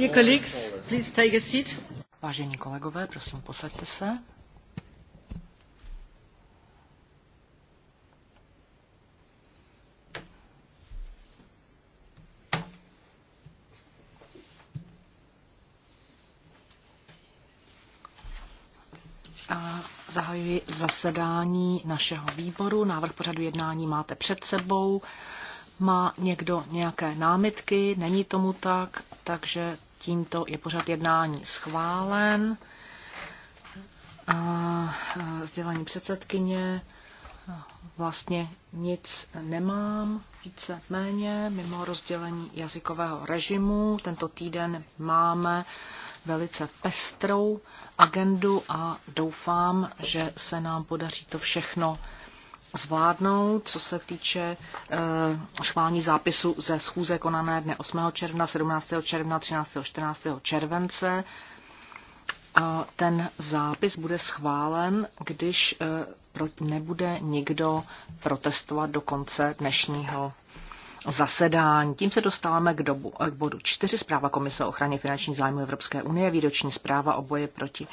Dear colleagues, please take a seat. Vážení kolegové, prosím, posaďte se. zahajuji zasedání našeho výboru. Návrh pořadu jednání máte před sebou. Má někdo nějaké námitky? Není tomu tak, takže Tímto je pořad jednání schválen. Sdělení předsedkyně. Vlastně nic nemám, více méně, mimo rozdělení jazykového režimu. Tento týden máme velice pestrou agendu a doufám, že se nám podaří to všechno zvládnout, co se týče eh, schválení zápisu ze schůze konané dne 8. června, 17. června, 13. 14. července. A ten zápis bude schválen, když eh, nebude nikdo protestovat do konce dnešního zasedání. Tím se dostáváme k, dobu, eh, k bodu 4. Zpráva Komise o ochraně finančních zájmů Evropské unie, výroční zpráva o boji proti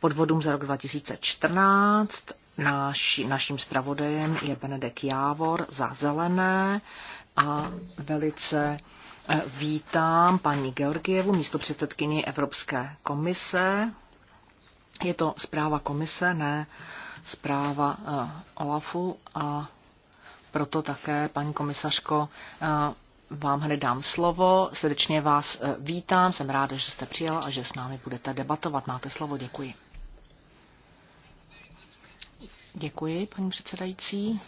podvodům za rok 2014. Náš, naším zpravodajem je Benedek Jávor za zelené a velice eh, vítám paní Georgievu, místo předsedkyni Evropské komise. Je to zpráva komise, ne zpráva eh, OLAFu a proto také, paní komisařko, eh, vám hned dám slovo. Srdečně vás vítám, jsem ráda, že jste přijela a že s námi budete debatovat. Máte slovo, děkuji. Děkuji, paní předsedající.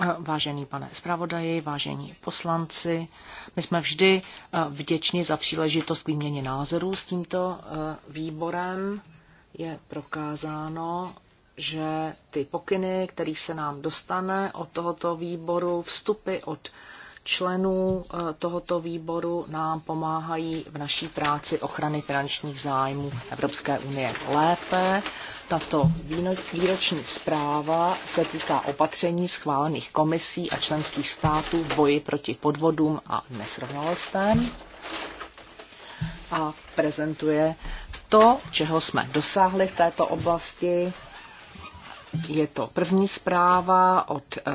Eh, vážený pane zpravodaji, vážení poslanci, my jsme vždy eh, vděční za příležitost k výměně názorů s tímto eh, výborem. Je prokázáno, že ty pokyny, kterých se nám dostane od tohoto výboru, vstupy od členů tohoto výboru nám pomáhají v naší práci ochrany finančních zájmů Evropské unie lépe. Tato výroční zpráva se týká opatření schválených komisí a členských států v boji proti podvodům a nesrovnalostem a prezentuje to, čeho jsme dosáhli v této oblasti. Je to první zpráva od eh,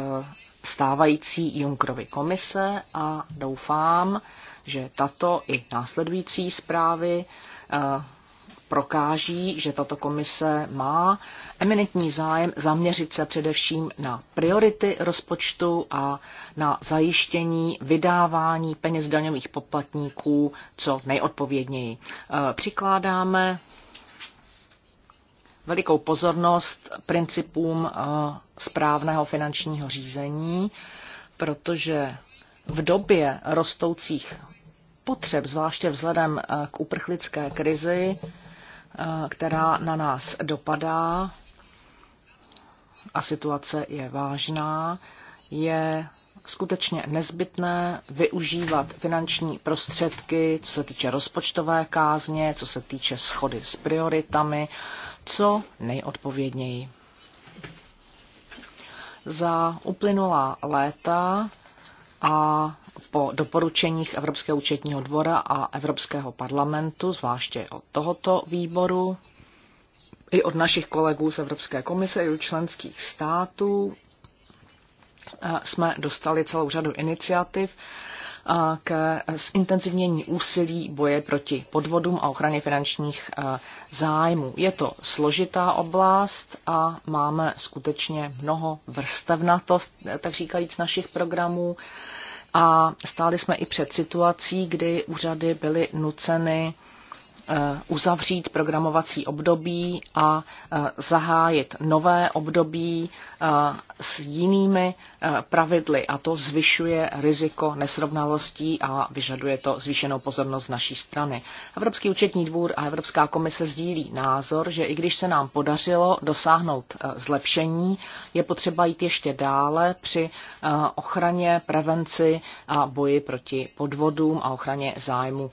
stávající Junkrovy komise a doufám, že tato i následující zprávy eh, prokáží, že tato komise má eminentní zájem zaměřit se především na priority rozpočtu a na zajištění vydávání peněz daňových poplatníků co nejodpovědněji. E, přikládáme velikou pozornost principům e, správného finančního řízení, protože v době rostoucích potřeb, zvláště vzhledem e, k uprchlické krizi, Eh, která na nás dopadá, a situace je vážná, je skutečně nezbytné využívat finanční prostředky, co se týče rozpočtové kázně, co se týče schody s prioritami, co nejodpovědněji. Za uplynulá léta a po doporučeních Evropského účetního dvora a Evropského parlamentu, zvláště od tohoto výboru, i od našich kolegů z Evropské komise i od členských států, eh, jsme dostali celou řadu iniciativ, k zintenzivnění úsilí boje proti podvodům a ochraně finančních e, zájmů. Je to složitá oblast a máme skutečně mnoho vrstevnatost, tak říkajíc, našich programů. A stáli jsme i před situací, kdy úřady byly nuceny Eh, uzavřít programovací období a eh, zahájit nové období eh, s jinými pravidly a to zvyšuje riziko nesrovnalostí a vyžaduje to zvýšenou pozornost naší strany. Evropský účetní dvůr a Evropská komise sdílí názor, že i když se nám podařilo dosáhnout zlepšení, je potřeba jít ještě dále při ochraně, prevenci a boji proti podvodům a ochraně zájmu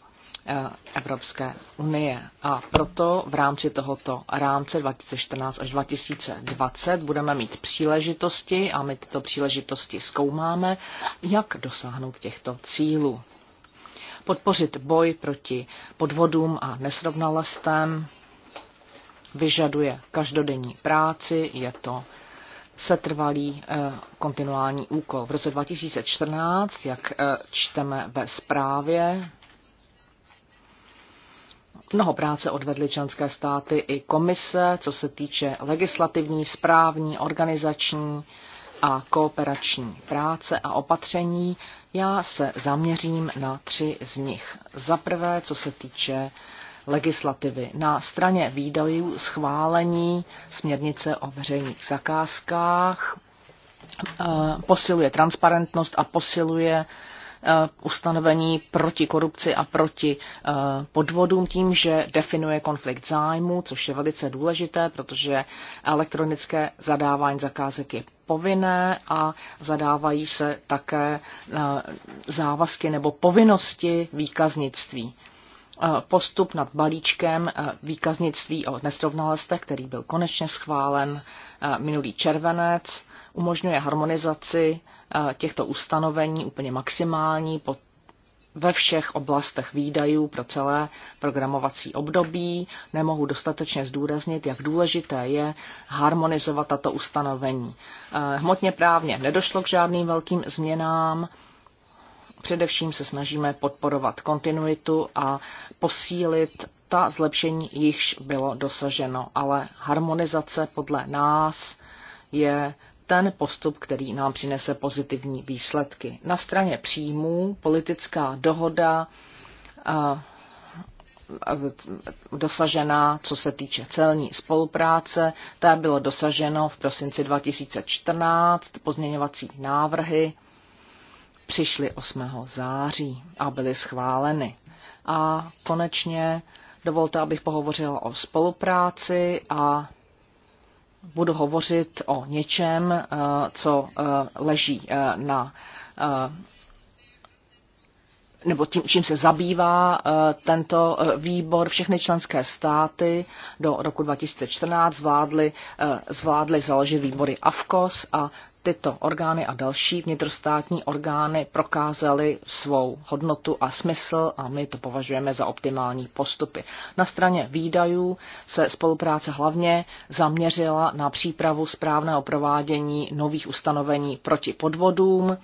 Eh, Evropské unie. A proto v rámci tohoto rámce 2014 až 2020 budeme mít příležitosti a my tyto příležitosti zkoumáme, jak dosáhnout těchto cílů. Podpořit boj proti podvodům a nesrovnalostem vyžaduje každodenní práci, je to setrvalý eh, kontinuální úkol. V roce 2014, jak eh, čteme ve zprávě, Mnoho práce odvedly členské státy i komise, co se týče legislativní, správní, organizační a kooperační práce a opatření. Já se zaměřím na tři z nich. Za prvé, co se týče legislativy. Na straně výdajů schválení směrnice o veřejných zakázkách eh, posiluje transparentnost a posiluje Eh, ustanovení proti korupci a proti eh, podvodům tím, že definuje konflikt zájmu, což je velice důležité, protože elektronické zadávání zakázek je povinné a zadávají se také eh, závazky nebo povinnosti výkaznictví postup nad balíčkem výkaznictví o nesrovnalostech, který byl konečně schválen minulý červenec, umožňuje harmonizaci Eh, těchto ustanovení úplně maximální ve všech oblastech výdajů pro celé programovací období. Nemohu dostatečně zdůraznit, jak důležité je harmonizovat tato ustanovení. Eh, hmotně právně nedošlo k žádným velkým změnám. Především se snažíme podporovat kontinuitu a posílit ta zlepšení, jichž bylo dosaženo. Ale harmonizace podle nás je ten postup, který nám přinese pozitivní výsledky. Na straně příjmů politická dohoda dosažená, co se týče celní spolupráce. to bylo dosaženo v prosinci 2014. Pozměňovací návrhy přišly 8. září a byly schváleny. A konečně dovolte, abych pohovořila o spolupráci a budu hovořit o něčem, eh, co eh, leží eh, na nebo tím, čím se zabývá tento výbor, všechny členské státy do roku 2014 zvládly, zvládly založit výbory AFKOS a tyto orgány a další vnitrostátní orgány prokázaly svou hodnotu a smysl a my to považujeme za optimální postupy. Na straně výdajů se spolupráce hlavně zaměřila na přípravu správného provádění nových ustanovení proti podvodům,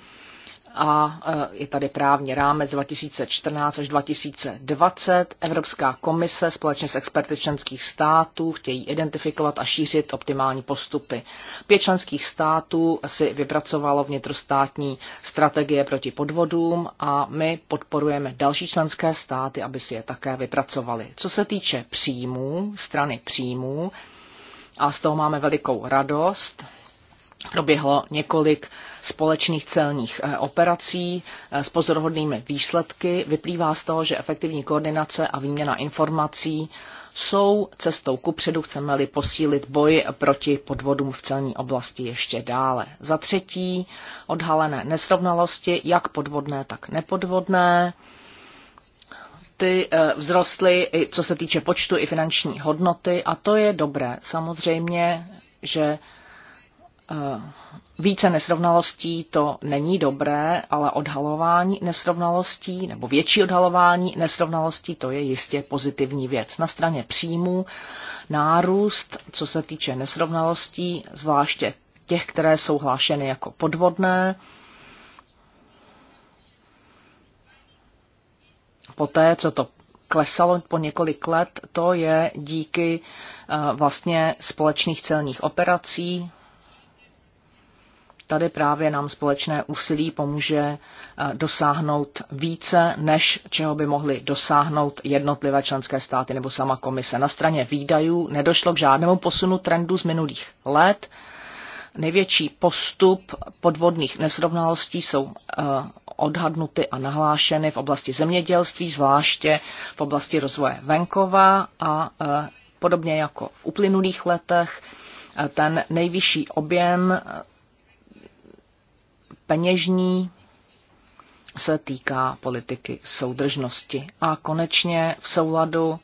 a e, je tady právní rámec 2014 až 2020. Evropská komise společně s experty členských států chtějí identifikovat a šířit optimální postupy. Pět členských států si vypracovalo vnitrostátní strategie proti podvodům a my podporujeme další členské státy, aby si je také vypracovali. Co se týče příjmů, strany příjmů, a z toho máme velikou radost. Proběhlo několik společných celních eh, operací eh, s pozoruhodnými výsledky. Vyplývá z toho, že efektivní koordinace a výměna informací jsou cestou ku předu, chceme-li posílit boj proti podvodům v celní oblasti ještě dále. Za třetí, odhalené nesrovnalosti, jak podvodné, tak nepodvodné ty eh, vzrostly, co se týče počtu i finanční hodnoty, a to je dobré. Samozřejmě, že Eh, více nesrovnalostí to není dobré, ale odhalování nesrovnalostí nebo větší odhalování nesrovnalostí to je jistě pozitivní věc. Na straně příjmů nárůst, co se týče nesrovnalostí, zvláště těch, které jsou hlášeny jako podvodné, poté, co to klesalo po několik let, to je díky eh, vlastně společných celních operací, Tady právě nám společné úsilí pomůže eh, dosáhnout více, než čeho by mohly dosáhnout jednotlivé členské státy nebo sama komise. Na straně výdajů nedošlo k žádnému posunu trendu z minulých let. Největší postup podvodných nesrovnalostí jsou eh, odhadnuty a nahlášeny v oblasti zemědělství, zvláště v oblasti rozvoje venkova a eh, podobně jako v uplynulých letech ten nejvyšší objem peněžní se týká politiky soudržnosti. A konečně v souladu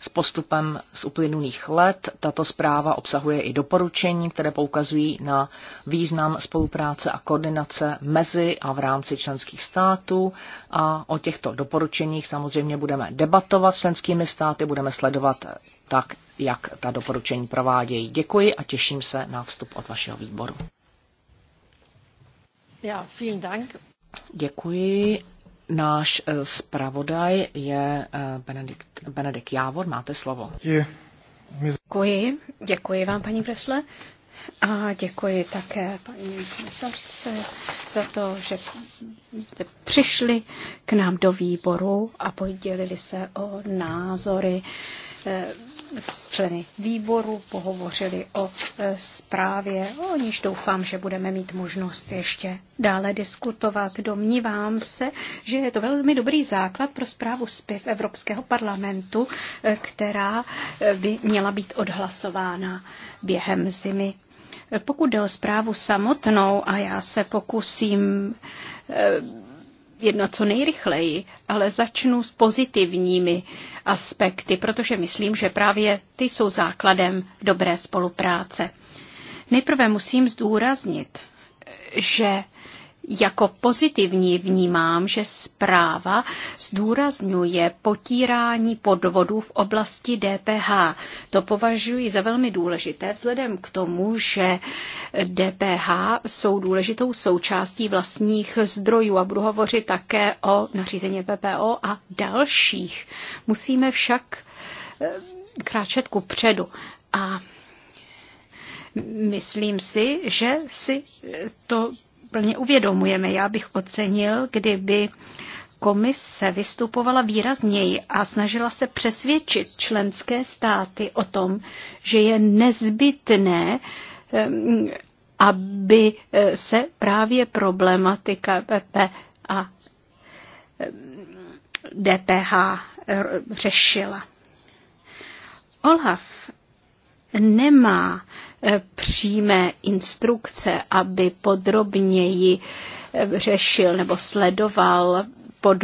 s postupem z uplynulých let tato zpráva obsahuje i doporučení, které poukazují na význam spolupráce a koordinace mezi a v rámci členských států. A o těchto doporučeních samozřejmě budeme debatovat s členskými státy, budeme sledovat tak, jak ta doporučení provádějí. Děkuji a těším se na vstup od vašeho výboru. Ja, vielen Dank. Děkuji. Náš eh, zpravodaj je eh, Benedikt, Benedikt Jávor. Máte slovo. Děkuji. Děkuji vám, paní Bresle. A děkuji také paní komisařce za to, že jste přišli k nám do výboru a podělili se o názory eh, s členy výboru pohovořili o e, zprávě, o níž doufám, že budeme mít možnost ještě dále diskutovat. Domnívám se, že je to velmi dobrý základ pro zprávu zpěv Evropského parlamentu, e, která e, by měla být odhlasována během zimy. Pokud jde o zprávu samotnou, a já se pokusím jedna co nejrychleji, ale začnu s pozitivními aspekty, protože myslím, že právě ty jsou základem dobré spolupráce. Nejprve musím zdůraznit, že jako pozitivní vnímám, že zpráva zdůrazňuje potírání podvodů v oblasti DPH. To považuji za velmi důležité vzhledem k tomu, že DPH jsou důležitou součástí vlastních zdrojů a budu hovořit také o nařízení PPO a dalších. Musíme však eh, kráčet ku předu a myslím si, že si to plně uvědomujeme. Já bych ocenil, kdyby komise vystupovala výrazněji a snažila se přesvědčit členské státy o tom, že je nezbytné, aby eh, se právě problematika PP a DPH eh, eh, řešila. Olaf nemá eh, přímé instrukce, aby podrobněji eh, řešil nebo sledoval pod,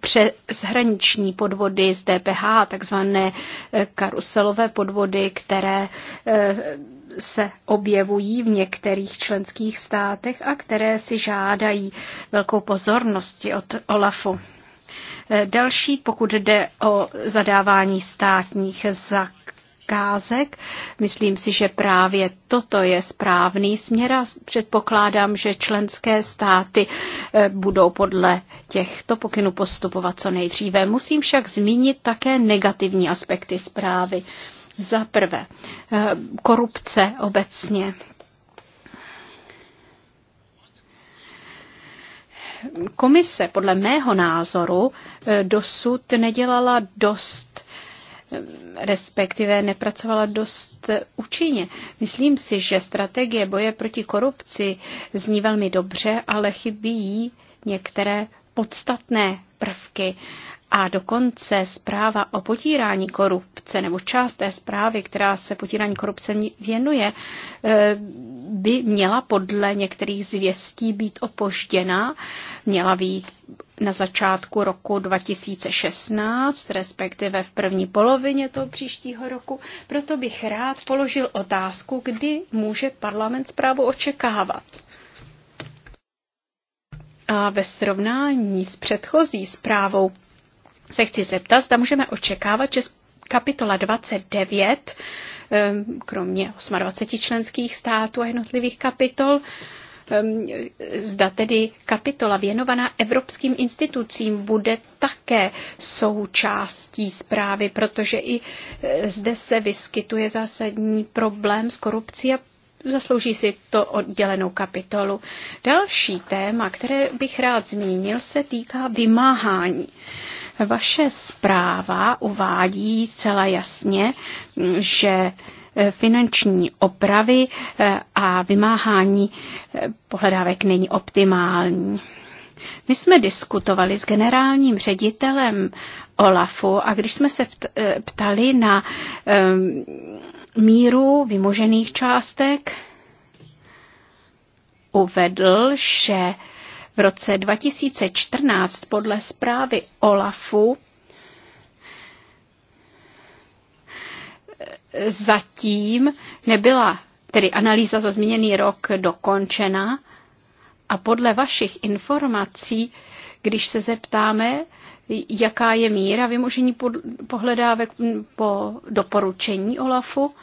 přeshraniční podvody z DPH, takzvané eh, karuselové podvody, které se objevují v některých členských státech a které si žádají velkou pozornost od OLAFu. Další, pokud jde o zadávání státních zak zakázek. Myslím si, že právě toto je správný směr a předpokládám, že členské státy eh, budou podle těchto pokynů postupovat co nejdříve. Musím však zmínit také negativní aspekty zprávy. Za prvé, eh, korupce obecně. Komise podle mého názoru eh, dosud nedělala dost respektive nepracovala dost účinně. Myslím si, že strategie boje proti korupci zní velmi dobře, ale chybí některé podstatné prvky a dokonce zpráva o potírání korupce, nebo část té zprávy, která se potírání korupce věnuje, eh, by měla podle některých zvěstí být opožděna, měla být na začátku roku 2016, respektive v první polovině toho příštího roku. Proto bych rád položil otázku, kdy může parlament zprávu očekávat. A ve srovnání s předchozí zprávou se chci zeptat, zda můžeme očekávat, že kapitola 29, ehm, kromě 28 členských států a jednotlivých kapitol, ehm, zda tedy kapitola věnovaná evropským institucím bude také součástí zprávy, protože i eh, zde se vyskytuje zásadní problém s korupcí a zaslouží si to oddělenou kapitolu. Další téma, které bych rád zmínil, se týká vymáhání. Vaše zpráva uvádí celá jasně, že eh, finanční opravy eh, a vymáhání eh, pohledávek není optimální. My jsme diskutovali s generálním ředitelem Olafu a když jsme se ptali na míru vymožených částek, uvedl, že v roce 2014 podle zprávy OLAFu zatím nebyla tedy analýza za zmíněný rok dokončena a podle vašich informací, když se zeptáme, jaká je míra vymožení pohledávek po doporučení OLAFu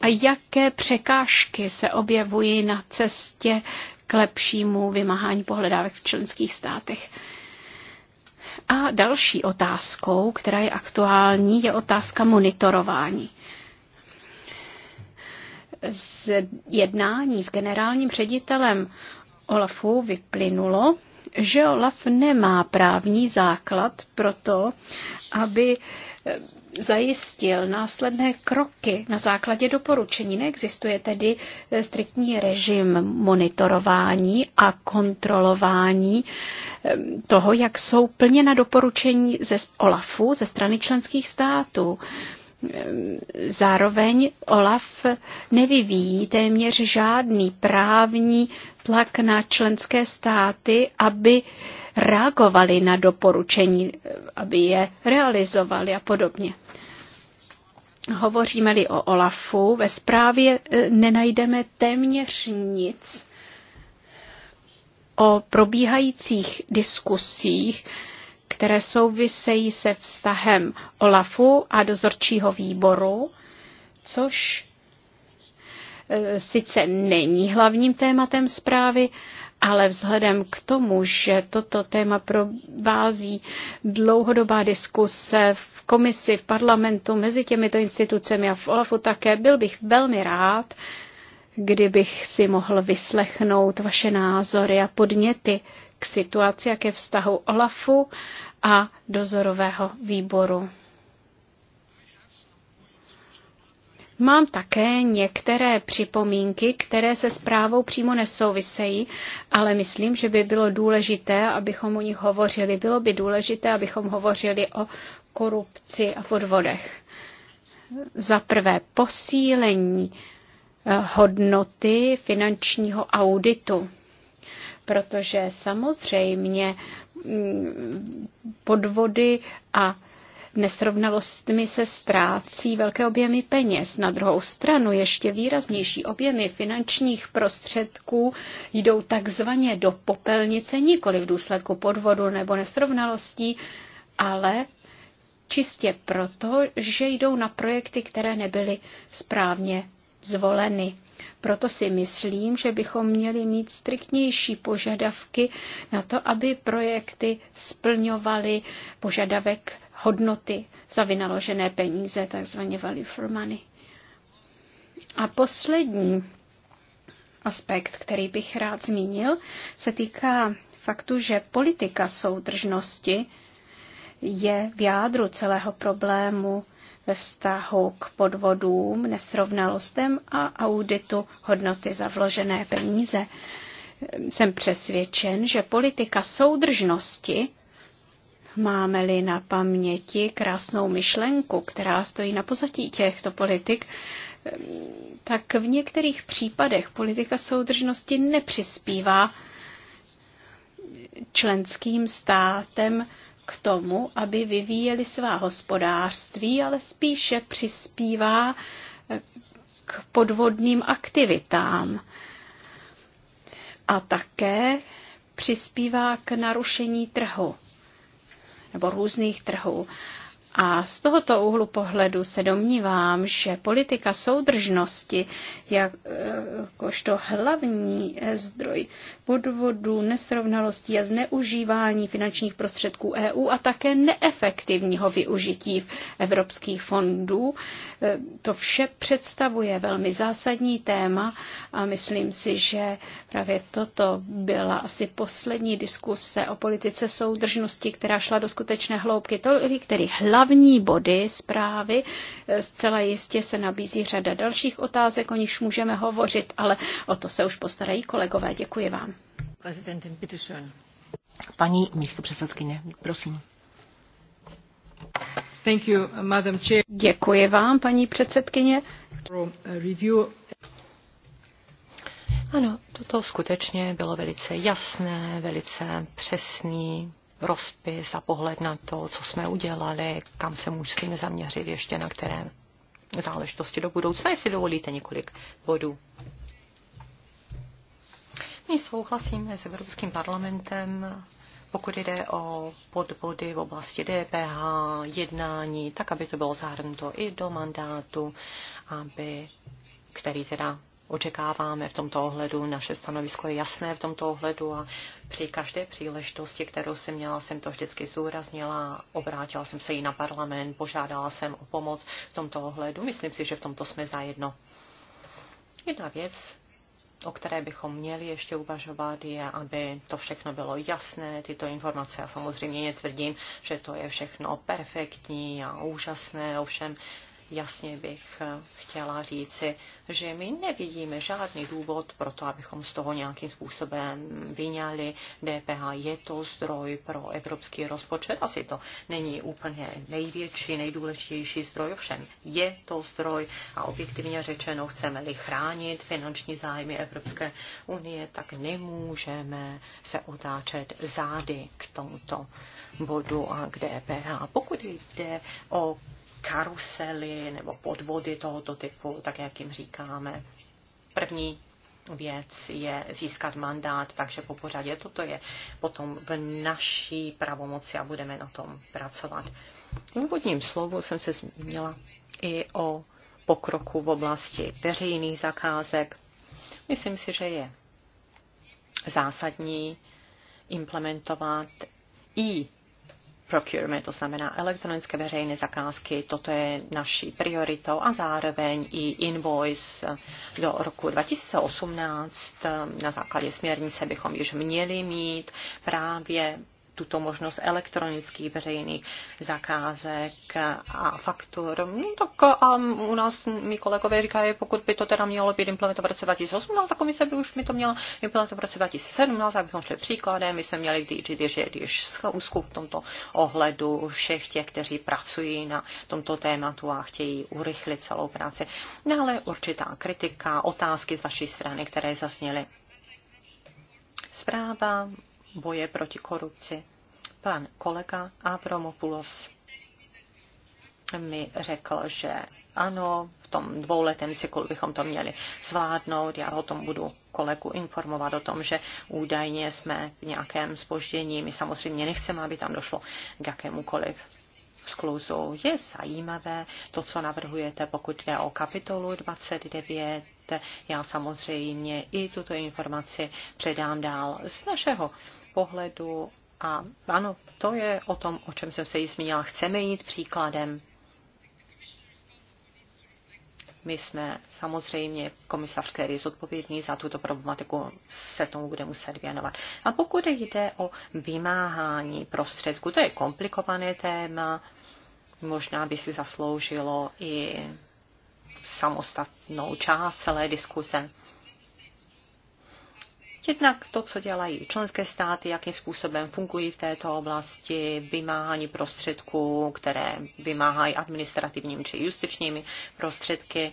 a jaké překážky se objevují na cestě k lepšímu vymáhání pohledávek v členských státech. A další otázkou, která je aktuální, je otázka monitorování z jednání s generálním ředitelem Olafu vyplynulo, že Olaf nemá právní základ pro to, aby zajistil následné kroky na základě doporučení. Neexistuje tedy eh, striktní režim monitorování a kontrolování eh, toho, jak jsou plněna doporučení ze OLAFu ze strany členských států. Eh, zároveň OLAF nevyvíjí téměř žádný právní tlak na členské státy, aby reagovali na doporučení, aby je realizovali a podobně. Hovoříme-li o OLAFu, ve zprávě e, nenajdeme téměř nic o probíhajících diskusích, které souvisejí se vztahem OLAFu a dozorčího výboru, což e, sice není hlavním tématem zprávy, ale vzhledem k tomu, že toto téma provází dlouhodobá diskuse komisi, v parlamentu, mezi těmito institucemi a v OLAFu také. Byl bych velmi rád, kdybych si mohl vyslechnout vaše názory a podněty k situaci a ke vztahu OLAFu a dozorového výboru. Mám také některé připomínky, které se zprávou přímo nesouvisejí, ale myslím, že by bylo důležité, abychom o nich hovořili. Bylo by důležité, abychom hovořili o korupci a podvodech. Za prvé posílení eh, hodnoty finančního auditu, protože samozřejmě mm, podvody a nesrovnalostmi se ztrácí velké objemy peněz. Na druhou stranu ještě výraznější objemy finančních prostředků jdou takzvaně do popelnice, nikoli v důsledku podvodu nebo nesrovnalostí, ale čistě proto, že jdou na projekty, které nebyly správně zvoleny. Proto si myslím, že bychom měli mít striktnější požadavky na to, aby projekty splňovaly požadavek hodnoty za vynaložené peníze, takzvaně value for money. A poslední aspekt, který bych rád zmínil, se týká faktu, že politika soudržnosti je v jádru celého problému ve vztahu k podvodům, nesrovnalostem a auditu hodnoty za vložené peníze. Jsem přesvědčen, že politika soudržnosti, máme-li na paměti krásnou myšlenku, která stojí na pozadí těchto politik, tak v některých případech politika soudržnosti nepřispívá členským státem k tomu, aby vyvíjeli svá hospodářství, ale spíše přispívá eh, k podvodným aktivitám. A také přispívá k narušení trhu nebo různých trhů. A z tohoto úhlu pohledu se domnívám, že politika soudržnosti e, jakožto hlavní e, zdroj podvodů, nesrovnalostí a zneužívání finančních prostředků EU a také neefektivního využití evropských fondů, e, to vše představuje velmi zásadní téma a myslím si, že právě toto byla asi poslední diskuse o politice soudržnosti, která šla do skutečné hloubky to, který hlavní hlavní body zprávy. Eh, Zcela jistě se nabízí řada dalších otázek, o nichž můžeme hovořit, ale o to se už postarají kolegové. Děkuji vám. Paní místo předsedkyně, prosím. Thank you, Madam Chair. Děkuji vám, paní předsedkyně. Uh, ano, toto skutečně bylo velice jasné, velice přesný rozpis a pohled na to, co jsme udělali, kam se musíme zaměřit ještě na které záležitosti do budoucna, jestli dovolíte několik bodů. My souhlasíme s Evropským parlamentem, pokud jde o podvody v oblasti DPH, jednání, tak aby to bylo zahrnuto i do mandátu, aby, který teda očekáváme v tomto ohledu. Naše stanovisko je jasné v tomto ohledu a při každé příležitosti, kterou jsem měla, jsem to vždycky zúraznila, obrátila jsem se i na parlament, požádala jsem o pomoc v tomto ohledu. Myslím si, že v tomto jsme zajedno. Jedna věc, o které bychom měli ještě uvažovat, je, aby to všechno bylo jasné, tyto informace. Já samozřejmě netvrdím, že to je všechno perfektní a úžasné, ovšem jasně bych eh, chtěla říci, že my nevidíme žádný důvod pro to, abychom z toho nějakým způsobem vyňali. DPH je to zdroj pro evropský rozpočet, asi to není úplně největší, nejdůležitější zdroj, ovšem je to zdroj a objektivně řečeno, chceme-li chránit finanční zájmy Evropské unie, tak nemůžeme se otáčet zády k tomuto bodu a k DPH. Pokud jde o karusely nebo podvody tohoto typu, tak jak jim říkáme. První věc je získat mandát, takže po pořadě toto je potom v naší pravomoci a budeme na tom pracovat. V úvodním slovu jsem se zmínila i o pokroku v oblasti veřejných zakázek. Myslím si, že je zásadní implementovat i procurement, to znamená elektronické veřejné zakázky, toto je naší prioritou a zároveň i invoice do roku 2018 na základě směrnice bychom již měli mít právě tuto možnost elektronických veřejných zakázek a faktur. Tak a u nás mi kolegové říkají, pokud by to teda mělo být implementovat v roce 2018, tak no, komise by už mi to měla implementovat v roce 2017, abychom šli příkladem. My jsme měli DG, že, DG schůzku v tomto ohledu všech těch, kteří pracují na tomto tématu a chtějí urychlit celou práci. No, ale určitá kritika, otázky z vaší strany, které zasněly. zpráva boje proti korupci. Pan kolega Avromopoulos mi řekl, že ano, v tom dvouletém cyklu bychom to měli zvládnout. Já o tom budu kolegu informovat o tom, že údajně jsme v nějakém spoždění. My samozřejmě nechceme, aby tam došlo k jakémukoliv skluzu. Je zajímavé to, co navrhujete, pokud jde o kapitolu 29. Já samozřejmě i tuto informaci předám dál z našeho pohledu a ano, to je o tom, o čem jsem se již zmínila. Chceme jít příkladem. My jsme samozřejmě komisař, který je zodpovědný za tuto problematiku, se tomu bude muset věnovat. A pokud jde o vymáhání prostředků, to je komplikované téma, možná by si zasloužilo i samostatnou část celé diskuse. Jednak to, co dělají členské státy, jakým způsobem fungují v této oblasti, vymáhání prostředků, které vymáhají administrativními či justičními prostředky.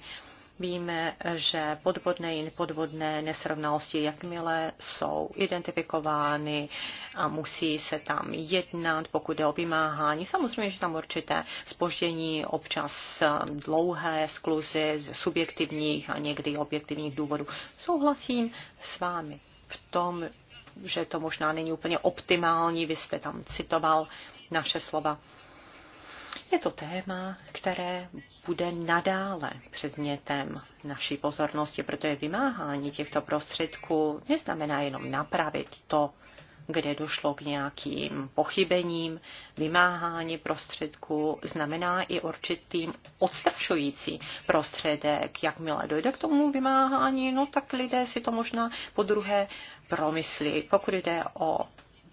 Víme, že podvodné i podvodné nesrovnalosti, jakmile jsou identifikovány a musí se tam jednat, pokud jde o vymáhání. Samozřejmě, že tam určité spoždění, občas um, dlouhé skluzy z subjektivních a někdy objektivních důvodů. Souhlasím s vámi v tom, že to možná není úplně optimální, vy jste tam citoval naše slova. Je to téma, které bude nadále předmětem naší pozornosti, protože vymáhání těchto prostředků neznamená jenom napravit to, kde došlo k nějakým pochybením, vymáhání prostředků, znamená i určitým odstrašující prostředek. Jakmile dojde k tomu vymáhání, no tak lidé si to možná po druhé promyslí. Pokud jde o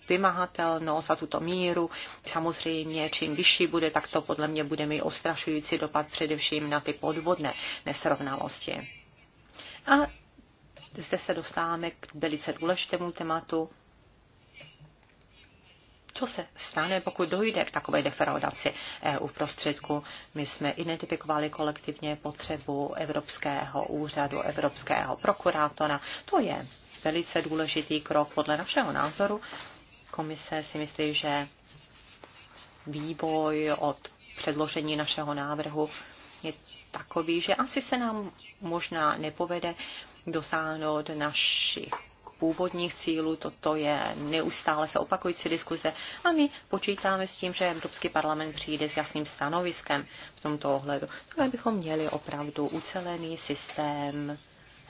vymahatelnost a tuto míru. Samozřejmě, čím vyšší bude, tak to podle mě bude mít ostrašující dopad především na ty podvodné nesrovnalosti. A zde se dostáváme k velice důležitému tématu co se stane, pokud dojde k takové defraudaci EU prostředku. My jsme identifikovali kolektivně potřebu Evropského úřadu, Evropského prokurátora. To je velice důležitý krok podle našeho názoru. Komise si myslí, že vývoj od předložení našeho návrhu je takový, že asi se nám možná nepovede dosáhnout našich původních cílů. Toto je neustále se opakující diskuze a my počítáme s tím, že Evropský parlament přijde s jasným stanoviskem v tomto ohledu. Tak bychom měli opravdu ucelený systém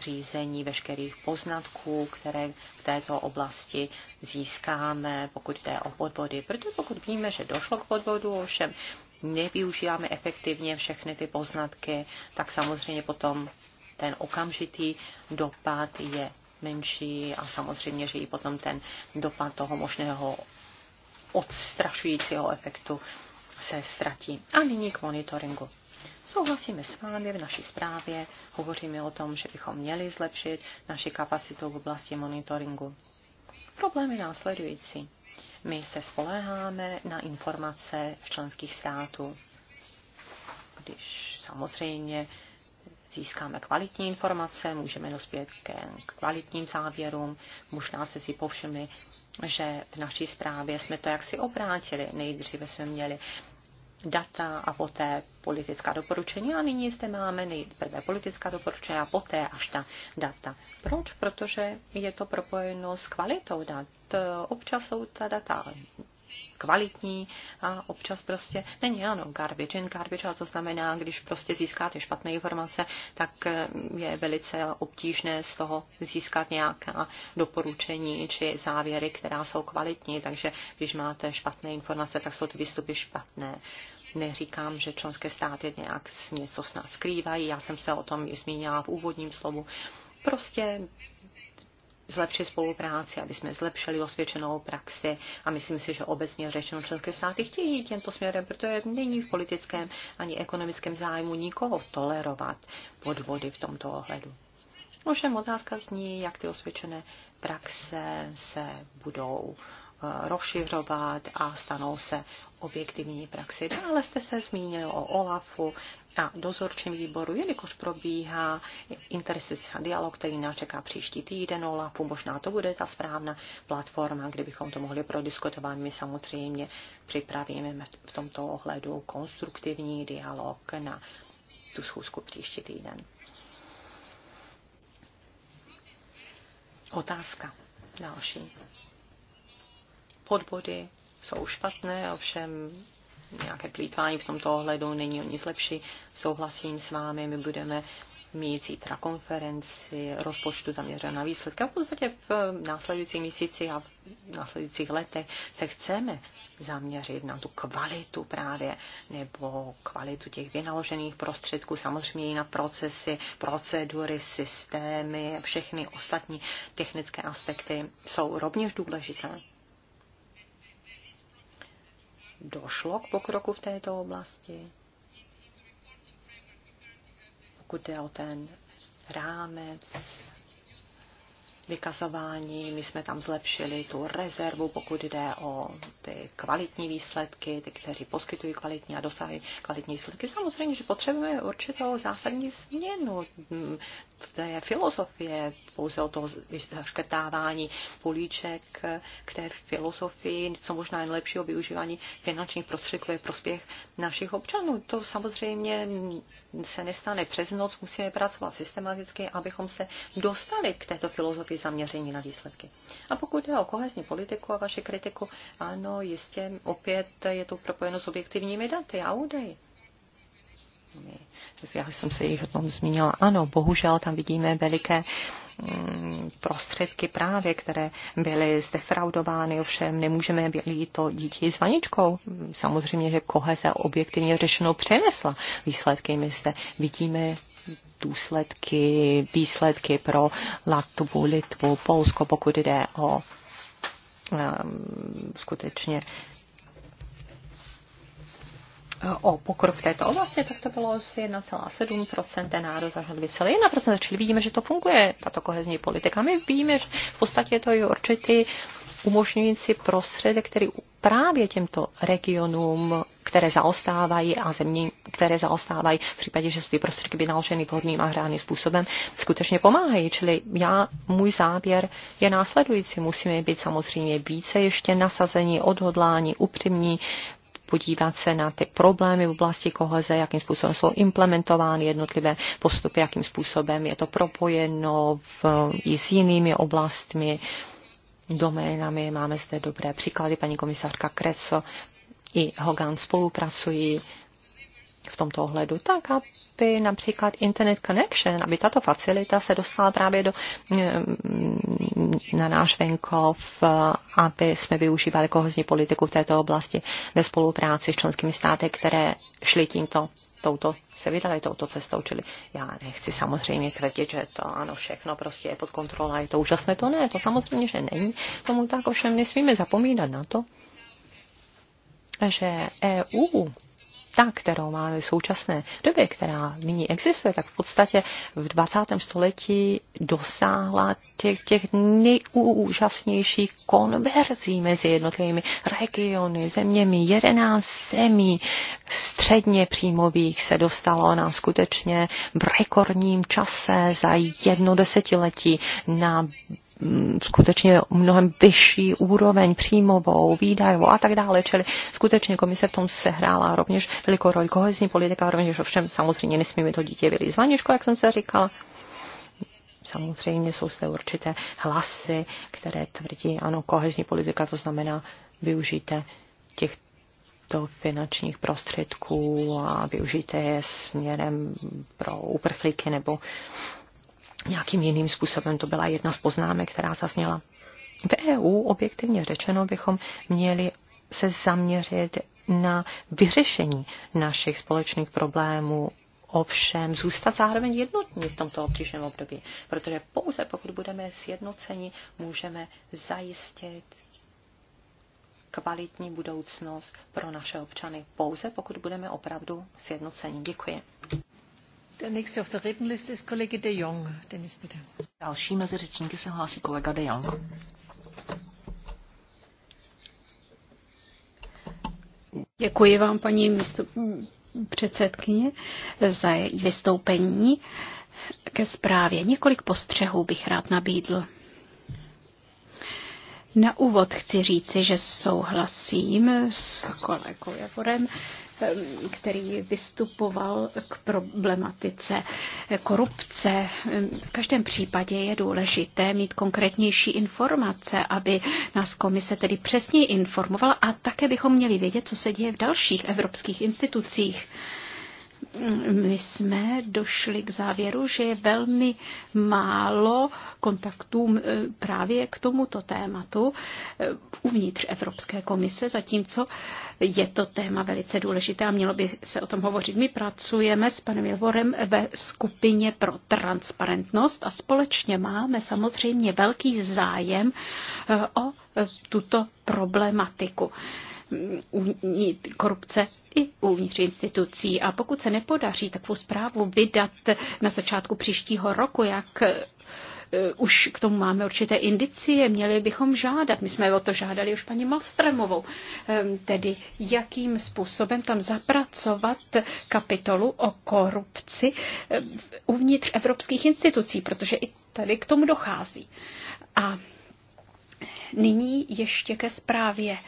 řízení veškerých poznatků, které v této oblasti získáme, pokud jde o podvody. Protože pokud víme, že došlo k podvodu, ovšem nevyužíváme efektivně všechny ty poznatky, tak samozřejmě potom ten okamžitý dopad je menší a samozřejmě, že i potom ten dopad toho možného odstrašujícího efektu se ztratí. A nyní k monitoringu. Souhlasíme s vámi v naší zprávě, hovoříme o tom, že bychom měli zlepšit naši kapacitu v oblasti monitoringu. Problém je následující. My se spoléháme na informace členských států. Když samozřejmě získáme kvalitní informace, můžeme dospět k kvalitním závěrům. Možná jste si povšimli, že v naší zprávě jsme to jaksi obrátili. Nejdříve jsme měli data a poté politická doporučení a nyní zde máme nejprve politická doporučení a poté až ta data. Proč? Protože je to propojeno s kvalitou dat. Občas jsou ta data kvalitní a občas prostě není ano, garbage in garbage, ale to znamená, když prostě získáte špatné informace, tak e, je velice obtížné z toho získat nějaká doporučení či závěry, která jsou kvalitní, takže když máte špatné informace, tak jsou ty výstupy špatné. Neříkám, že členské státy nějak něco snad skrývají, já jsem se o tom zmínila v úvodním slovu. Prostě zlepšit spolupráci, aby jsme zlepšili osvědčenou praxi a myslím si, že obecně řečeno členské státy chtějí jít tímto směrem, protože není v politickém ani ekonomickém zájmu nikoho tolerovat podvody v tomto ohledu. Možná otázka zní, jak ty osvědčené praxe se budou uh, Eh, rozšiřovat a stanou se objektivní praxi. Dále jste se zmínil o OLAFu a dozorčím výboru, jelikož probíhá interstitucionální dialog, který nás čeká příští týden OLAFu. Možná to bude ta správná platforma, kde bychom to mohli prodiskutovat. My samozřejmě připravíme v tomto ohledu konstruktivní dialog na tu schůzku příští týden. Otázka další podbody jsou špatné, ovšem nějaké plítvání v tomto ohledu není o nic lepší. Souhlasím s vámi, my budeme mít zítra konferenci rozpočtu zaměřené na výsledky. A v podstatě v následujících měsíci a v následujících letech se chceme zaměřit na tu kvalitu právě, nebo kvalitu těch vynaložených prostředků, samozřejmě i na procesy, procedury, systémy, všechny ostatní technické aspekty jsou rovněž důležité došlo k pokroku v této oblasti. Pokud je o ten rámec vykazování. My jsme tam zlepšili tu rezervu, pokud jde o ty kvalitní výsledky, ty, kteří poskytují kvalitní a dosahují kvalitní výsledky. Samozřejmě, že potřebujeme určitou zásadní změnu To té filozofie, pouze o toho škrtávání políček k té filozofii, co možná nejlepšího využívání finančních prostředků je prospěch našich občanů. To samozřejmě se nestane přes noc, musíme pracovat systematicky, abychom se dostali k této filozofii zaměření na výsledky. A pokud jde o kohezní politiku a vaši kritiku, ano, jistě opět je to propojeno s objektivními daty a údaji. Já jsem se již o tom zmínila. Ano, bohužel tam vidíme veliké mm, prostředky právě, které byly zdefraudovány, ovšem nemůžeme být to dítě s vaničkou. Samozřejmě, že koheze objektivně řešeno přenesla výsledky. My zde vidíme důsledky, výsledky pro Latvu, Litvu, Polsko, pokud jde o um, skutečně o pokrok v této oblasti, tak to bylo z 1,7%, ten nárůst až 2,1%, čili vidíme, že to funguje, tato kohezní politika. My víme, že v podstatě to je určitý umožňující prostředek, který právě těmto regionům které zaostávají a země, které zaostávají v případě, že jsou ty prostředky vynaloženy vhodným a hráným způsobem, skutečně pomáhají. Čili já, můj závěr je následující. Musíme být samozřejmě více ještě nasazení, odhodlání, upřímní, podívat se na ty problémy v oblasti koheze, jakým způsobem jsou implementovány jednotlivé postupy, jakým způsobem je to propojeno v, i s jinými oblastmi, doménami. Máme zde dobré příklady. Paní komisařka Kreso i Hogan spolupracují v tomto ohledu tak, aby například Internet Connection, aby tato facilita se dostala právě do, mm, na náš venkov, aby jsme využívali kohozní politiku v této oblasti ve spolupráci s členskými státy, které šly tímto touto, se vydali touto cestou, čili já nechci samozřejmě tvrdit, že to ano, všechno prostě je pod kontrolou, je to úžasné, to ne, to samozřejmě, že není tomu tak, ovšem nesmíme zapomínat na to, že EU ta, kterou máme v současné době, která nyní existuje, tak v podstatě v 20. století dosáhla těch, těch nejúžasnějších konverzí mezi jednotlivými regiony, zeměmi. 11 zemí středně příjmových se dostalo na skutečně v rekordním čase za jedno desetiletí na mm, skutečně mnohem vyšší úroveň příjmovou, výdajovou a tak dále. Čili skutečně komise v tom sehrála rovněž velikou roli kohezní politika, rovněž ovšem samozřejmě nesmíme to dítě vylít z vaničku, jak jsem se říkala. Samozřejmě jsou zde určité hlasy, které tvrdí, ano, kohezní politika, to znamená využijte těchto finančních prostředků a využijte je směrem pro uprchlíky nebo nějakým jiným způsobem. To byla jedna z poznámek, která zazněla. V EU objektivně řečeno bychom měli se zaměřit na vyřešení našich společných problémů, ovšem zůstat zároveň jednotní v tomto obtížném období, protože pouze pokud budeme sjednoceni, můžeme zajistit kvalitní budoucnost pro naše občany. Pouze pokud budeme opravdu sjednoceni. Děkuji. Der nächste auf der Redenliste ist Kollege de Jong. Dennis, bitte. Další mezi řečníky se hlásí kolega de Jong. Děkuji vám, paní předsedkyně, za její vystoupení ke zprávě. Několik postřehů bych rád nabídl. Na úvod chci říci, že souhlasím s kolegou Javorem, který vystupoval k problematice korupce. V každém případě je důležité mít konkrétnější informace, aby nás komise tedy přesněji informovala a také bychom měli vědět, co se děje v dalších evropských institucích my jsme došli k závěru, že je velmi málo kontaktů e, právě k tomuto tématu e, uvnitř Evropské komise, zatímco je to téma velice důležité a mělo by se o tom hovořit. My pracujeme s panem Javorem ve skupině pro transparentnost a společně máme samozřejmě velký zájem e, o tuto problematiku korupce i uvnitř institucí. A pokud se nepodaří takovou zprávu vydat na začátku příštího roku, jak eh, už k tomu máme určité indicie, měli bychom žádat. My jsme o to žádali už paní Malstremovou. Ehm, tedy jakým způsobem tam zapracovat kapitolu o korupci ehm, uvnitř evropských institucí, protože i tady k tomu dochází. A nyní ještě ke zprávě.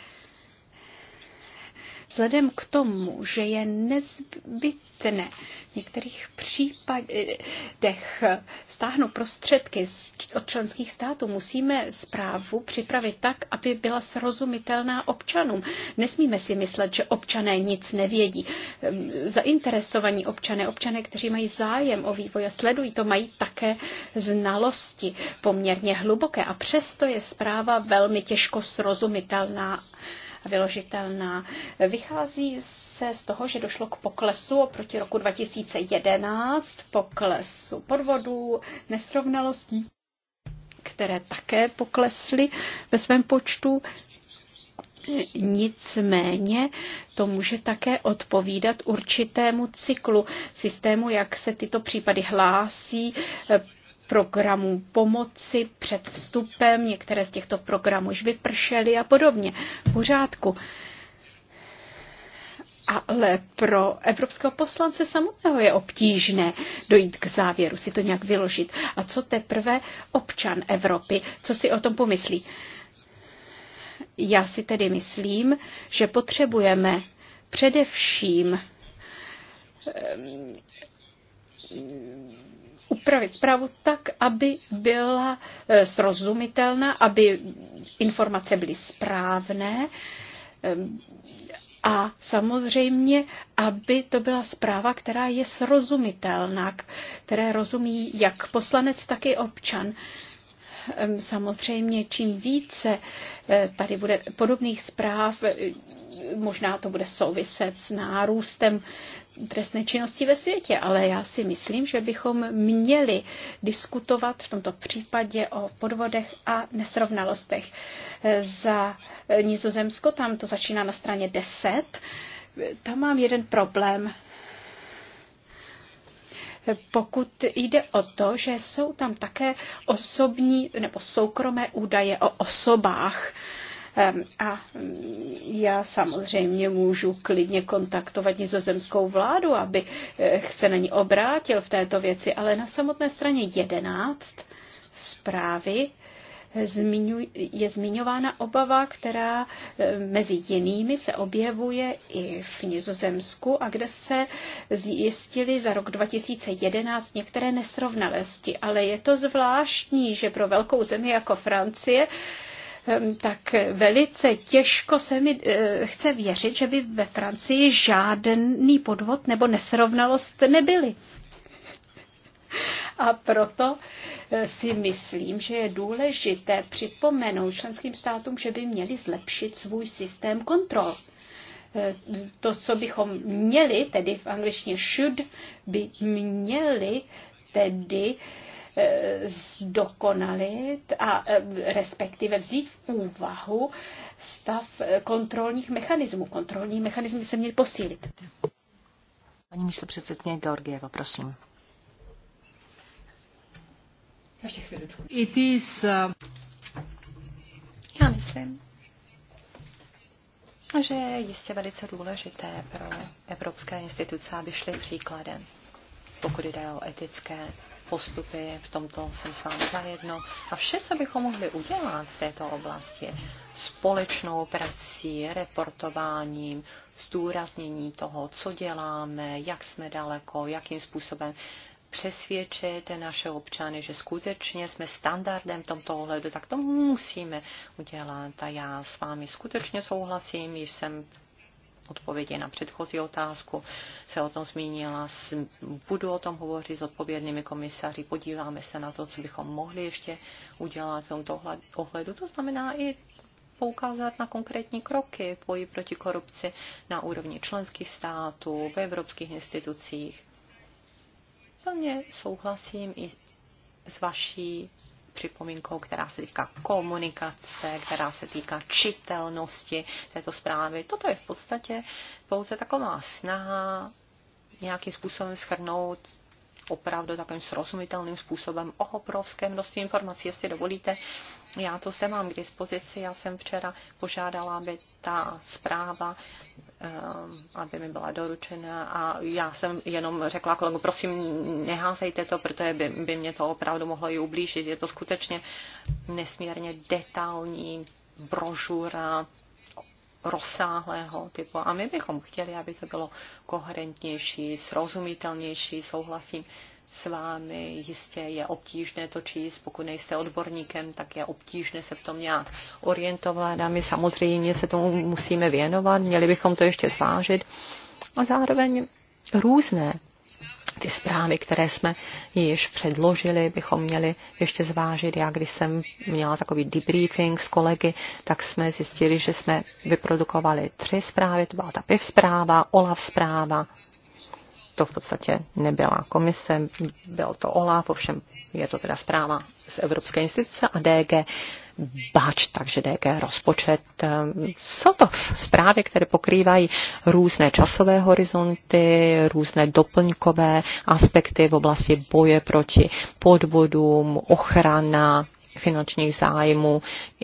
Vzhledem k tomu, že je nezbytné v některých případech stáhnout prostředky od členských států, musíme zprávu připravit tak, aby byla srozumitelná občanům. Nesmíme si myslet, že občané nic nevědí. Ehm, zainteresovaní občané, občané, kteří mají zájem o vývoj a sledují to, mají také znalosti poměrně hluboké a přesto je zpráva velmi těžko srozumitelná vyložitelná. Vychází se z toho, že došlo k poklesu oproti roku 2011, poklesu podvodů, nesrovnalostí, které také poklesly ve svém počtu. Nicméně to může také odpovídat určitému cyklu systému, jak se tyto případy hlásí, programů pomoci před vstupem, některé z těchto programů už vypršely a podobně. V pořádku. Ale pro evropského poslance samotného je obtížné dojít k závěru, si to nějak vyložit. A co teprve občan Evropy, co si o tom pomyslí? Já si tedy myslím, že potřebujeme především upravit zprávu tak, aby byla e, srozumitelná, aby informace byly správné a samozřejmě, aby to byla zpráva, která je srozumitelná, které rozumí jak poslanec, tak i občan. Ehm, samozřejmě čím více eh, tady bude podobných zpráv, eh, možná to bude souviset s nárůstem trestné činnosti ve světě, ale já si myslím, že bychom měli diskutovat v tomto případě o podvodech a nesrovnalostech. Eh, za Nizozemsko, tam to začíná na straně 10, tam mám jeden problém pokud jde o to, že jsou tam také osobní nebo soukromé údaje o osobách. A mm, já samozřejmě můžu klidně kontaktovat nizozemskou vládu, aby eh, se na ní obrátil v této věci, ale na samotné straně 11 zprávy je zmiňována obava, která eh, mezi jinými se objevuje i v Nizozemsku a kde se zjistily za rok 2011 některé nesrovnalosti. Ale je to zvláštní, že pro velkou zemi jako Francie ehm, tak velice těžko se mi eh, chce věřit, že by ve Francii žádný podvod nebo nesrovnalost nebyly. A proto eh, si myslím, že je důležité připomenout členským státům, že by měli zlepšit svůj systém kontrol eh, to, co bychom měli, tedy v angličtině should, by měli tedy eh, zdokonalit a respektive vzít v úvahu stav kontrolních mechanismů. Kontrolní mechanismy se měly posílit. Paní místo předsedkyně Georgieva, prosím. Ještě chvíličku. It is, uh... Já myslím, že je jistě velice důležité pro evropské instituce, aby šly příkladem, pokud jde o etické postupy, v tomto jsem s vámi zajedno. A vše, co bychom mohli udělat v této oblasti, společnou prací, reportováním, zdůraznění toho, co děláme, jak jsme daleko, jakým způsobem přesvědčit naše občany, že skutečně jsme standardem v tomto ohledu, tak to musíme udělat. A já s vámi skutečně souhlasím, již jsem odpovědi na předchozí otázku se o tom zmínila. Budu o tom hovořit s odpovědnými komisaři, podíváme se na to, co bychom mohli ještě udělat v tomto ohledu. To znamená i poukázat na konkrétní kroky v boji proti korupci na úrovni členských států, v evropských institucích. Plně souhlasím i s vaší připomínkou, která se týká komunikace, která se týká čitelnosti této zprávy. Toto je v podstatě pouze taková snaha nějakým způsobem schrnout opravdu takovým srozumitelným způsobem o obrovské množství informací. Jestli dovolíte, já to zde mám k dispozici. Já jsem včera požádala, aby ta zpráva, ehm, aby mi byla doručena a já jsem jenom řekla kolegu, prosím, neházejte to, protože by, by mě to opravdu mohlo i ublížit. Je to skutečně nesmírně detailní brožura rozsáhlého typu. A my bychom chtěli, aby to bylo koherentnější, srozumitelnější, souhlasím s vámi. Jistě je obtížné to číst, pokud nejste odborníkem, tak je obtížné se v tom nějak orientovat a my samozřejmě se tomu musíme věnovat, měli bychom to ještě zvážit. A zároveň různé ty zprávy, které jsme již předložili, bychom měli ještě zvážit. Já když jsem měla takový debriefing s kolegy, tak jsme zjistili, že jsme vyprodukovali tři zprávy. To byla ta PIV zpráva, OLAV zpráva to v podstatě nebyla komise, byl to OLAF, ovšem je to teda zpráva z Evropské instituce a DG BAČ, takže DG rozpočet. Jsou to zprávy, které pokrývají různé časové horizonty, různé doplňkové aspekty v oblasti boje proti podvodům, ochrana finančních zájmů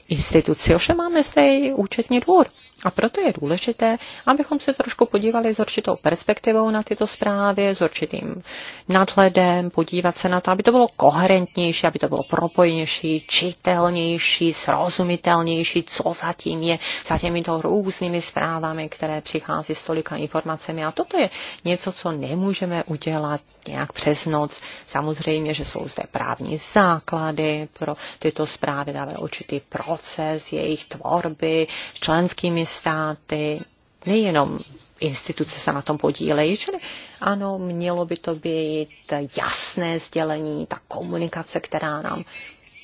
institucí. Ovšem máme zde i účetní dvůr, a proto je důležité, abychom se trošku podívali s určitou perspektivou na tyto zprávy, s určitým nadhledem, podívat se na to, aby to bylo koherentnější, aby to bylo propojenější, čitelnější, srozumitelnější, co zatím je, za těmito různými zprávami, které přichází s tolika informacemi. A toto je něco, co nemůžeme udělat nějak přes noc. Samozřejmě, že jsou zde právní základy pro tyto zprávy, dále určitý proces jejich tvorby s členskými státy, nejenom instituce se na tom podílejí, čili ano, mělo by to být jasné sdělení, ta komunikace, která nám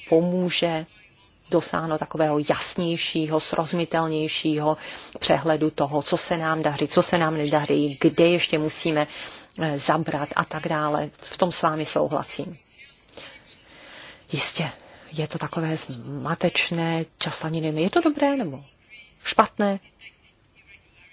pomůže dosáhnout takového jasnějšího, srozumitelnějšího přehledu toho, co se nám daří, co se nám nedaří, kde ještě musíme Eh, zabrat a tak dále. V tom s vámi souhlasím. Jistě, je to takové zmatečné, často ani nevím, je to dobré nebo špatné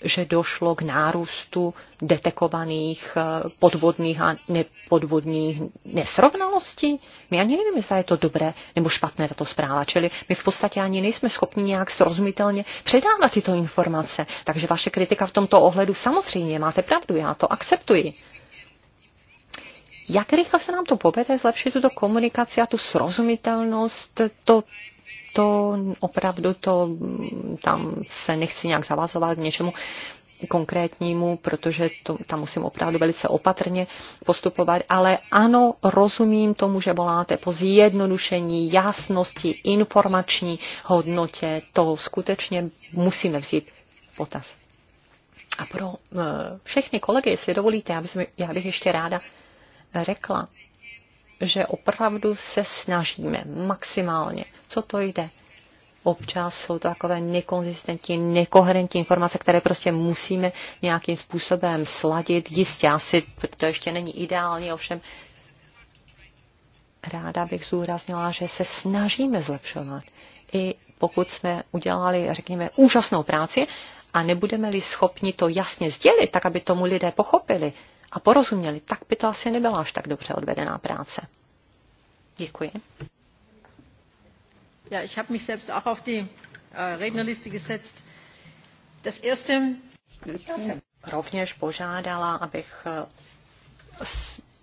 že došlo k nárůstu detekovaných eh, podvodných a nepodvodných nesrovnalostí. My ani nevíme, zda je to dobré nebo špatné tato zpráva, čili my v podstatě ani nejsme schopni nějak srozumitelně předávat tyto informace. Takže vaše kritika v tomto ohledu samozřejmě máte pravdu, já to akceptuji. Jak rychle se nám to povede zlepšit tuto komunikaci a tu srozumitelnost, to to opravdu to, tam se nechci nějak zavazovat k něčemu konkrétnímu, protože to, tam musím opravdu velice opatrně postupovat, ale ano, rozumím tomu, že voláte po zjednodušení, jasnosti, informační hodnotě, to skutečně musíme vzít potaz. A pro eh, všechny kolegy, jestli dovolíte, já bych, já bych ještě ráda řekla, že opravdu se snažíme maximálně. Co to jde? Občas jsou to takové nekonzistentní, nekoherentní informace, které prostě musíme nějakým způsobem sladit. Jistě asi to ještě není ideální, ovšem ráda bych zúraznila, že se snažíme zlepšovat. I pokud jsme udělali, řekněme, úžasnou práci a nebudeme-li schopni to jasně sdělit, tak aby tomu lidé pochopili, a porozuměli, tak by to asi nebyla až tak dobře odvedená práce. Děkuji. Ja, ich habe mich selbst auch auf die äh, Rednerliste gesetzt. Das erste... jsem rovněž požádala, abych e,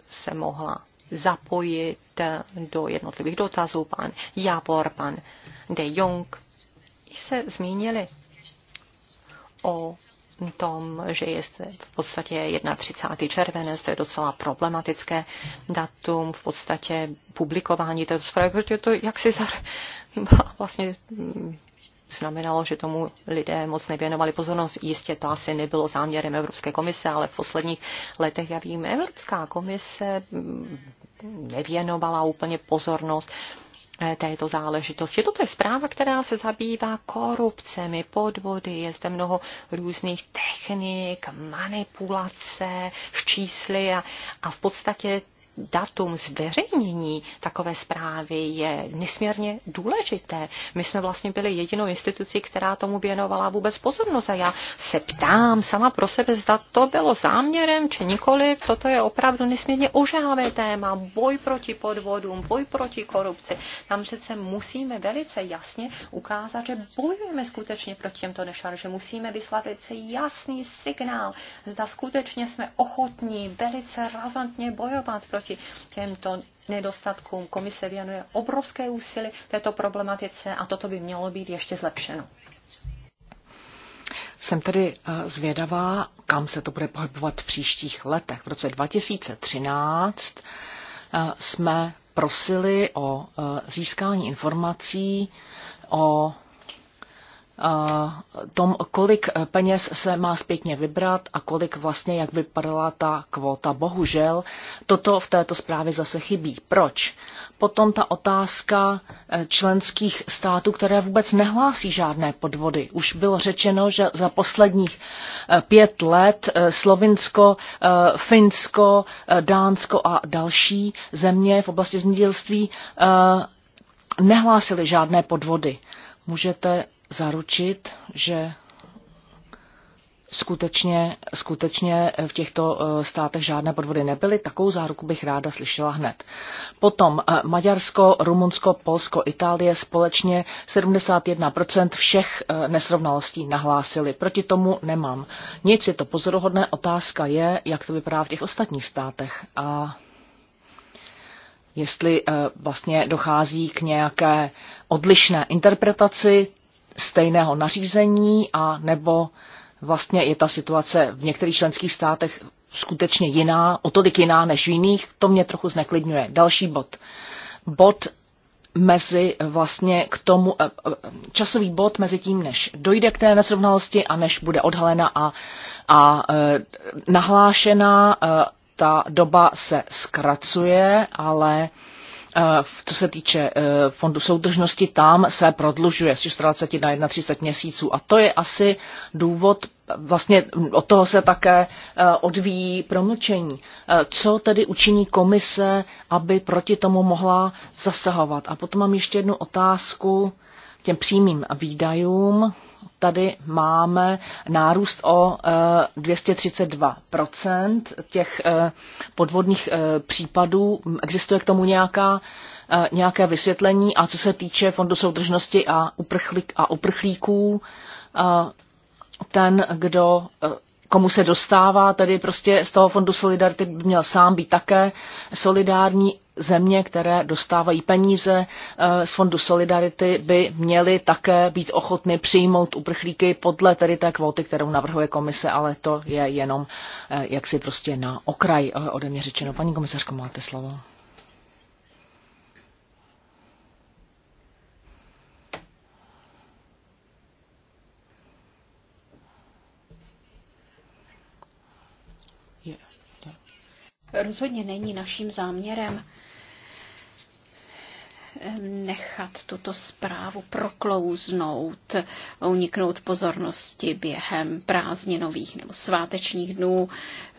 se mohla zapojit e, do jednotlivých dotazů. Pan Jabor, pan De Jong se zmínili o tom, že je v podstatě 31. červenec, to je docela problematické datum, v podstatě publikování této zprávy, protože to jak si zar... vlastně znamenalo, že tomu lidé moc nevěnovali pozornost. Jistě to asi nebylo záměrem Evropské komise, ale v posledních letech, já vím, Evropská komise nevěnovala úplně pozornost Eh, této záležitosti. Toto je zpráva, která se zabývá korupcemi, podvody, je zde mnoho různých technik, manipulace s čísly a, a v podstatě datum zveřejnění takové zprávy je nesmírně důležité. My jsme vlastně byli jedinou institucí, která tomu věnovala vůbec pozornost a já se ptám sama pro sebe, zda to bylo záměrem či nikoli. Toto je opravdu nesmírně ožávé téma. Boj proti podvodům, boj proti korupci. Tam přece musíme velice jasně ukázat, že bojujeme skutečně proti těmto nešvarům, že musíme vyslat velice jasný signál, zda skutečně jsme ochotní velice razantně bojovat proti proti těmto nedostatkům. Komise věnuje obrovské úsilí této problematice a toto by mělo být ještě zlepšeno. Jsem tedy eh, zvědavá, kam se to bude pohybovat v příštích letech. V roce 2013 eh, jsme prosili o eh, získání informací o Eh, tom, kolik peněz se má zpětně vybrat a kolik vlastně, jak vypadala ta kvota, Bohužel toto v této zprávě zase chybí. Proč? Potom ta otázka eh, členských států, které vůbec nehlásí žádné podvody. Už bylo řečeno, že za posledních eh, pět let Slovinsko, Finsko, Dánsko a další země v oblasti zemědělství nehlásily žádné podvody. Můžete zaručit, že skutečně, skutečně v těchto eh, státech žádné podvody nebyly. Takovou záruku bych ráda slyšela hned. Potom eh, Maďarsko, Rumunsko, Polsko, Itálie společně 71% všech eh, nesrovnalostí nahlásili. Proti tomu nemám. Nic je to pozoruhodné. Otázka je, jak to vypadá v těch ostatních státech. A jestli vlastně dochází k nějaké odlišné interpretaci stejného nařízení a nebo vlastně je ta situace v některých členských státech skutečně jiná, o tolik jiná než v jiných, to mě trochu zneklidňuje. Další bod. Bod mezi vlastně k tomu, eh, eh, časový bod mezi tím, než dojde k té nesrovnalosti a než bude odhalena a, a eh, nahlášena, ta doba se zkracuje, ale Eh, co se týče eh, fondu soudržnosti, tam se prodlužuje z 26 na 31 měsíců. A to je asi důvod, vlastně od toho se také eh, odvíjí promlčení. Co tedy učiní komise, aby proti tomu mohla zasahovat? A potom mám ještě jednu otázku těm přímým výdajům tady máme nárůst o 232 e, těch e, podvodných e, případů. Existuje k tomu nějaká, nějaké vysvětlení? A co se týče Fondu soudržnosti a, uprchlík, a uprchlíků, ten, kdo komu se dostává, tedy prostě z toho fondu solidarity by měl sám být také solidární země, které dostávají peníze eh, z Fondu Solidarity, by měly také být ochotny přijmout uprchlíky podle tedy té kvóty, kterou navrhuje komise, ale to je jenom eh, jaksi prostě na okraj eh, ode mě řečeno. Paní komisařko, máte slovo. Rozhodně není naším záměrem nechat tuto zprávu proklouznout, uniknout pozornosti během prázdninových nebo svátečních dnů.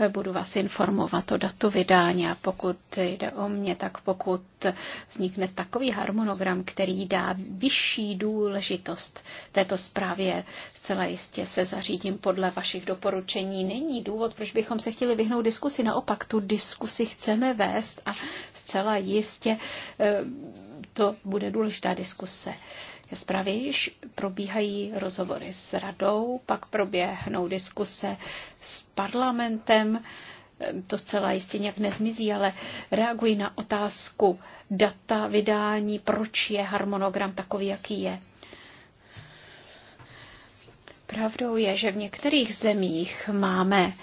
Budu vás informovat o datu vydání a pokud jde o mě, tak pokud vznikne takový harmonogram, který dá vyšší důležitost této zprávě, zcela jistě se zařídím podle vašich doporučení. Není důvod, proč bychom se chtěli vyhnout diskusi, naopak tu diskusi chceme vést a zcela jistě eh, to bude důležitá diskuse. Je zprávě již probíhají rozhovory s radou, pak proběhnou diskuse s parlamentem, to zcela jistě nějak nezmizí, ale reagují na otázku data vydání, proč je harmonogram takový, jaký je. Pravdou je, že v některých zemích máme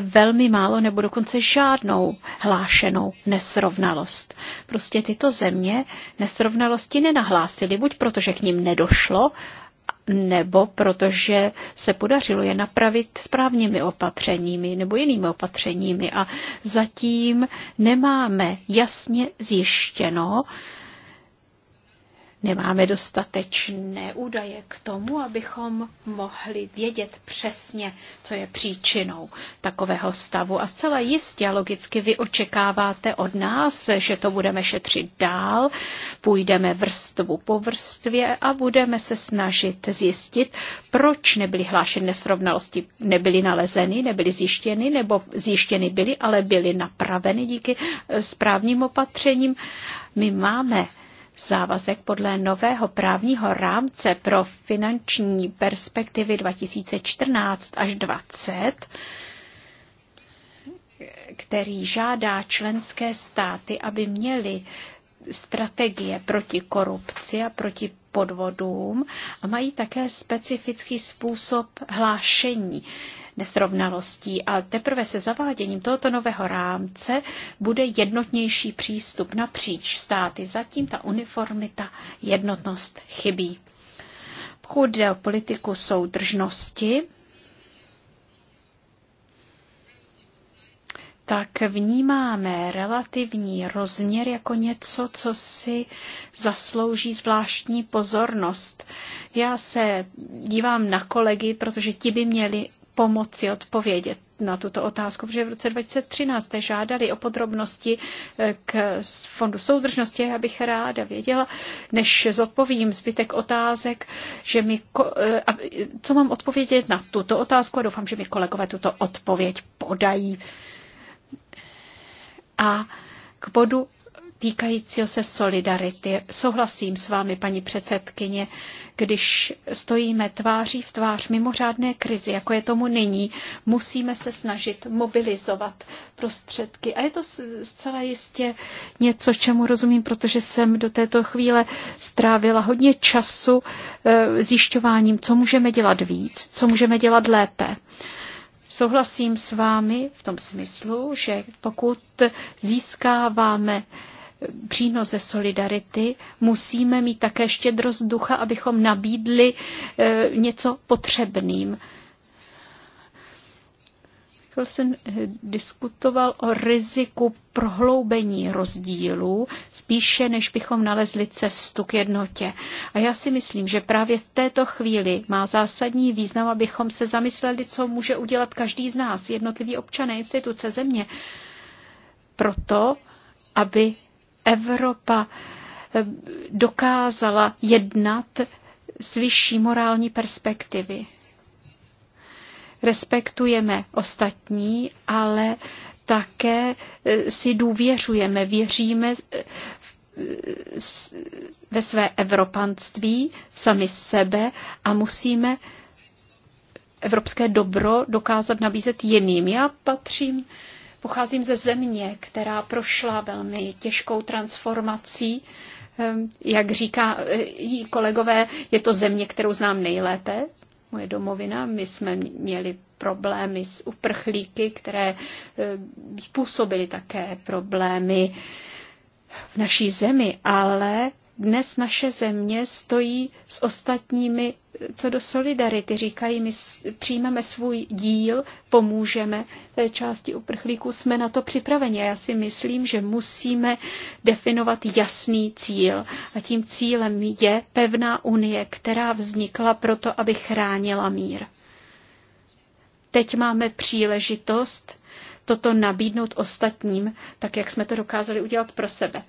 velmi málo nebo dokonce žádnou hlášenou nesrovnalost. Prostě tyto země nesrovnalosti nenahlásily, buď protože k ním nedošlo, nebo protože se podařilo je napravit správnými opatřeními nebo jinými opatřeními a zatím nemáme jasně zjištěno, nemáme dostatečné údaje k tomu, abychom mohli vědět přesně, co je příčinou takového stavu. A zcela jistě logicky vy očekáváte od nás, že to budeme šetřit dál, půjdeme vrstvu po vrstvě a budeme se snažit zjistit, proč nebyly hlášené nesrovnalosti, nebyly nalezeny, nebyly zjištěny, nebo zjištěny byly, ale byly napraveny díky správním opatřením. My máme závazek podle nového právního rámce pro finanční perspektivy 2014 až 2020, který žádá členské státy, aby měly strategie proti korupci a proti podvodům a mají také specifický způsob hlášení nesrovnalostí. A teprve se zaváděním tohoto nového rámce bude jednotnější přístup napříč státy. Zatím ta uniformita, jednotnost chybí. Pokud jde o politiku soudržnosti, tak vnímáme relativní rozměr jako něco, co si zaslouží zvláštní pozornost. Já se dívám na kolegy, protože ti by měli pomoci odpovědět na tuto otázku, protože v roce 2013 jste žádali o podrobnosti eh, k Fondu soudržnosti. Já bych ráda věděla, než zodpovím zbytek otázek, že mi, eh, co mám odpovědět na tuto otázku a doufám, že mi kolegové tuto odpověď podají. A k bodu týkajícího se solidarity. Souhlasím s vámi, paní předsedkyně, když stojíme tváří v tvář mimořádné krizi, jako je tomu nyní, musíme se snažit mobilizovat prostředky. A je to zcela jistě něco, čemu rozumím, protože jsem do této chvíle strávila hodně času eh, zjišťováním, co můžeme dělat víc, co můžeme dělat lépe. Souhlasím s vámi v tom smyslu, že pokud získáváme přínos ze solidarity, musíme mít také štědrost ducha, abychom nabídli eh, něco potřebným. Wilson eh, diskutoval o riziku prohloubení rozdílů, spíše než bychom nalezli cestu k jednotě. A já si myslím, že právě v této chvíli má zásadní význam, abychom se zamysleli, co může udělat každý z nás, jednotliví občané, instituce, země, proto, aby Evropa eh, dokázala jednat z vyšší morální perspektivy. Respektujeme ostatní, ale také eh, si důvěřujeme, věříme eh, ve své evropanství, sami sebe a musíme evropské dobro dokázat nabízet jiným. Já patřím Pocházím ze země, která prošla velmi těžkou transformací. Ehm, jak říká eh, jí kolegové, je to země, kterou znám nejlépe, moje domovina. My jsme měli problémy s uprchlíky, které eh, způsobily také problémy v naší zemi, ale dnes naše země stojí s ostatními co do solidarity. Říkají, my přijmeme svůj díl, pomůžeme té části uprchlíků, jsme na to připraveni. A já si myslím, že musíme definovat jasný cíl. A tím cílem je pevná unie, která vznikla proto, aby chránila mír. Teď máme příležitost toto nabídnout ostatním, tak jak jsme to dokázali udělat pro sebe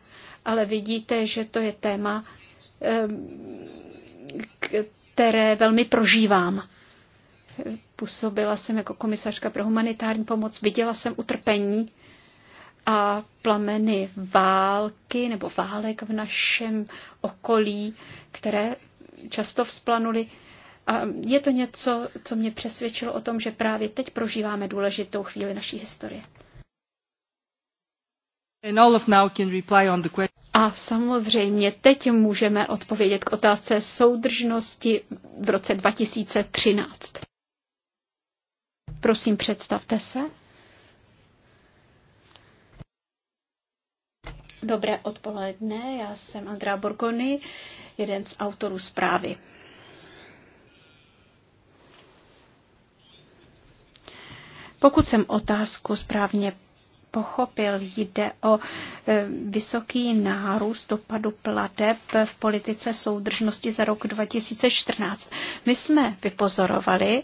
ale vidíte, že to je téma, které velmi prožívám. Působila jsem jako komisařka pro humanitární pomoc, viděla jsem utrpení a plameny války nebo válek v našem okolí, které často vzplanuly. A je to něco, co mě přesvědčilo o tom, že právě teď prožíváme důležitou chvíli naší historie. And all of now can reply on the question. A samozřejmě teď můžeme odpovědět k otázce soudržnosti v roce 2013. Prosím, představte se. Dobré odpoledne, já jsem Andrá Borgony, jeden z autorů zprávy. Pokud jsem otázku správně pochopil. Jde o e, vysoký nárůst dopadu plateb v politice soudržnosti za rok 2014. My jsme vypozorovali,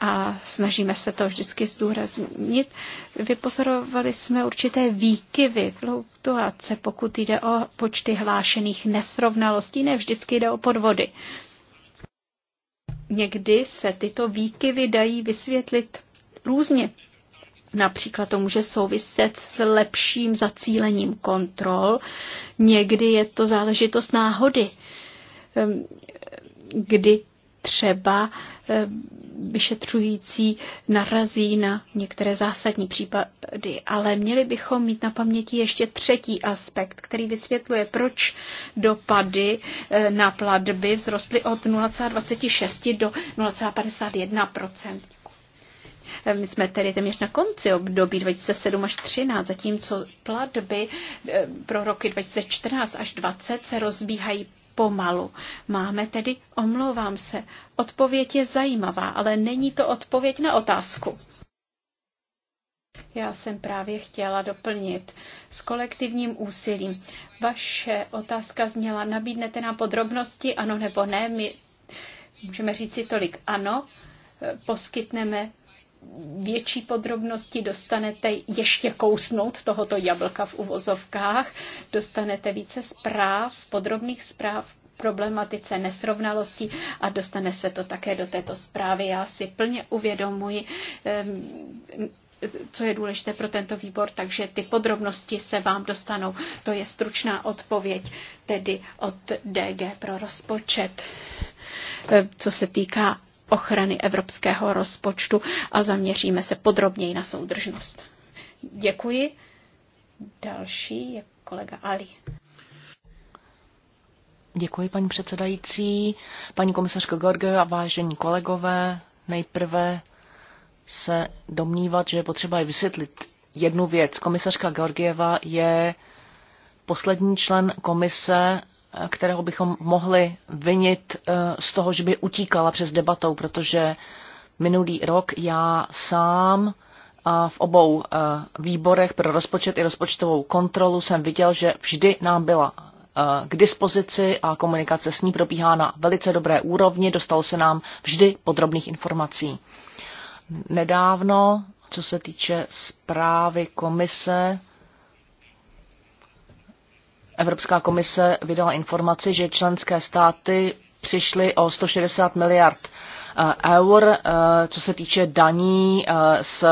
a snažíme se to vždycky zdůraznit, vypozorovali jsme určité výkyvy, fluktuace, pokud jde o počty hlášených nesrovnalostí, ne vždycky jde o podvody. Někdy se tyto výkyvy dají vysvětlit různě. Například to může souviset s lepším zacílením kontrol. Někdy je to záležitost náhody, ehm, kdy třeba ehm, vyšetřující narazí na některé zásadní případy. Ale měli bychom mít na paměti ještě třetí aspekt, který vysvětluje, proč dopady ehm, na platby vzrostly od 0,26 do 0,51 my jsme tedy téměř na konci období 2007 až 2013, zatímco platby eh, pro roky 2014 až 2020 se rozbíhají pomalu. Máme tedy, omlouvám se, odpověď je zajímavá, ale není to odpověď na otázku. Já jsem právě chtěla doplnit s kolektivním úsilím. Vaše otázka zněla, nabídnete nám podrobnosti, ano nebo ne, my můžeme říct si tolik ano, eh, poskytneme větší podrobnosti, dostanete ještě kousnout tohoto jablka v uvozovkách, dostanete více zpráv, podrobných zpráv problematice nesrovnalostí a dostane se to také do této zprávy. Já si plně uvědomuji, co je důležité pro tento výbor, takže ty podrobnosti se vám dostanou. To je stručná odpověď tedy od DG pro rozpočet. Co se týká ochrany evropského rozpočtu a zaměříme se podrobněji na soudržnost. Děkuji. Další je kolega Ali. Děkuji, paní předsedající, paní komisařko Gorge a vážení kolegové. Nejprve se domnívat, že je potřeba i vysvětlit jednu věc. Komisařka Georgieva je poslední člen komise kterého bychom mohli vinit eh, z toho, že by utíkala přes debatou, protože minulý rok já sám v obou eh, výborech pro rozpočet i rozpočtovou kontrolu jsem viděl, že vždy nám byla eh, k dispozici a komunikace s ní probíhá na velice dobré úrovni, dostalo se nám vždy podrobných informací. Nedávno, co se týče zprávy komise Evropská komise vydala informaci, že členské státy přišly o 160 miliard eh, eur, eh, co se týče daní eh, z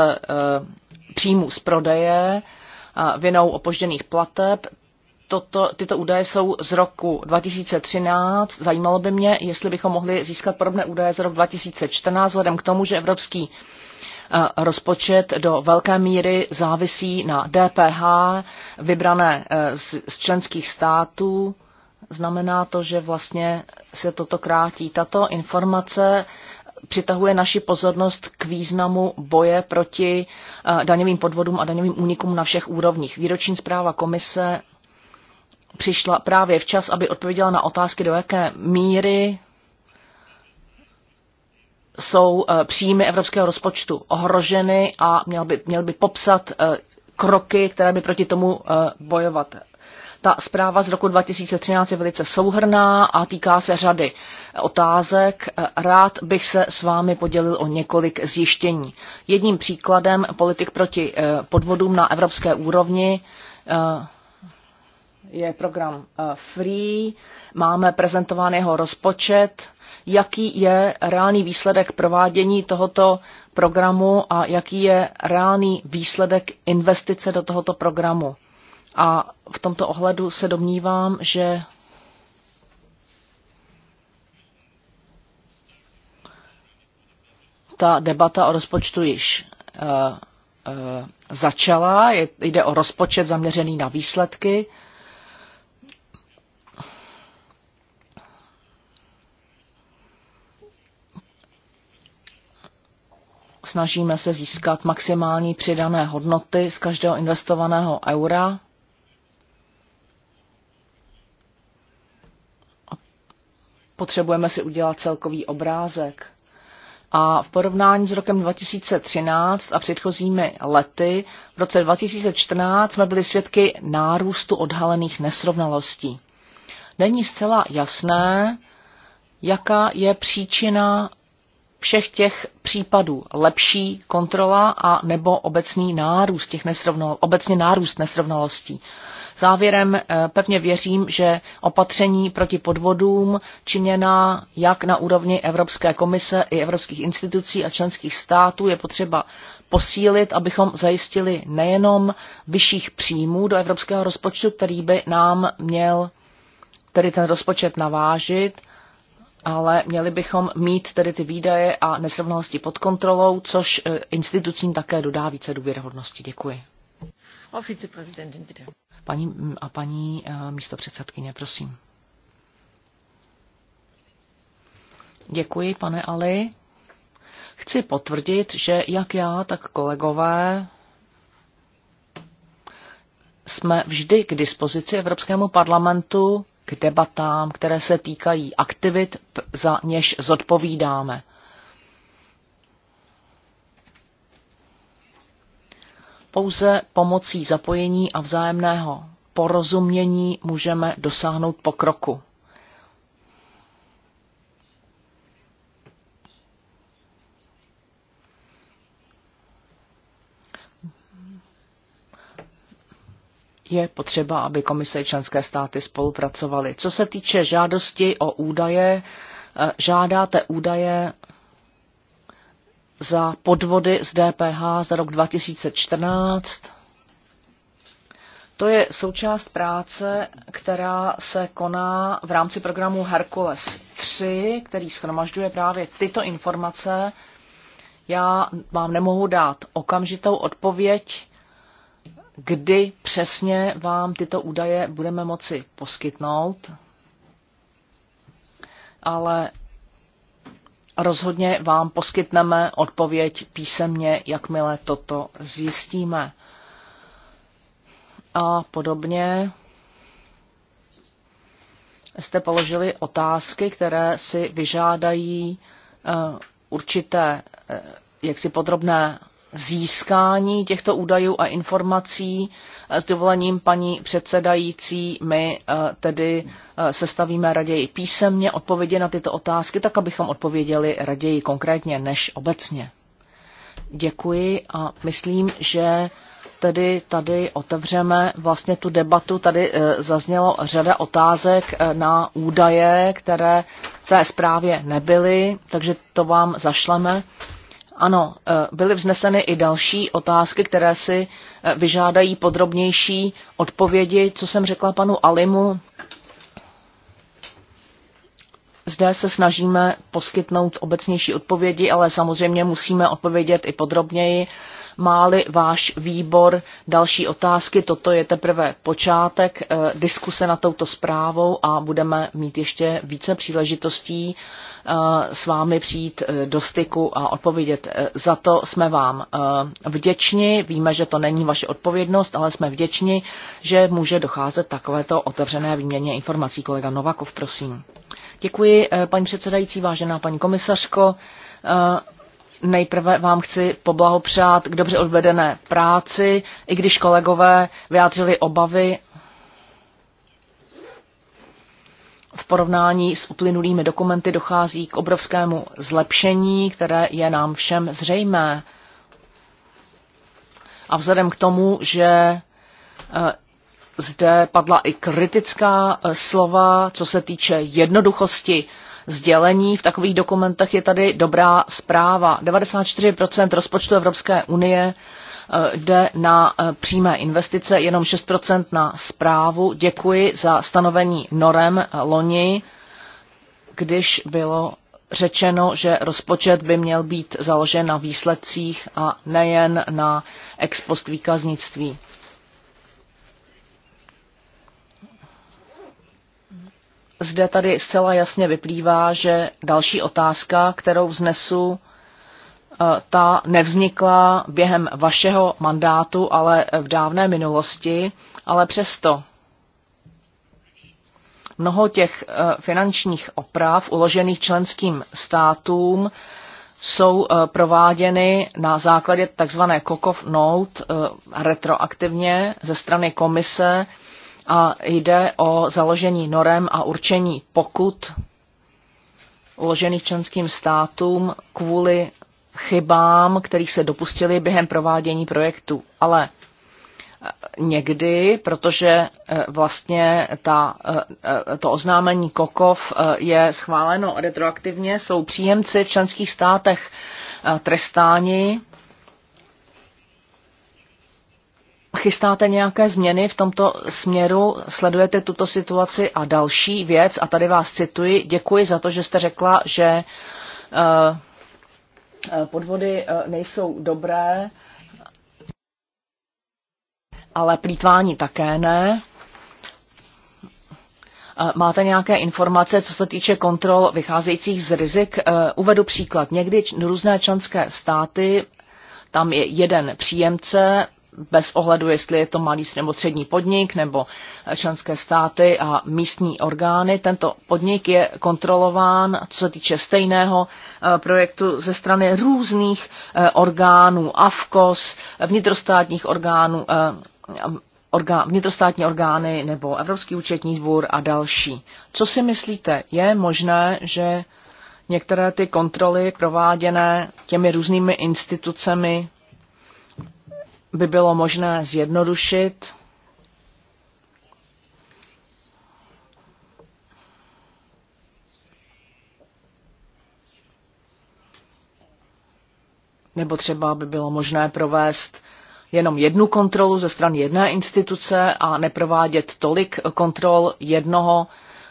příjmů z prodeje vinou opožděných plateb. Toto, tyto údaje jsou z roku 2013. Zajímalo by mě, jestli bychom mohli získat podobné údaje z roku 2014, vzhledem k tomu, že Evropský Eh, rozpočet do velké míry závisí na DPH vybrané eh, z členských států. Znamená to, že vlastně se toto krátí. Tato informace eh, přitahuje naši pozornost k významu boje proti daňovým podvodům a daňovým únikům na všech úrovních. Výroční zpráva komise přišla právě včas, aby odpověděla na otázky, do jaké míry jsou eh, příjmy evropského rozpočtu ohroženy a měl by, měl by popsat eh, kroky, které by proti tomu eh, bojovat. Ta zpráva z roku 2013 je velice souhrná a týká se řady otázek. Rád bych se s vámi podělil o několik zjištění. Jedním příkladem politik proti podvodům na evropské úrovni je program Free. Máme prezentován jeho rozpočet jaký je reálný výsledek provádění tohoto programu a jaký je reálný výsledek investice do tohoto programu. A v tomto ohledu se domnívám, že ta debata o rozpočtu již eh, eh, začala. je jde o rozpočet zaměřený na výsledky snažíme se získat maximální přidané hodnoty z každého investovaného eura. Potřebujeme si udělat celkový obrázek. A v porovnání s rokem 2013 a předchozími lety, v roce 2014 jsme byli svědky nárůstu odhalených nesrovnalostí. Není zcela jasné, jaká je příčina všech těch případů lepší kontrola a nebo obecný nárůst těch nesrovnal, obecně nárůst nesrovnalostí. Závěrem eh, pevně věřím, že opatření proti podvodům činěná jak na úrovni Evropské komise i evropských institucí a členských států je potřeba posílit, abychom zajistili nejenom vyšších příjmů do evropského rozpočtu, který by nám měl tedy ten rozpočet navážit, ale měli bychom mít tedy ty výdaje a nesrovnalosti pod kontrolou, což e, institucím také dodá více důvěryhodnosti. Děkuji. Paní a paní e, místo předsedkyně, prosím. Děkuji, pane Ali. Chci potvrdit, že jak já, tak kolegové jsme vždy k dispozici Evropskému parlamentu k debatám, které se týkají aktivit, za něž zodpovídáme. Pouze pomocí zapojení a vzájemného porozumění můžeme dosáhnout pokroku. je potřeba, aby komise i členské státy spolupracovaly. Co se týče žádosti o údaje, eh, žádáte údaje za podvody z DPH za rok 2014. To je součást práce, která se koná v rámci programu Hercules 3, který schromažďuje právě tyto informace. Já vám nemohu dát okamžitou odpověď, kdy přesně vám tyto údaje budeme moci poskytnout, ale rozhodně vám poskytneme odpověď písemně, jakmile toto zjistíme. A podobně jste položili otázky, které si vyžádají eh, určité eh, jaksi podrobné získání těchto údajů a informací. Eh, s dovolením paní předsedající, my eh, tedy eh, sestavíme raději písemně odpovědi na tyto otázky, tak abychom odpověděli raději konkrétně než obecně. Děkuji a myslím, že tedy tady otevřeme vlastně tu debatu. Tady zaznělo řada otázek na údaje, které v té zprávě nebyly, takže to vám zašleme ano, eh, byly vzneseny i další otázky, které si eh, vyžádají podrobnější odpovědi, co jsem řekla panu Alimu. Zde se snažíme poskytnout obecnější odpovědi, ale samozřejmě musíme odpovědět i podrobněji. Máli váš výbor další otázky, toto je teprve počátek eh, diskuse na touto zprávou a budeme mít ještě více příležitostí Eh, s vámi přijít eh, do styku a odpovědět. Eh, za to jsme vám vděční. Víme, že to není vaše odpovědnost, ale jsme vděční, že může docházet takovéto otevřené výměně informací. Kolega Novakov, prosím. Děkuji, paní předsedající, vážená paní komisařko. Nejprve vám chci poblahopřát k dobře odvedené práci, i když kolegové vyjádřili obavy v porovnání s uplynulými dokumenty dochází k obrovskému zlepšení, které je nám všem zřejmé. A vzhledem k tomu, že eh, zde padla i kritická eh, slova, co se týče jednoduchosti sdělení. V takových dokumentech je tady dobrá zpráva. 94% rozpočtu Evropské unie Eh, jde na eh, přímé investice, jenom 6% na zprávu. Děkuji za stanovení norem loni, když bylo řečeno, že rozpočet by měl být založen na výsledcích a nejen na ex post výkaznictví. Zde tady zcela jasně vyplývá, že další otázka, kterou vznesu, Eh, ta nevznikla během vašeho mandátu, ale eh, v dávné minulosti, ale přesto mnoho těch eh, finančních oprav uložených členským státům jsou prováděny na základě tzv. Kokov Note retroaktivně ze strany komise a jde o založení norem a určení pokut uložených členským státům kvůli chybám, kterých se dopustili během provádění projektu. Ale eh, někdy, protože eh, vlastně ta, eh, to oznámení KOKOV je schváleno retroaktivně, jsou příjemci v členských státech trestáni. Chystáte nějaké změny v tomto směru, sledujete tuto situaci a další věc, a tady vás cituji, děkuji za to, že jste řekla, že Eh, podvody eh, nejsou dobré, ale plítvání také ne. Eh, máte nějaké informace, co se týče kontrol vycházejících z rizik? Uvedu příklad. Někdy různé členské státy, tam je jeden příjemce, bez ohledu, jestli je to malý nebo střední podnik nebo eh, členské státy a místní orgány. Tento podnik je kontrolován, co se týče stejného eh, projektu, ze strany různých eh, orgánů, AFKOS, vnitrostátních orgánů, orgán, vnitrostátní orgány nebo Evropský účetní dvůr a další. Co si myslíte, je možné, že některé ty kontroly prováděné těmi různými institucemi by bylo možné zjednodušit. Nebo třeba by bylo možné provést jenom jednu kontrolu ze strany jedné instituce a neprovádět tolik kontrol jednoho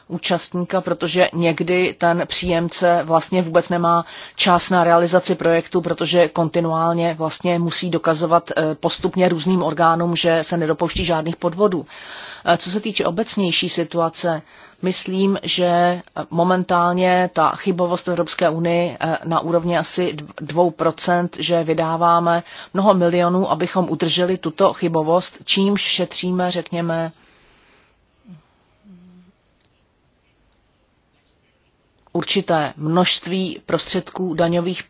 účastníka, protože někdy ten příjemce vlastně vůbec nemá čas na realizaci projektu, protože kontinuálně vlastně musí dokazovat eh, postupně různým orgánům, že se nedopouští žádných podvodů. Eh, co se týče obecnější situace, myslím, že eh, momentálně ta chybovost v Evropské unii na úrovni asi 2%, že vydáváme mnoho milionů, abychom udrželi tuto chybovost, čímž šetříme, řekněme, určité množství prostředků, daňových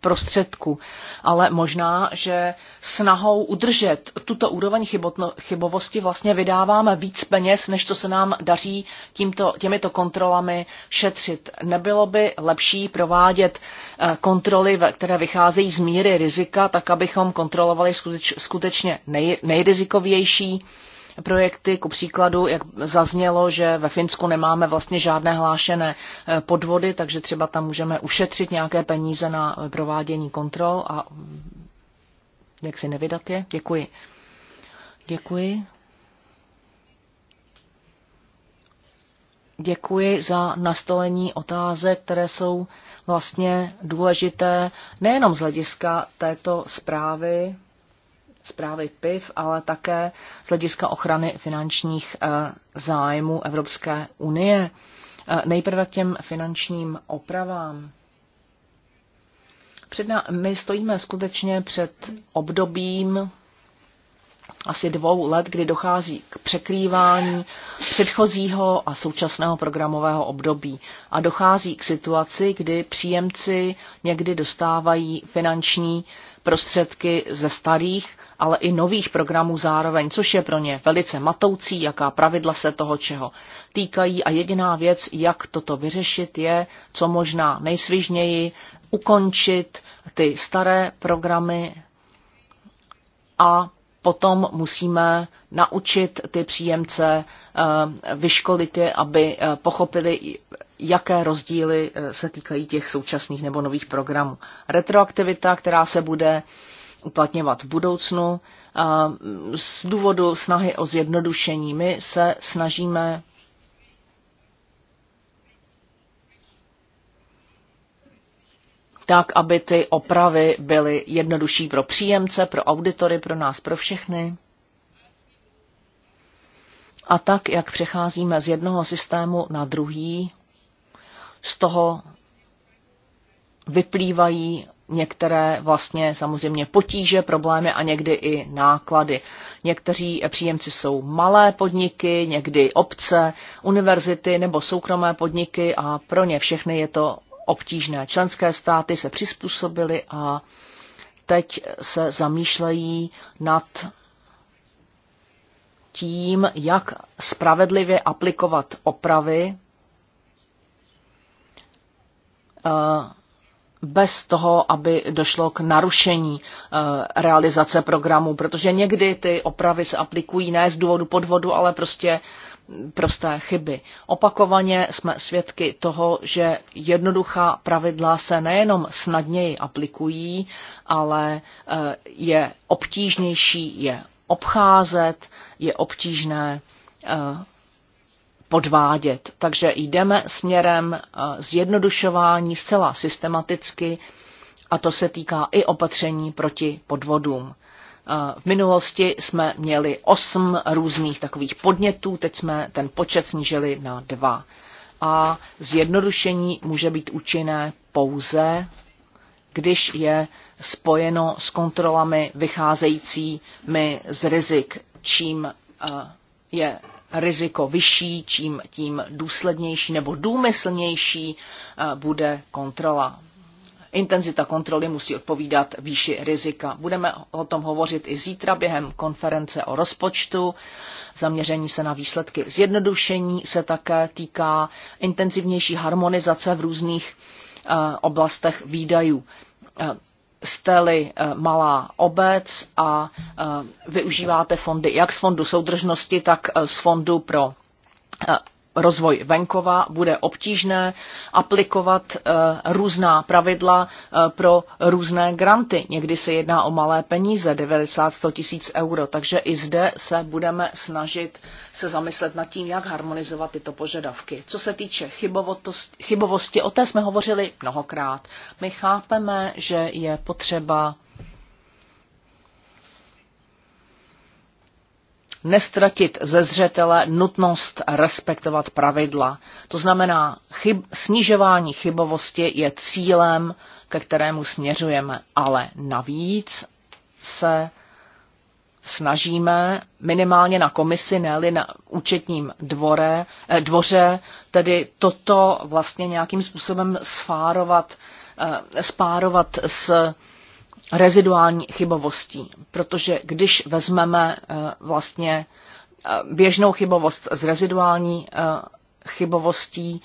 prostředků. Ale možná, že snahou udržet tuto úroveň chybotno, chybovosti vlastně vydáváme víc peněz, než co se nám daří tímto, těmito kontrolami šetřit. Nebylo by lepší provádět eh, kontroly, které vycházejí z míry rizika, tak abychom kontrolovali skuteč, skutečně nej, nejrizikovější projekty, ku příkladu, jak zaznělo, že ve Finsku nemáme vlastně žádné hlášené eh, podvody, takže třeba tam můžeme ušetřit nějaké peníze na eh, provádění kontrol a mm, jak si nevydat je. Děkuji. Děkuji. Děkuji za nastolení otázek, které jsou vlastně důležité nejenom z hlediska této zprávy, zprávy PIV, ale také z hlediska ochrany finančních eh, zájmů Evropské unie. Eh, nejprve k těm finančním opravám. my stojíme skutečně před obdobím asi dvou let, kdy dochází k překrývání předchozího a současného programového období. A dochází k situaci, kdy příjemci někdy dostávají finanční prostředky ze starých ale i nových programů zároveň, což je pro ně velice matoucí, jaká pravidla se toho čeho týkají a jediná věc, jak toto vyřešit, je co možná nejsvižněji ukončit ty staré programy a potom musíme naučit ty příjemce, eh, vyškolit je, aby eh, pochopili, jaké rozdíly eh, se týkají těch současných nebo nových programů. Retroaktivita, která se bude uplatňovat v budoucnu. Z důvodu snahy o zjednodušení my se snažíme tak, aby ty opravy byly jednodušší pro příjemce, pro auditory, pro nás, pro všechny. A tak, jak přecházíme z jednoho systému na druhý, z toho vyplývají některé vlastně samozřejmě potíže, problémy a někdy i náklady. Někteří příjemci jsou malé podniky, někdy obce, univerzity nebo soukromé podniky a pro ně všechny je to obtížné. Členské státy se přizpůsobily a teď se zamýšlejí nad tím, jak spravedlivě aplikovat opravy eh, bez toho, aby došlo k narušení eh, realizace programu, protože někdy ty opravy se aplikují ne z důvodu podvodu, ale prostě hm, prosté chyby. Opakovaně jsme svědky toho, že jednoduchá pravidla se nejenom snadněji aplikují, ale eh, je obtížnější je obcházet, je obtížné eh, podvádět. Takže jdeme směrem eh, zjednodušování zcela systematicky a to se týká i opatření proti podvodům. Eh, v minulosti jsme měli osm různých takových podnětů, teď jsme ten počet snížili na dva. A zjednodušení může být účinné pouze, když je spojeno s kontrolami vycházejícími z rizik, čím eh, je riziko vyšší, čím tím důslednější nebo důmyslnější eh, bude kontrola. Intenzita kontroly musí odpovídat výši rizika. Budeme o tom hovořit i zítra během konference o rozpočtu. Zaměření se na výsledky zjednodušení se také týká intenzivnější harmonizace v různých eh, oblastech výdajů eh, jste-li eh, malá obec a eh, využíváte fondy jak z fondu soudržnosti, tak eh, z fondu pro rozvoj venkova, bude obtížné aplikovat eh, různá pravidla eh, pro různé granty. Někdy se jedná o malé peníze, 90-100 tisíc euro, takže i zde se budeme snažit se zamyslet nad tím, jak harmonizovat tyto požadavky. Co se týče chybovosti, o té jsme hovořili mnohokrát. My chápeme, že je potřeba nestratit ze zřetele nutnost respektovat pravidla. To znamená, chyb, snižování chybovosti je cílem, ke kterému směřujeme, ale navíc se snažíme minimálně na komisi, ne na účetním dvore, eh, dvoře, tedy toto vlastně nějakým způsobem sfárovat, eh, spárovat s reziduální chybovostí, protože když vezmeme eh, vlastně eh, běžnou chybovost z reziduální eh, chybovostí,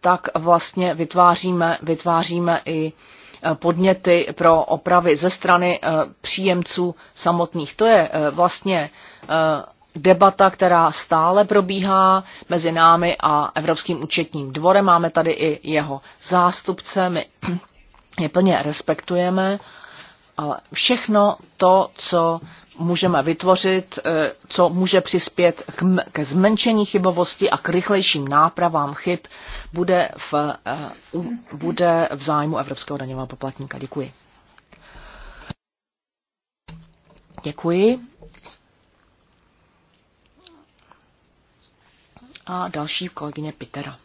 tak vlastně vytváříme, vytváříme i podněty pro opravy ze strany příjemců samotných. To je vlastně debata, která stále probíhá mezi námi a Evropským účetním dvorem. Máme tady i jeho zástupce. My je plně respektujeme, ale všechno to, co můžeme vytvořit, eh, co může přispět ke zmenšení chybovosti a k rychlejším nápravám chyb, bude v, eh, bude v zájmu Evropského daňového poplatníka. Děkuji. Děkuji. A další kolegyně Pitera.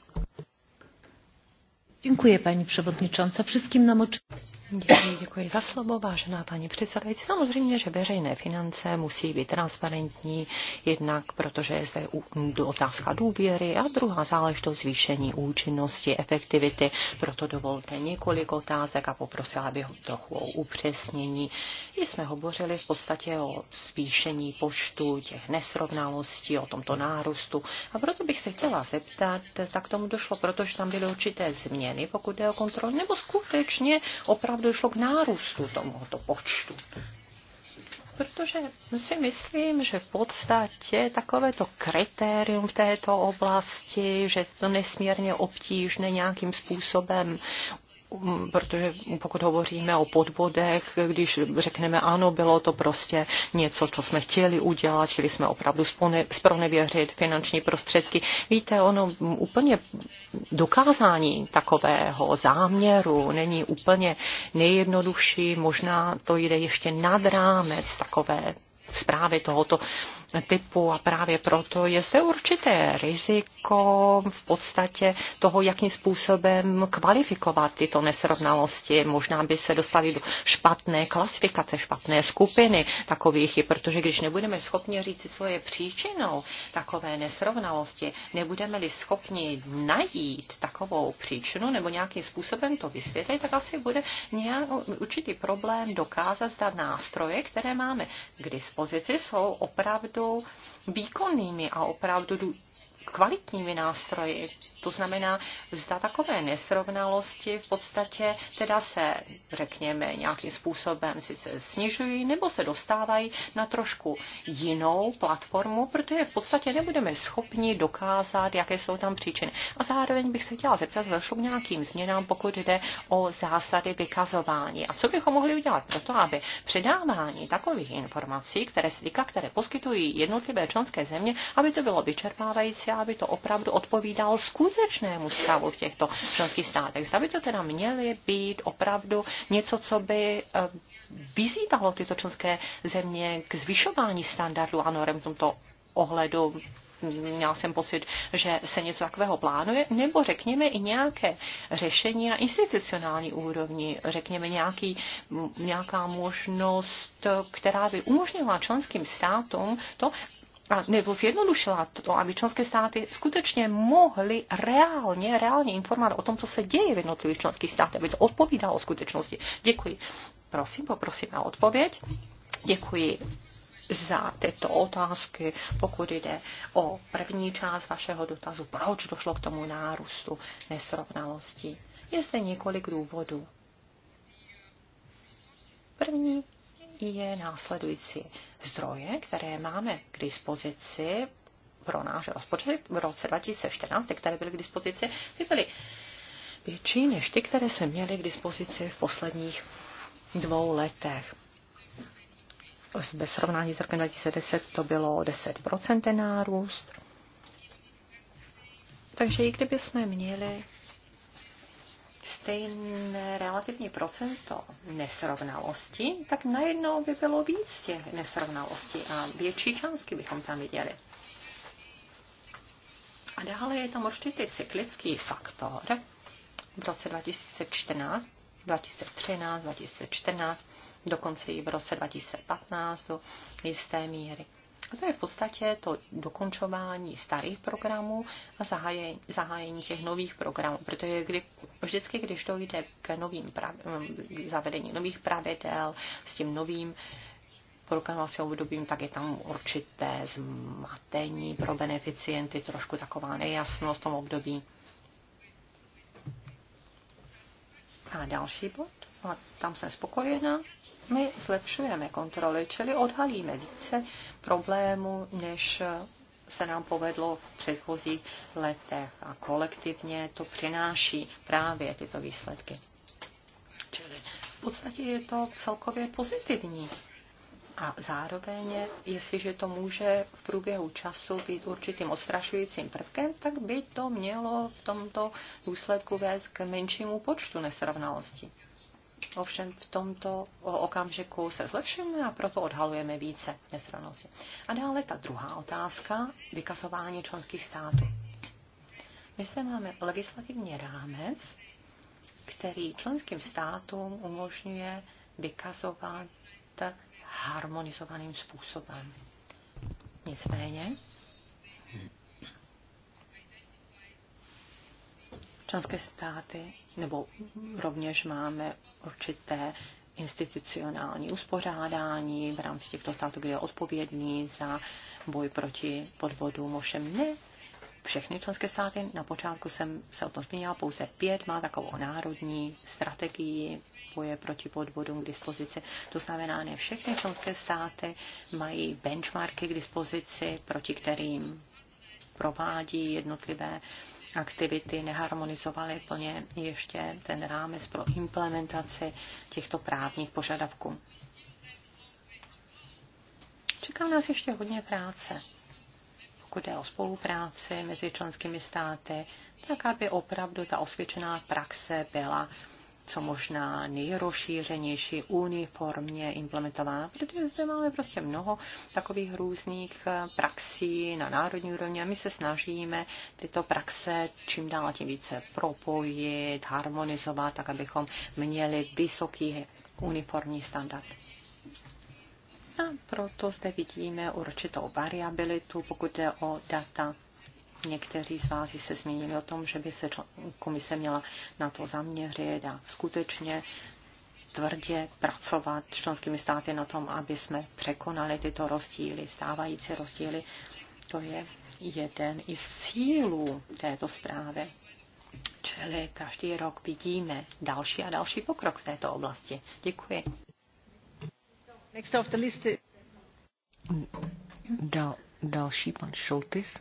Dziękuję Pani Przewodnicząca. Wszystkim nam oczywiście. Děkuji, děkuji za slovo, vážená paní předsedající. Samozřejmě, že veřejné finance musí být transparentní, jednak protože je zde otázka důvěry a druhá záležitost zvýšení účinnosti, efektivity. Proto dovolte několik otázek a poprosila bych trochu o upřesnění. My jsme hovořili v podstatě o zvýšení poštu těch nesrovnalostí, o tomto nárůstu. A proto bych se chtěla zeptat, tak tomu došlo, protože tam byly určité změny, pokud jde o kontrolu, nebo skutečně opravdu došlo k nárůstu tomuto počtu. Protože si myslím, že v podstatě takovéto kritérium v této oblasti, že to nesmírně obtížné nějakým způsobem Mm, protože pokud hovoříme o podvodech, když řekneme ano, bylo to prostě něco, co jsme chtěli udělat, chtěli jsme opravdu spronevěřit finanční prostředky. Víte, ono úplně dokázání takového záměru není úplně nejjednodušší, možná to jde ještě nad rámec takové zprávy tohoto typu a právě proto je zde určité riziko v podstatě toho, jakým způsobem kvalifikovat tyto nesrovnalosti. Možná by se dostali do špatné klasifikace, špatné skupiny takových, protože když nebudeme schopni říct, co je příčinou takové nesrovnalosti, nebudeme-li schopni najít takovou příčinu nebo nějakým způsobem to vysvětlit, tak asi bude nějak, určitý problém dokázat, zda nástroje, které máme k dispozici, jsou opravdu opravdu výkonnými a opravdu kvalitními nástroji. To znamená, zda takové nesrovnalosti v podstatě teda se, řekněme, nějakým způsobem sice snižují nebo se dostávají na trošku jinou platformu, protože v podstatě nebudeme schopni dokázat, jaké jsou tam příčiny. A zároveň bych se chtěla zeptat, došlo k nějakým změnám, pokud jde o zásady vykazování. A co bychom mohli udělat pro to, aby předávání takových informací, které se týká, které poskytují jednotlivé členské země, aby to bylo vyčerpávající důležité, aby to opravdu odpovídalo skutečnému stavu v těchto členských státech. Zda by to teda měly být opravdu něco, co by eh, vyzývalo tyto členské země k zvyšování standardů a norem v tomto ohledu měla jsem pocit, že se něco takového plánuje, nebo řekněme i nějaké řešení na institucionální úrovni, řekněme nějaký, nějaká možnost, která by umožnila členským státům to, nebo zjednodušila to, aby členské státy skutečně mohly reálně, reálně informovat o tom, co se děje v jednotlivých členských státech, aby to odpovídalo skutečnosti. Děkuji. Prosím, poprosím na odpověď. Děkuji za tyto otázky, pokud jde o první část vašeho dotazu, proč došlo k tomu nárůstu nesrovnalosti, Je zde několik důvodů. První je následující zdroje, které máme k dispozici pro náš rozpočet v roce 2014, ty, které byly k dispozici, ty byly větší než ty, které jsme měli k dispozici v posledních dvou letech. Ve srovnání s rokem 2010 to bylo 10% ten nárůst. Takže i kdyby jsme měli stejné relativní procento nesrovnalosti, tak najednou by bylo víc těch nesrovnalostí a větší částky bychom tam viděli. A dále je tam určitý cyklický faktor. V roce 2014, 2013, 2014, dokonce i v roce 2015 do jisté míry. A to je v podstatě to dokončování starých programů a zahájení, zahájení těch nových programů, protože kdy, vždycky, když dojde k novým prav, zavedení nových pravidel s tím novým programovacím obdobím, tak je tam určité zmatení pro beneficienty, trošku taková nejasnost v tom období. A další bod a tam jsem spokojená. my zlepšujeme kontroly, čili odhalíme více problémů, než se nám povedlo v předchozích letech a kolektivně to přináší právě tyto výsledky. Čili v podstatě je to celkově pozitivní. A zároveň, jestliže to může v průběhu času být určitým ostrašujícím prvkem, tak by to mělo v tomto důsledku vést k menšímu počtu nesrovnalostí. Ovšem v tomto okamžiku se zlepšujeme a proto odhalujeme více nestranosti. A dále ta druhá otázka, vykazování členských států. My zde máme legislativní rámec, který členským státům umožňuje vykazovat harmonizovaným způsobem. Nicméně, Členské státy, nebo rovněž máme určité institucionální uspořádání v rámci těchto států, kde je odpovědný za boj proti podvodům, ovšem ne všechny členské státy. Na počátku jsem se o tom zmínila, pouze pět má takovou národní strategii boje proti podvodům k dispozici. To znamená, ne všechny členské státy mají benchmarky k dispozici, proti kterým provádí jednotlivé uh, aktivity neharmonizovaly plně ještě ten rámec pro implementaci těchto právních požadavků. Čeká nás ještě hodně práce, pokud jde o spolupráci mezi členskými státy, tak aby opravdu ta osvědčená praxe byla co možná nejrozšířenější uniformně implementována, protože zde máme prostě mnoho takových různých eh, praxí na národní úrovni a my se snažíme tyto praxe čím dál tím více propojit, harmonizovat, tak abychom měli vysoký uniformní standard. A proto zde vidíme určitou variabilitu, pokud jde o data Někteří z vás se zmínili o tom, že by se komise měla na to zaměřit a skutečně tvrdě pracovat s členskými státy na tom, aby jsme překonali tyto rozdíly, stávající rozdíly. To je jeden i z cílů této zprávy. Čili každý rok vidíme další a další pokrok v této oblasti. Děkuji. Next of the list. Dal, další pan Šoltis.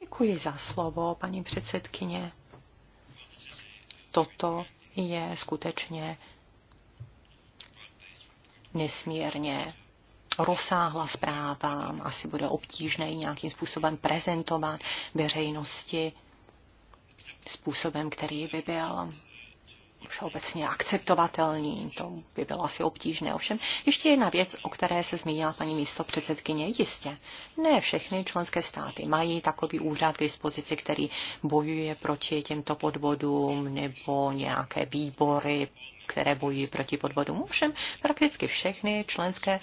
Děkuji za slovo, paní předsedkyně. Toto je skutečně nesmírně rozsáhla zpráva, asi bude obtížné ji nějakým způsobem prezentovat veřejnosti způsobem, který by byl všeobecně akceptovatelný, to by bylo asi obtížné. Ovšem, ještě jedna věc, o které se zmínila paní místo předsedkyně, jistě. Ne všechny členské státy mají takový úřad k dispozici, který bojuje proti těmto podvodům nebo nějaké výbory, které bojují proti podvodům. Ovšem, prakticky všechny členské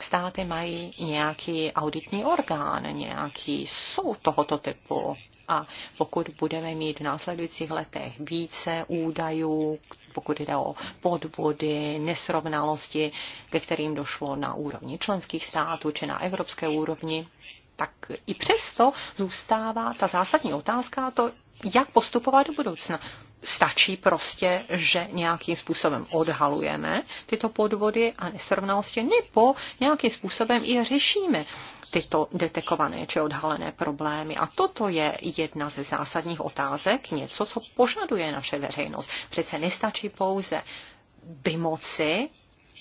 státy mají nějaký auditní orgán, nějaký soud tohoto typu, a pokud budeme mít v následujících letech více údajů, pokud jde o podvody, nesrovnalosti, ke kterým došlo na úrovni členských států či na evropské úrovni, tak i přesto zůstává ta zásadní otázka to, jak postupovat do budoucna stačí prostě, že nějakým způsobem odhalujeme tyto podvody a nesrovnalosti, nebo nějakým způsobem i řešíme tyto detekované či odhalené problémy. A toto je jedna ze zásadních otázek, něco, co požaduje naše veřejnost. Přece nestačí pouze vymoci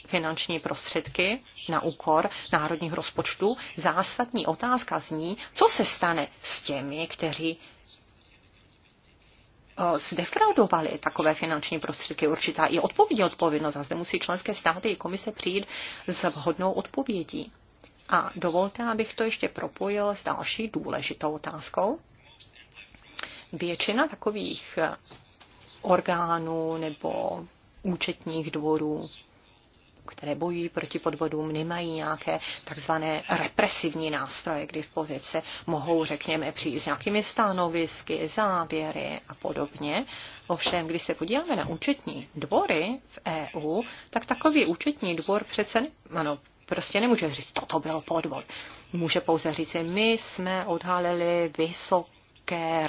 finanční prostředky na úkor národních rozpočtů, zásadní otázka zní, co se stane s těmi, kteří Eh, zdefraudovali takové finanční prostředky, určitá i odpovědní odpovědnost. A zde musí členské státy i komise přijít s vhodnou odpovědí. A dovolte, abych to ještě propojil s další důležitou otázkou. Většina takových orgánů nebo účetních dvorů které bojují proti podvodům, nemají nějaké takzvané represivní nástroje, kdy v pozici mohou, řekněme, přijít s nějakými stanovisky, závěry a podobně. Ovšem, když se podíváme na účetní dvory v EU, tak takový účetní dvor přece, ano, prostě nemůže říct, toto byl podvod. Může pouze říct, my jsme odhalili vysok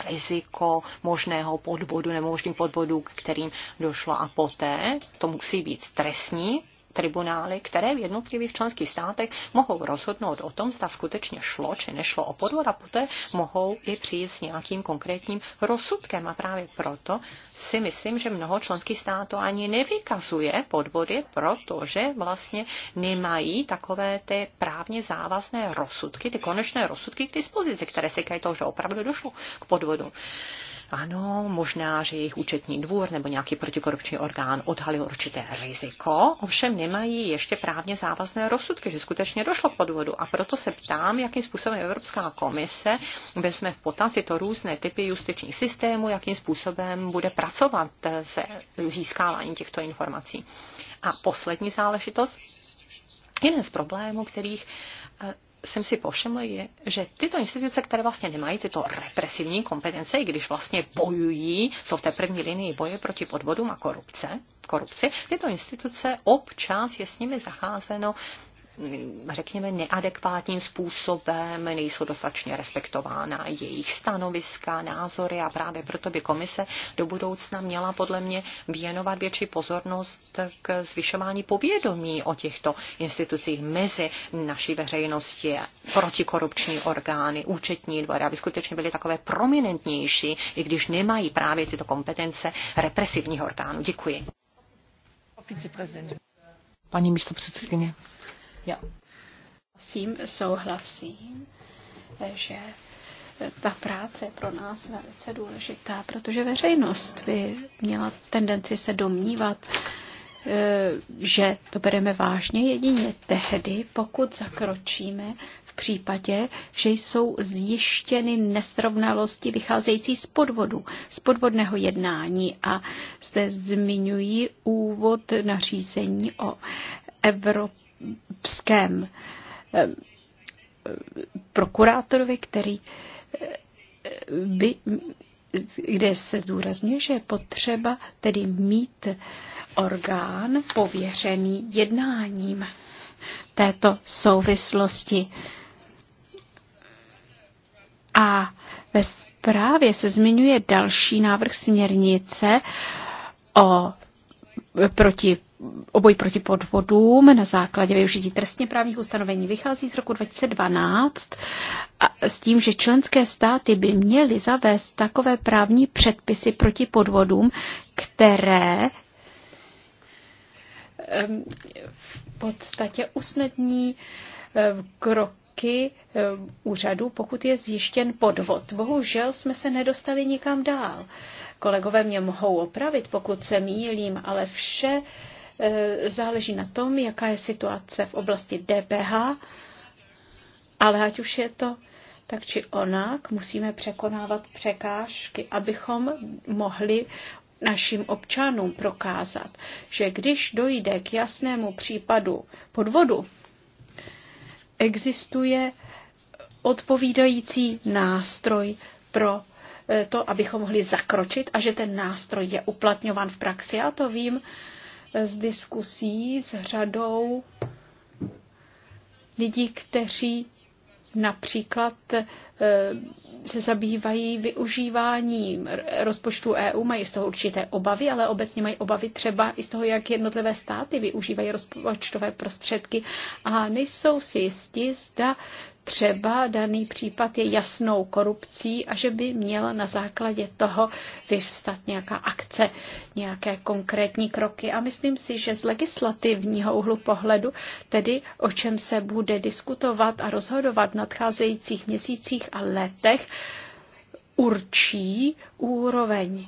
riziko možného podvodu nebo možných podvodů, k kterým došlo a poté to musí být trestní tribunály, které v jednotlivých členských státech mohou rozhodnout o tom, zda skutečně šlo či nešlo o podvod a poté mohou i přijít s nějakým konkrétním rozsudkem. A právě proto si myslím, že mnoho členských států ani nevykazuje podvody, protože vlastně nemají takové ty právně závazné rozsudky, ty konečné rozsudky k dispozici, které se říkají, toho, že opravdu došlo k podvodu. Ano, možná, že jejich účetní dvůr nebo nějaký protikorupční orgán odhalil určité riziko, ovšem nemají ještě právně závazné rozsudky, že skutečně došlo k podvodu. A proto se ptám, jakým způsobem Evropská komise vezme v potaz tyto různé typy justičních systémů, jakým způsobem bude pracovat se získáváním těchto informací. A poslední záležitost. Jeden z problémů, kterých jsem si povšiml, je, že tyto instituce, které vlastně nemají tyto represivní kompetence, i když vlastně bojují, jsou v té první linii boje proti podvodům a korupce, korupci, tyto instituce občas je s nimi zacházeno řekněme, neadekvátním způsobem, nejsou dostatečně respektována jejich stanoviska, názory a právě proto by komise do budoucna měla podle mě věnovat větší pozornost k zvyšování povědomí o těchto institucích mezi naší veřejnosti, protikorupční orgány, účetní dvory, aby skutečně byly takové prominentnější, i když nemají právě tyto kompetence represivních orgánů. Děkuji. Paní místo předsedkyně. Jo. tím souhlasím, že ta práce je pro nás velice důležitá, protože veřejnost by měla tendenci se domnívat, eh, že to bereme vážně jedině tehdy, pokud zakročíme v případě, že jsou zjištěny nesrovnalosti vycházející z podvodu, z podvodného jednání a zde zmiňují úvod nařízení o Evropě pském prokurátorovi, který by, kde se zdůrazňuje, že je potřeba tedy mít orgán pověřený jednáním této souvislosti. A ve zprávě se zmiňuje další návrh směrnice o proti oboj proti podvodům na základě využití trestně právních ustanovení vychází z roku 2012 a s tím, že členské státy by měly zavést takové právní předpisy proti podvodům, které v podstatě usnadní kroky úřadu, pokud je zjištěn podvod. Bohužel jsme se nedostali nikam dál. Kolegové mě mohou opravit, pokud se mýlím, ale vše Eh, záleží na tom, jaká je situace v oblasti DPH, ale ať už je to tak či onak, musíme překonávat překážky, abychom mohli našim občanům prokázat, že když dojde k jasnému případu podvodu, existuje odpovídající nástroj pro eh, to, abychom mohli zakročit a že ten nástroj je uplatňován v praxi. Já to vím z diskusí s řadou lidí, kteří například eh, se zabývají využíváním rozpočtu EU, mají z toho určité obavy, ale obecně mají obavy třeba i z toho, jak jednotlivé státy využívají rozpočtové prostředky a nejsou si jisti, zda třeba daný případ je jasnou korupcí a že by měla na základě toho vyvstat nějaká akce, nějaké konkrétní kroky. A myslím si, že z legislativního úhlu pohledu, tedy o čem se bude diskutovat a rozhodovat v nadcházejících měsících a letech, určí úroveň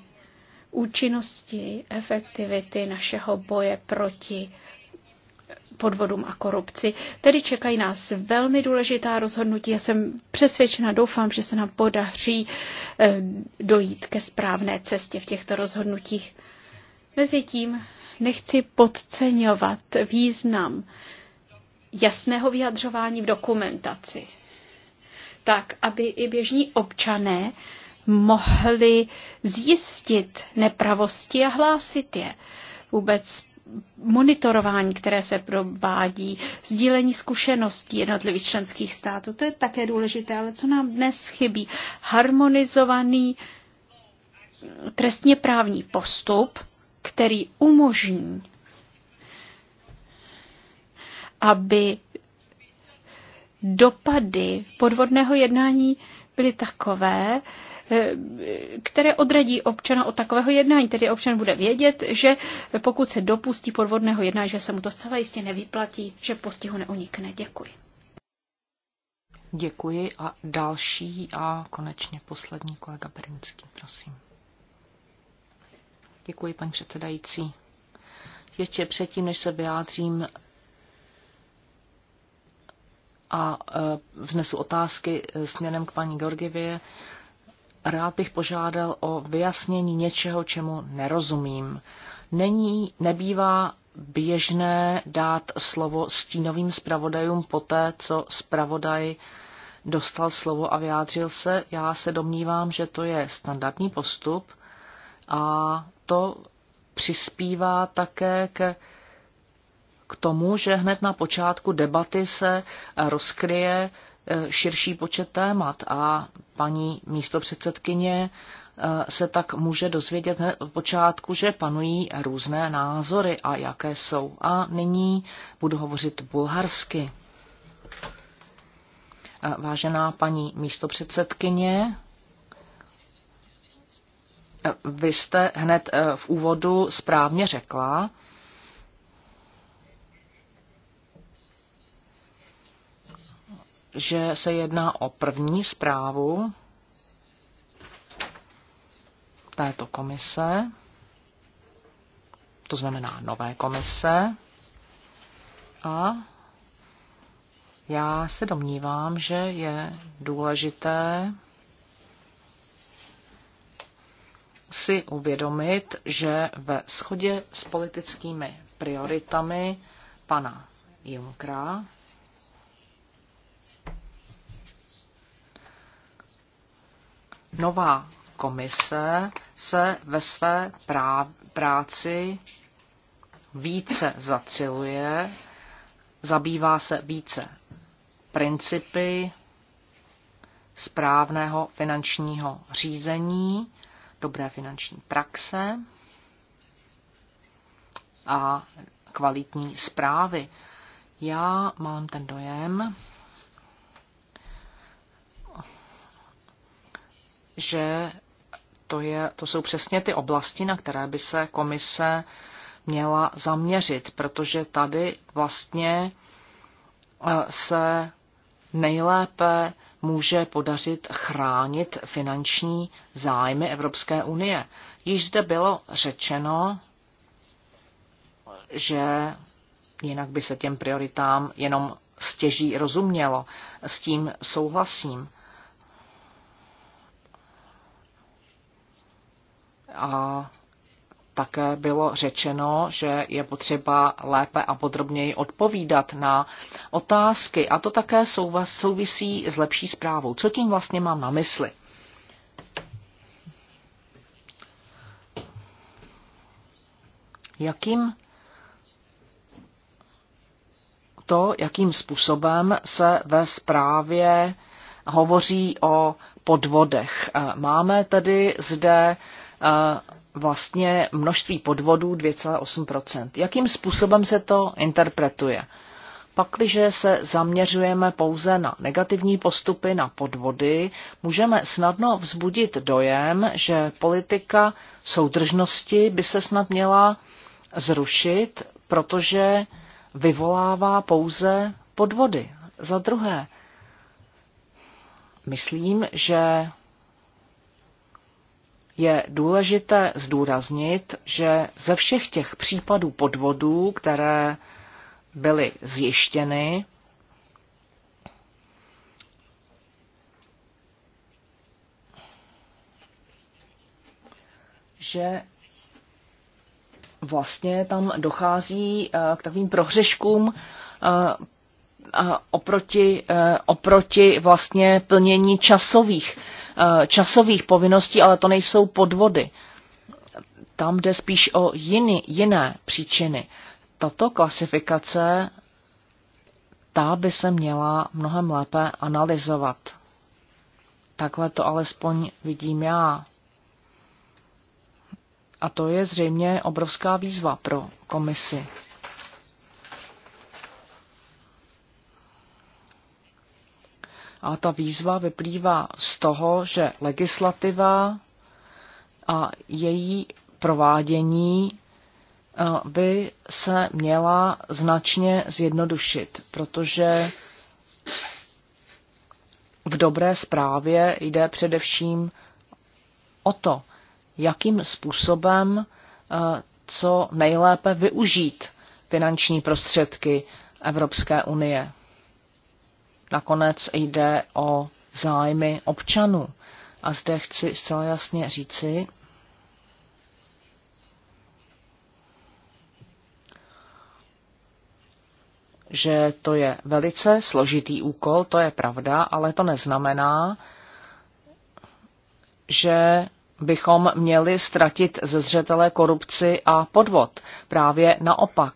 účinnosti, efektivity našeho boje proti podvodům a korupci. Tedy čekají nás velmi důležitá rozhodnutí. Já jsem přesvědčena, doufám, že se nám podaří eh, dojít ke správné cestě v těchto rozhodnutích. Mezitím nechci podceňovat význam jasného vyjadřování v dokumentaci, tak aby i běžní občané mohli zjistit nepravosti a hlásit je. Vůbec monitorování, které se provádí, sdílení zkušeností jednotlivých členských států. To je také důležité, ale co nám dnes chybí? Harmonizovaný trestně právní postup, který umožní, aby dopady podvodného jednání byly takové, které odradí občana od takového jednání. Tedy občan bude vědět, že pokud se dopustí podvodného jednání, že se mu to zcela jistě nevyplatí, že postihu neunikne. Děkuji. Děkuji a další a konečně poslední kolega Berinský, prosím. Děkuji, paní předsedající. Ještě předtím, než se vyjádřím a e, vznesu otázky e, směrem k paní Georgivě, Rád bych požádal o vyjasnění něčeho, čemu nerozumím. Není, nebývá běžné dát slovo stínovým zpravodajům poté, co zpravodaj dostal slovo a vyjádřil se. Já se domnívám, že to je standardní postup a to přispívá také k k tomu, že hned na počátku debaty se rozkryje širší počet témat a paní místopředsedkyně eh, se tak může dozvědět hned od počátku, že panují různé názory a jaké jsou. A nyní budu hovořit bulharsky. Eh, vážená paní místopředsedkyně, eh, vy jste hned v úvodu správně řekla, že se jedná o první zprávu této komise, to znamená nové komise. A já se domnívám, že je důležité si uvědomit, že ve shodě s politickými prioritami pana Junkra nová komise se ve své práci více zaciluje, zabývá se více principy správného finančního řízení, dobré finanční praxe a kvalitní zprávy. Já mám ten dojem, že to, je, to jsou přesně ty oblasti, na které by se komise měla zaměřit, protože tady vlastně eh, se nejlépe může podařit chránit finanční zájmy Evropské unie. Již zde bylo řečeno, že jinak by se těm prioritám jenom stěží rozumělo. S tím souhlasím. a také bylo řečeno, že je potřeba lépe a podrobněji odpovídat na otázky. A to také souvisí s lepší zprávou. Co tím vlastně mám na mysli? Jakým to, jakým způsobem se ve zprávě hovoří o podvodech. Máme tedy zde Eh, vlastně množství podvodů 2,8 Jakým způsobem se to interpretuje? Pakliže se zaměřujeme pouze na negativní postupy, na podvody, můžeme snadno vzbudit dojem, že politika soudržnosti by se snad měla zrušit, protože vyvolává pouze podvody. Za druhé, myslím, že je důležité zdůraznit, že ze všech těch případů podvodů, které byly zjištěny, že vlastně tam dochází eh, k takovým prohřeškům eh, oproti, eh, oproti vlastně plnění časových Eh, časových povinností, ale to nejsou podvody. Tam jde spíš o jiny, jiné příčiny. Tato klasifikace, ta by se měla mnohem lépe analyzovat. Takhle to alespoň vidím já. A to je zřejmě obrovská výzva pro komisi. A ta výzva vyplývá z toho, že legislativa a její provádění eh, by se měla značně zjednodušit, protože v dobré zprávě jde především o to, jakým způsobem eh, co nejlépe využít finanční prostředky Evropské unie. Nakonec jde o zájmy občanů. A zde chci zcela jasně říci, že to je velice složitý úkol, to je pravda, ale to neznamená, že bychom měli ztratit ze zřetele korupci a podvod. Právě naopak,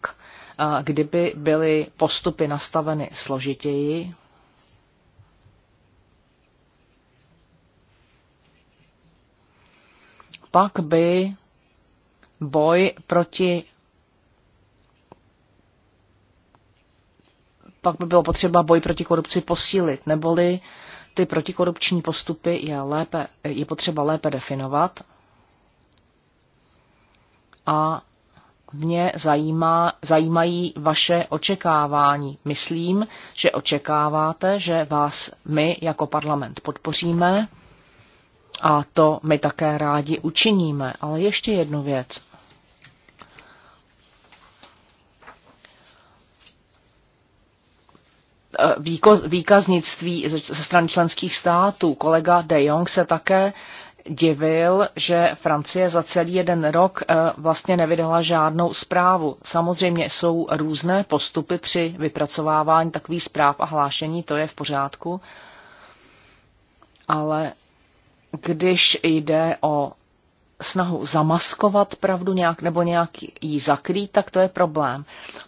kdyby byly postupy nastaveny složitěji, pak by boj proti pak by bylo potřeba boj proti korupci posílit, neboli ty protikorupční postupy je, lépe, je potřeba lépe definovat. A mě zajímá, zajímají vaše očekávání. Myslím, že očekáváte, že vás my jako parlament podpoříme a to my také rádi učiníme. Ale ještě jednu věc. E, výkaznictví ze strany členských států. Kolega De Jong se také divil, že Francie za celý jeden rok e, vlastně nevydala žádnou zprávu. Samozřejmě jsou různé postupy při vypracovávání takových zpráv a hlášení, to je v pořádku, ale když jde o snahu zamaskovat pravdu nějak nebo nějak ji zakrýt, tak to je problém.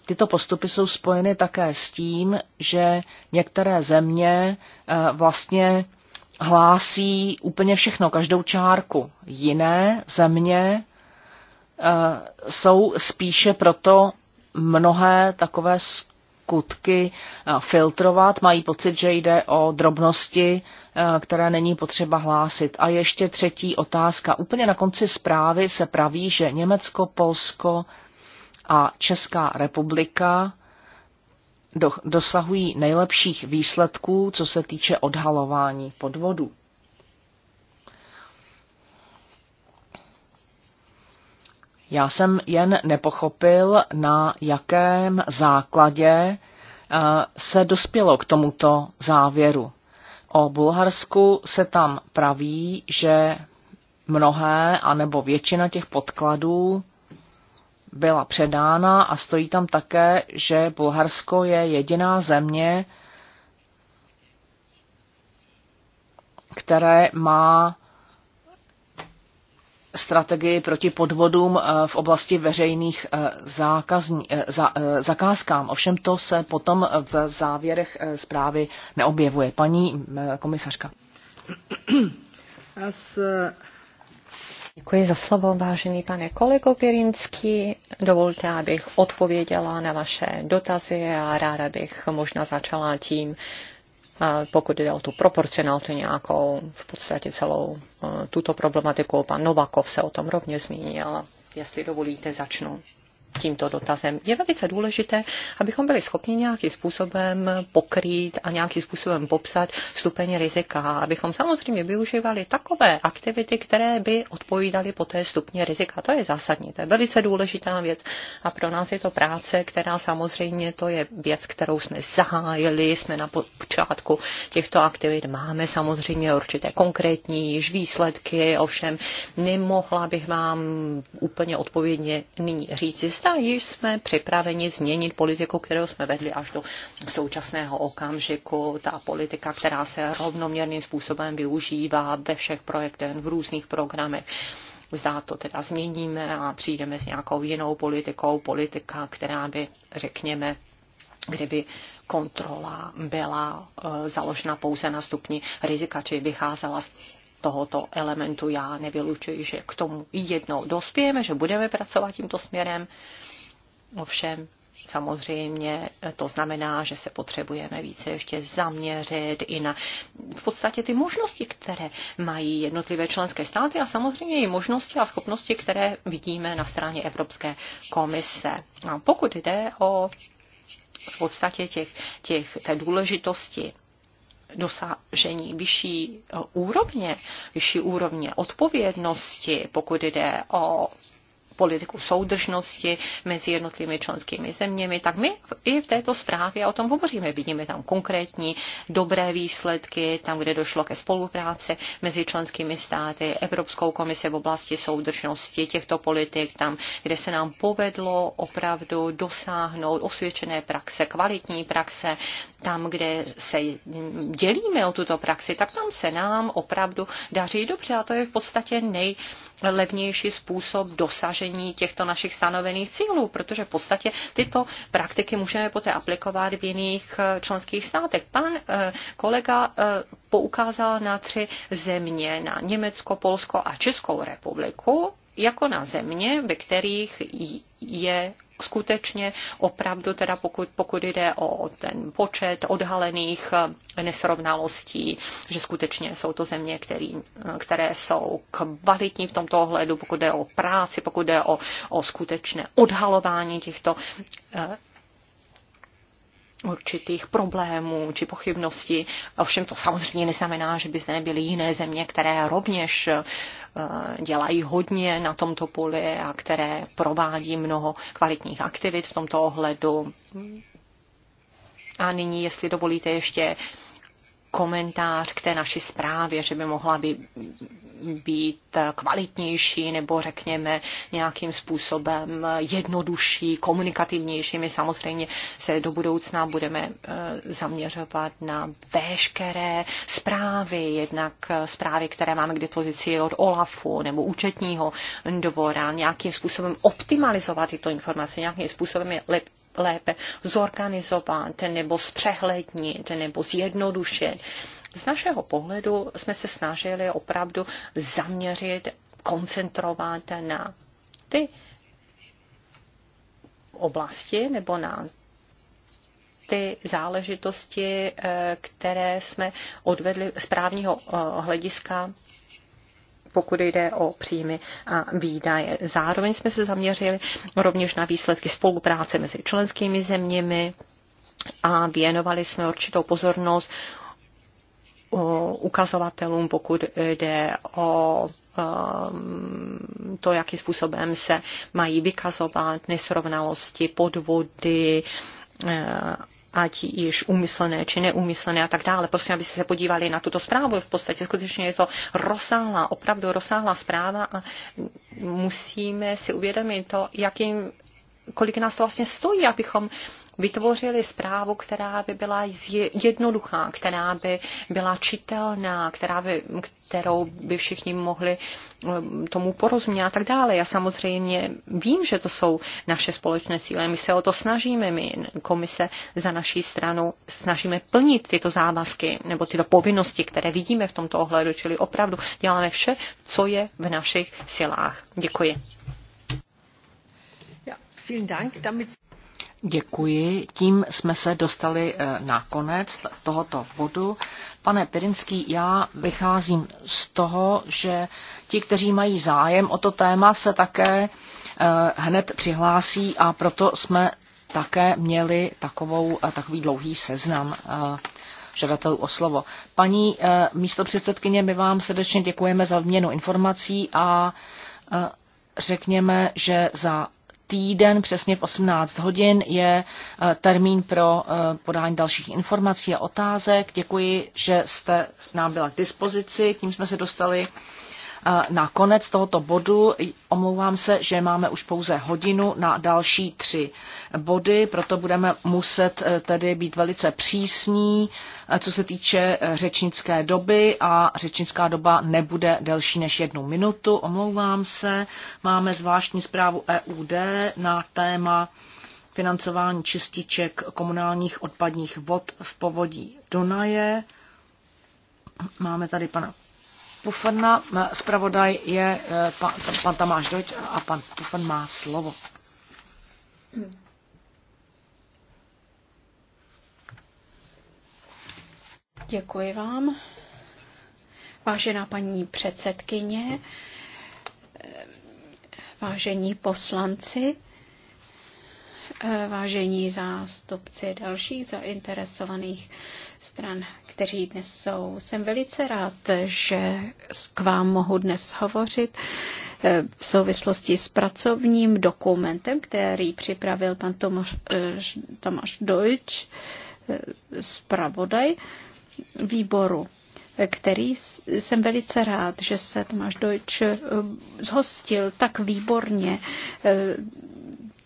Tyto postupy jsou spojeny také s tím, že některé země eh, vlastně hlásí úplně všechno, každou čárku. Jiné země eh, jsou spíše proto mnohé takové skutky eh, filtrovat, mají pocit, že jde o drobnosti, eh, které není potřeba hlásit. A ještě třetí otázka. Úplně na konci zprávy se praví, že Německo, Polsko a Česká republika dosahují nejlepších výsledků, co se týče odhalování podvodů. Já jsem jen nepochopil, na jakém základě eh, se dospělo k tomuto závěru. O Bulharsku se tam praví, že mnohé anebo většina těch podkladů byla předána a stojí tam také, že Bulharsko je jediná země, které má strategii proti podvodům eh, v oblasti veřejných eh, zákazní, eh, za, zakázkám. Ovšem to se potom v závěrech zprávy neobjevuje. Paní mm, komisařka. As, Děkuji za slovo, vážený pane kolego Pěrinský. Dovolte, abych odpověděla na vaše dotazy a ráda bych možná začala tím, pokud jde o tu proporcionalitu nějakou, v podstatě celou e, tuto problematiku, pan Novakov se o tom rovně zmínil, jestli dovolíte, začnu tímto dotazem. Je velice důležité, abychom byli schopni nějakým způsobem pokrýt a nějakým způsobem popsat stupeň rizika, abychom samozřejmě využívali takové aktivity, které by odpovídaly po té stupně rizika. To je zásadní, to je velice důležitá věc a pro nás je to práce, která samozřejmě to je věc, kterou jsme zahájili, jsme na počátku těchto aktivit, máme samozřejmě určité konkrétní již výsledky, ovšem nemohla bych vám úplně odpovědně nyní říct, zda již jsme připraveni změnit politiku, kterou jsme vedli až do současného okamžiku. Ta politika, která se rovnoměrným způsobem využívá ve všech projektech, v různých programech zda to teda změníme a přijdeme s nějakou jinou politikou, politika, která by, řekněme, kdyby kontrola byla eh, založena pouze na stupni rizika, či vycházela z tohoto elementu. Já nevylučuji, že k tomu jednou dospějeme, že budeme pracovat tímto směrem. Ovšem, samozřejmě to znamená, že se potřebujeme více ještě zaměřit i na v podstatě ty možnosti, které mají jednotlivé členské státy a samozřejmě i možnosti a schopnosti, které vidíme na straně Evropské komise. A pokud jde o v podstatě těch, těch, té důležitosti dosažení vyšší eh, úrovně, vyšší úrovně odpovědnosti, pokud jde o politiku soudržnosti mezi jednotlivými členskými zeměmi, tak my i v této zprávě o tom hovoříme. Vidíme tam konkrétní dobré výsledky, tam, kde došlo ke spolupráci mezi členskými státy, Evropskou komisi v oblasti soudržnosti těchto politik, tam, kde se nám povedlo opravdu dosáhnout osvědčené praxe, kvalitní praxe, tam, kde se dělíme o tuto praxi, tak tam se nám opravdu daří dobře a to je v podstatě nejlevnější způsob dosažení dosažení těchto našich stanovených cílů, protože v podstatě tyto praktiky můžeme poté aplikovat v jiných eh, členských státech. Pan eh, kolega eh, poukázal na tři země, na Německo, Polsko a Českou republiku, jako na země, ve kterých je skutečně opravdu teda pokud, pokud jde o ten počet odhalených eh, nesrovnalostí, že skutečně jsou to země, který, eh, které jsou kvalitní v tomto ohledu, pokud jde o práci, pokud jde o, o skutečné odhalování těchto eh, určitých problémů či pochybností. Ovšem to samozřejmě neznamená, že by zde nebyly jiné země, které rovněž eh, dělají hodně na tomto poli a které provádí mnoho kvalitních aktivit v tomto ohledu. A nyní, jestli dovolíte, ještě komentář k té naší zprávě, že by mohla by být kvalitnější nebo řekněme nějakým způsobem jednodušší, komunikativnější. My samozřejmě se do budoucna budeme eh, zaměřovat na veškeré zprávy, jednak eh, zprávy, které máme k dispozici od OLAFu nebo účetního dvora, nějakým způsobem optimalizovat tyto informace, nějakým způsobem je lépe zorganizovat nebo zpřehlednit nebo zjednodušit. Z našeho pohledu jsme se snažili opravdu zaměřit, koncentrovat na ty oblasti nebo na ty záležitosti, eh, které jsme odvedli z právního eh, hlediska pokud jde o příjmy a výdaje. Zároveň jsme se zaměřili rovněž na výsledky spolupráce mezi členskými zeměmi a věnovali jsme určitou pozornost ukazovatelům, pokud jde o ehm, to, jakým způsobem se mají vykazovat nesrovnalosti, podvody ehm, ať již úmyslné či neúmyslné a tak dále. Prosím, abyste se podívali na tuto zprávu. V podstatě skutečně je to rozsáhlá, opravdu rozsáhlá zpráva a musíme si uvědomit to, jakým kolik nás to vlastně stojí, abychom vytvořili zprávu, která by byla jednoduchá, která by byla čitelná, která by, kterou by všichni mohli eh, tomu porozumět a tak dále. Já samozřejmě vím, že to jsou naše společné cíle. My se o to snažíme, my komise za naší stranu snažíme plnit tyto závazky nebo tyto povinnosti, které vidíme v tomto ohledu, čili opravdu děláme vše, co je v našich silách. Děkuji. Ja, vielen Dank. Damit Děkuji. Tím jsme se dostali eh, na konec tohoto bodu. Pane Pirinský, já vycházím z toho, že ti, kteří mají zájem o to téma, se také eh, hned přihlásí a proto jsme také měli takovou, eh, takový dlouhý seznam žadatelů o slovo. Paní místopředsedkyně, my vám srdečně děkujeme za vměnu informací a řekněme, že za týden přesně v 18 hodin je eh, termín pro eh, podání dalších informací a otázek. Děkuji, že jste nám byla k dispozici. Tím jsme se dostali na konec tohoto bodu. Omlouvám se, že máme už pouze hodinu na další tři body, proto budeme muset eh, tedy být velice přísní, eh, co se týče eh, řečnické doby a řečnická doba nebude delší než jednu minutu. Omlouvám se, máme zvláštní zprávu EUD na téma financování čističek komunálních odpadních vod v povodí Dunaje. Máme tady pana Pufrna, zpravodaj je eh, pan, pan Tamáš Dojč a pan Pufrn má slovo. Děkuji vám. Vážená paní předsedkyně, eh, vážení poslanci, eh, vážení zástupci dalších zainteresovaných stran kteří dnes jsou. Jsem velice rád, že k vám mohu dnes hovořit eh, v souvislosti s pracovním dokumentem, který připravil pan Tomáš, eh, Tomáš Deutsch, eh, zpravodaj výboru který jsem velice rád, že se Tomáš Deutsch zhostil tak výborně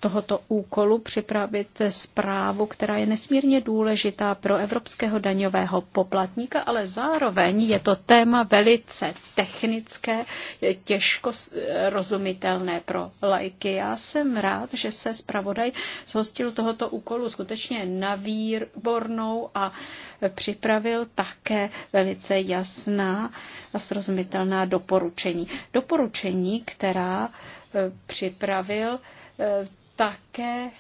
tohoto úkolu připravit zprávu, která je nesmírně důležitá pro evropského daňového poplatníka, ale zároveň je to téma velice technické, těžko rozumitelné pro lajky. Já jsem rád, že se zpravodaj zhostil tohoto úkolu skutečně na výbornou a připravil také velice jasná a srozumitelná doporučení. Doporučení, která eh, připravil eh, také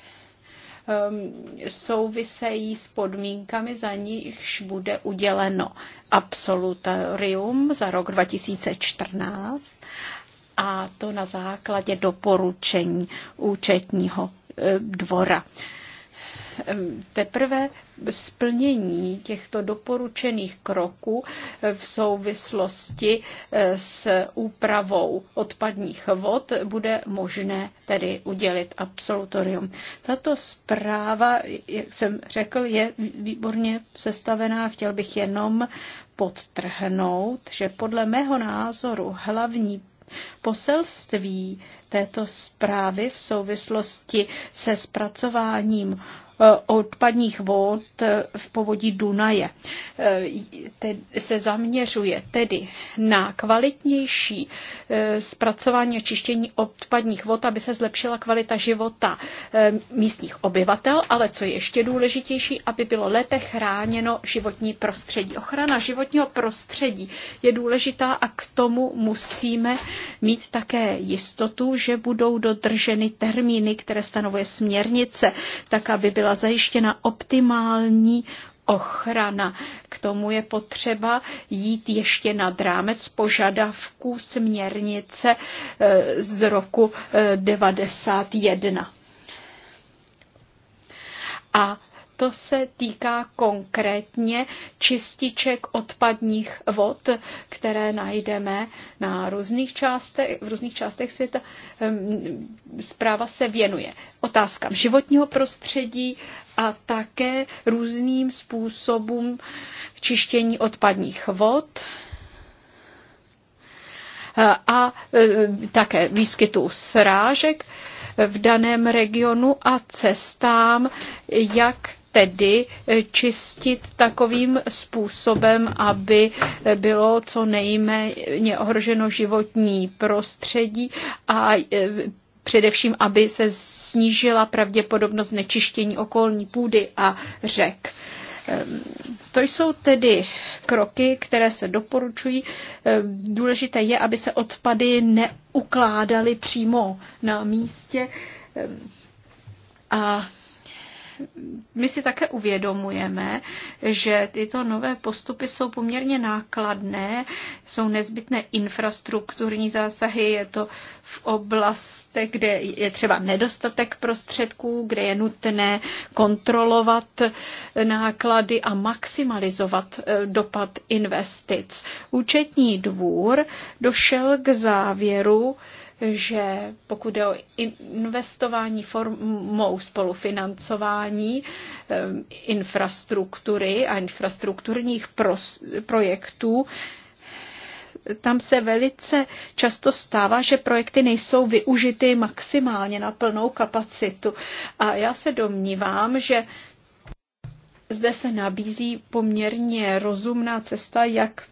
ehm, souvisejí s podmínkami, za nichž bude uděleno absolutorium za rok 2014 a to na základě doporučení účetního eh, dvora teprve splnění těchto doporučených kroků v souvislosti s úpravou odpadních vod bude možné tedy udělit absolutorium. Tato zpráva, jak jsem řekl, je výborně sestavená. Chtěl bych jenom podtrhnout, že podle mého názoru hlavní poselství této zprávy v souvislosti se zpracováním Eh, odpadních vod eh, v povodí Dunaje. Eh, se zaměřuje tedy na kvalitnější zpracování a čištění odpadních vod, aby se zlepšila kvalita života místních obyvatel, ale co je ještě důležitější, aby bylo lépe chráněno životní prostředí. Ochrana životního prostředí je důležitá a k tomu musíme mít také jistotu, že budou dodrženy termíny, které stanovuje směrnice, tak aby byla byla zajištěna optimální ochrana. K tomu je potřeba jít ještě nad rámec požadavků směrnice eh, z roku 91. Eh, A to se týká konkrétně čističek odpadních vod, které najdeme na různých částech, v různých částech světa. Ehm, zpráva se věnuje otázkám životního prostředí a také různým způsobům čištění odpadních vod a e, také výskytu srážek v daném regionu a cestám, jak tedy eh, čistit takovým způsobem, aby eh, bylo co nejméně ohroženo životní prostředí a eh, především, aby se snížila pravděpodobnost nečištění okolní půdy a řek. Ehm, to jsou tedy kroky, které se doporučují. Ehm, důležité je, aby se odpady neukládaly přímo na místě. Ehm, a my si také uvědomujeme, že tyto nové postupy jsou poměrně nákladné, jsou nezbytné infrastrukturní zásahy, je to v oblastech, kde je třeba nedostatek prostředků, kde je nutné kontrolovat náklady a maximalizovat eh, dopad investic. Účetní dvůr došel k závěru, že pokud jde o investování formou spolufinancování eh, infrastruktury a infrastrukturních projektů, tam se velice často stává, že projekty nejsou využity maximálně na plnou kapacitu. A já se domnívám, že zde se nabízí poměrně rozumná cesta, jak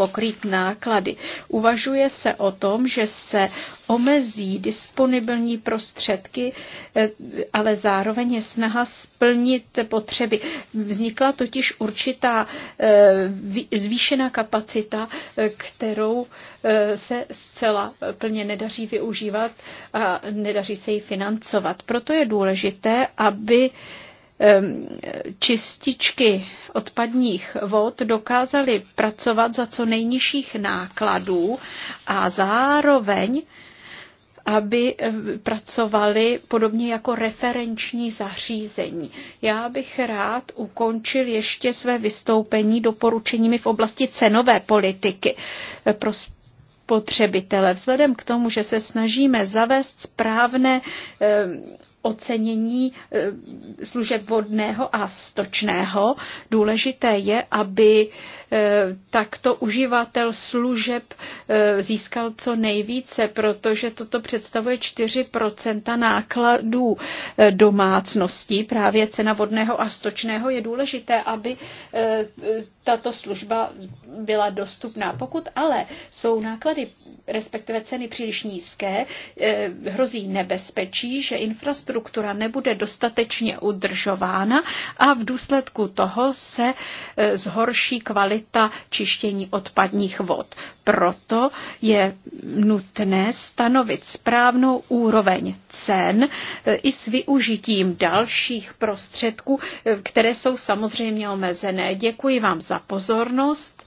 pokrýt náklady. Uvažuje se o tom, že se omezí disponibilní prostředky, eh, ale zároveň je snaha splnit potřeby. Vznikla totiž určitá eh, zvýšená kapacita, eh, kterou se zcela plně nedaří využívat a nedaří se ji financovat. Proto je důležité, aby Ehm, čističky odpadních vod dokázaly pracovat za co nejnižších nákladů a zároveň aby ehm, pracovali podobně jako referenční zařízení. Já bych rád ukončil ještě své vystoupení doporučeními v oblasti cenové politiky eh, pro spotřebitele. Vzhledem k tomu, že se snažíme zavést správné ehm, ocenění eh, služeb vodného a stočného. Důležité je, aby takto uživatel služeb eh, získal co nejvíce, protože toto představuje 4% nákladů eh, domácností. Právě cena vodného a stočného je důležité, aby eh, tato služba byla dostupná. Pokud ale jsou náklady, respektive ceny příliš nízké, hrozí nebezpečí, že infrastruktura nebude dostatečně udržována a v důsledku toho se zhorší kvalita kvalita čištění odpadních vod. Proto je nutné stanovit správnou úroveň cen e, i s využitím dalších prostředků, e, které jsou samozřejmě omezené. Děkuji vám za pozornost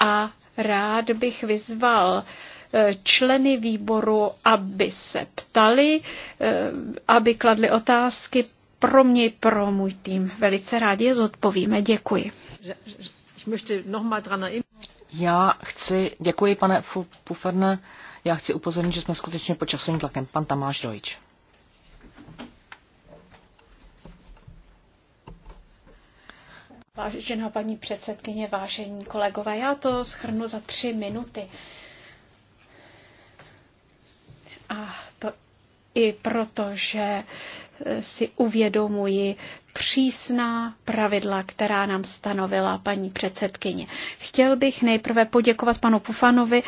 a rád bych vyzval e, členy výboru, aby se ptali, aby kladli otázky pro mě, pro můj tým. Velice rádi je zodpovíme. Děkuji. Já chci, děkuji pane Puferne, já chci upozornit, že jsme skutečně pod časovým tlakem. Pan Tamáš Dojč. Vážená paní předsedkyně, vážení kolegové, já to schrnu za tři minuty. A i protože eh, si uvědomuji přísná pravidla, která nám stanovila paní předsedkyně. Chtěl bych nejprve poděkovat panu Pufanovi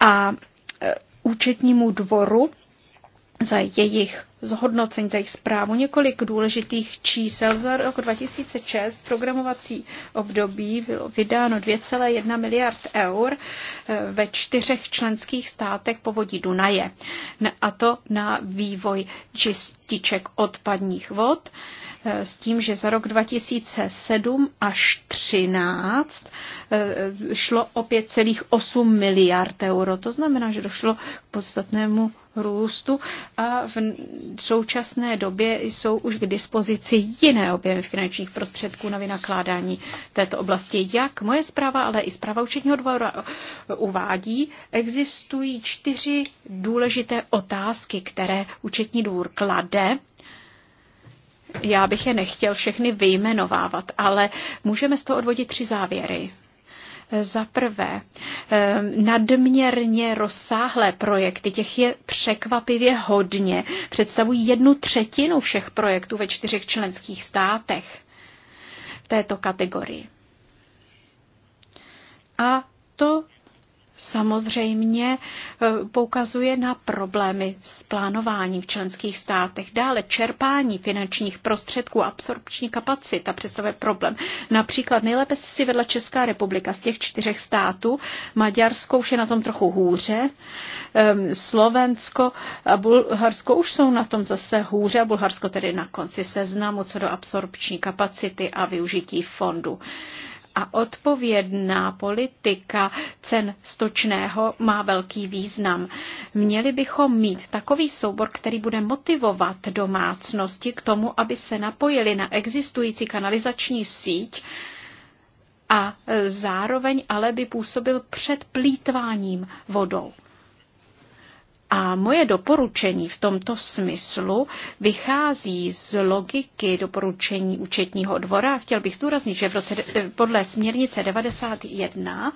a eh, účetnímu dvoru za jejich zhodnocení za jejich zprávu. Několik důležitých čísel za rok 2006 programovací období bylo vydáno 2,1 miliard eur eh, ve čtyřech členských státech povodí Dunaje. A to na vývoj čističek odpadních vod eh, s tím, že za rok 2007 až 2013 eh, šlo o 5,8 miliard euro. To znamená, že došlo k podstatnému růstu a v současné době jsou už k dispozici jiné objemy finančních prostředků na vynakládání této oblasti. Jak moje zpráva, ale i zpráva účetního dvora uvádí, existují čtyři důležité otázky, které účetní dvůr klade já bych je nechtěl všechny vyjmenovávat, ale můžeme z toho odvodit tři závěry. Za prvé, eh, nadměrně rozsáhlé projekty, těch je překvapivě hodně, představují jednu třetinu všech projektů ve čtyřech členských státech této kategorii. A to samozřejmě eh, poukazuje na problémy s plánováním v členských státech. Dále čerpání finančních prostředků a absorpční kapacita představuje problém. Například nejlépe si vedla Česká republika z těch čtyřech států. Maďarsko už je na tom trochu hůře. Ehm, Slovensko a Bulharsko už jsou na tom zase hůře a Bulharsko tedy na konci seznamu co do absorpční kapacity a využití fondu a odpovědná politika cen stočného má velký význam. Měli bychom mít takový soubor, který bude motivovat domácnosti k tomu, aby se napojili na existující kanalizační síť a zároveň ale by působil před plítváním vodou. A moje doporučení v tomto smyslu vychází z logiky doporučení účetního dvora. Chtěl bych zdůraznit, že v roce, eh, podle směrnice 91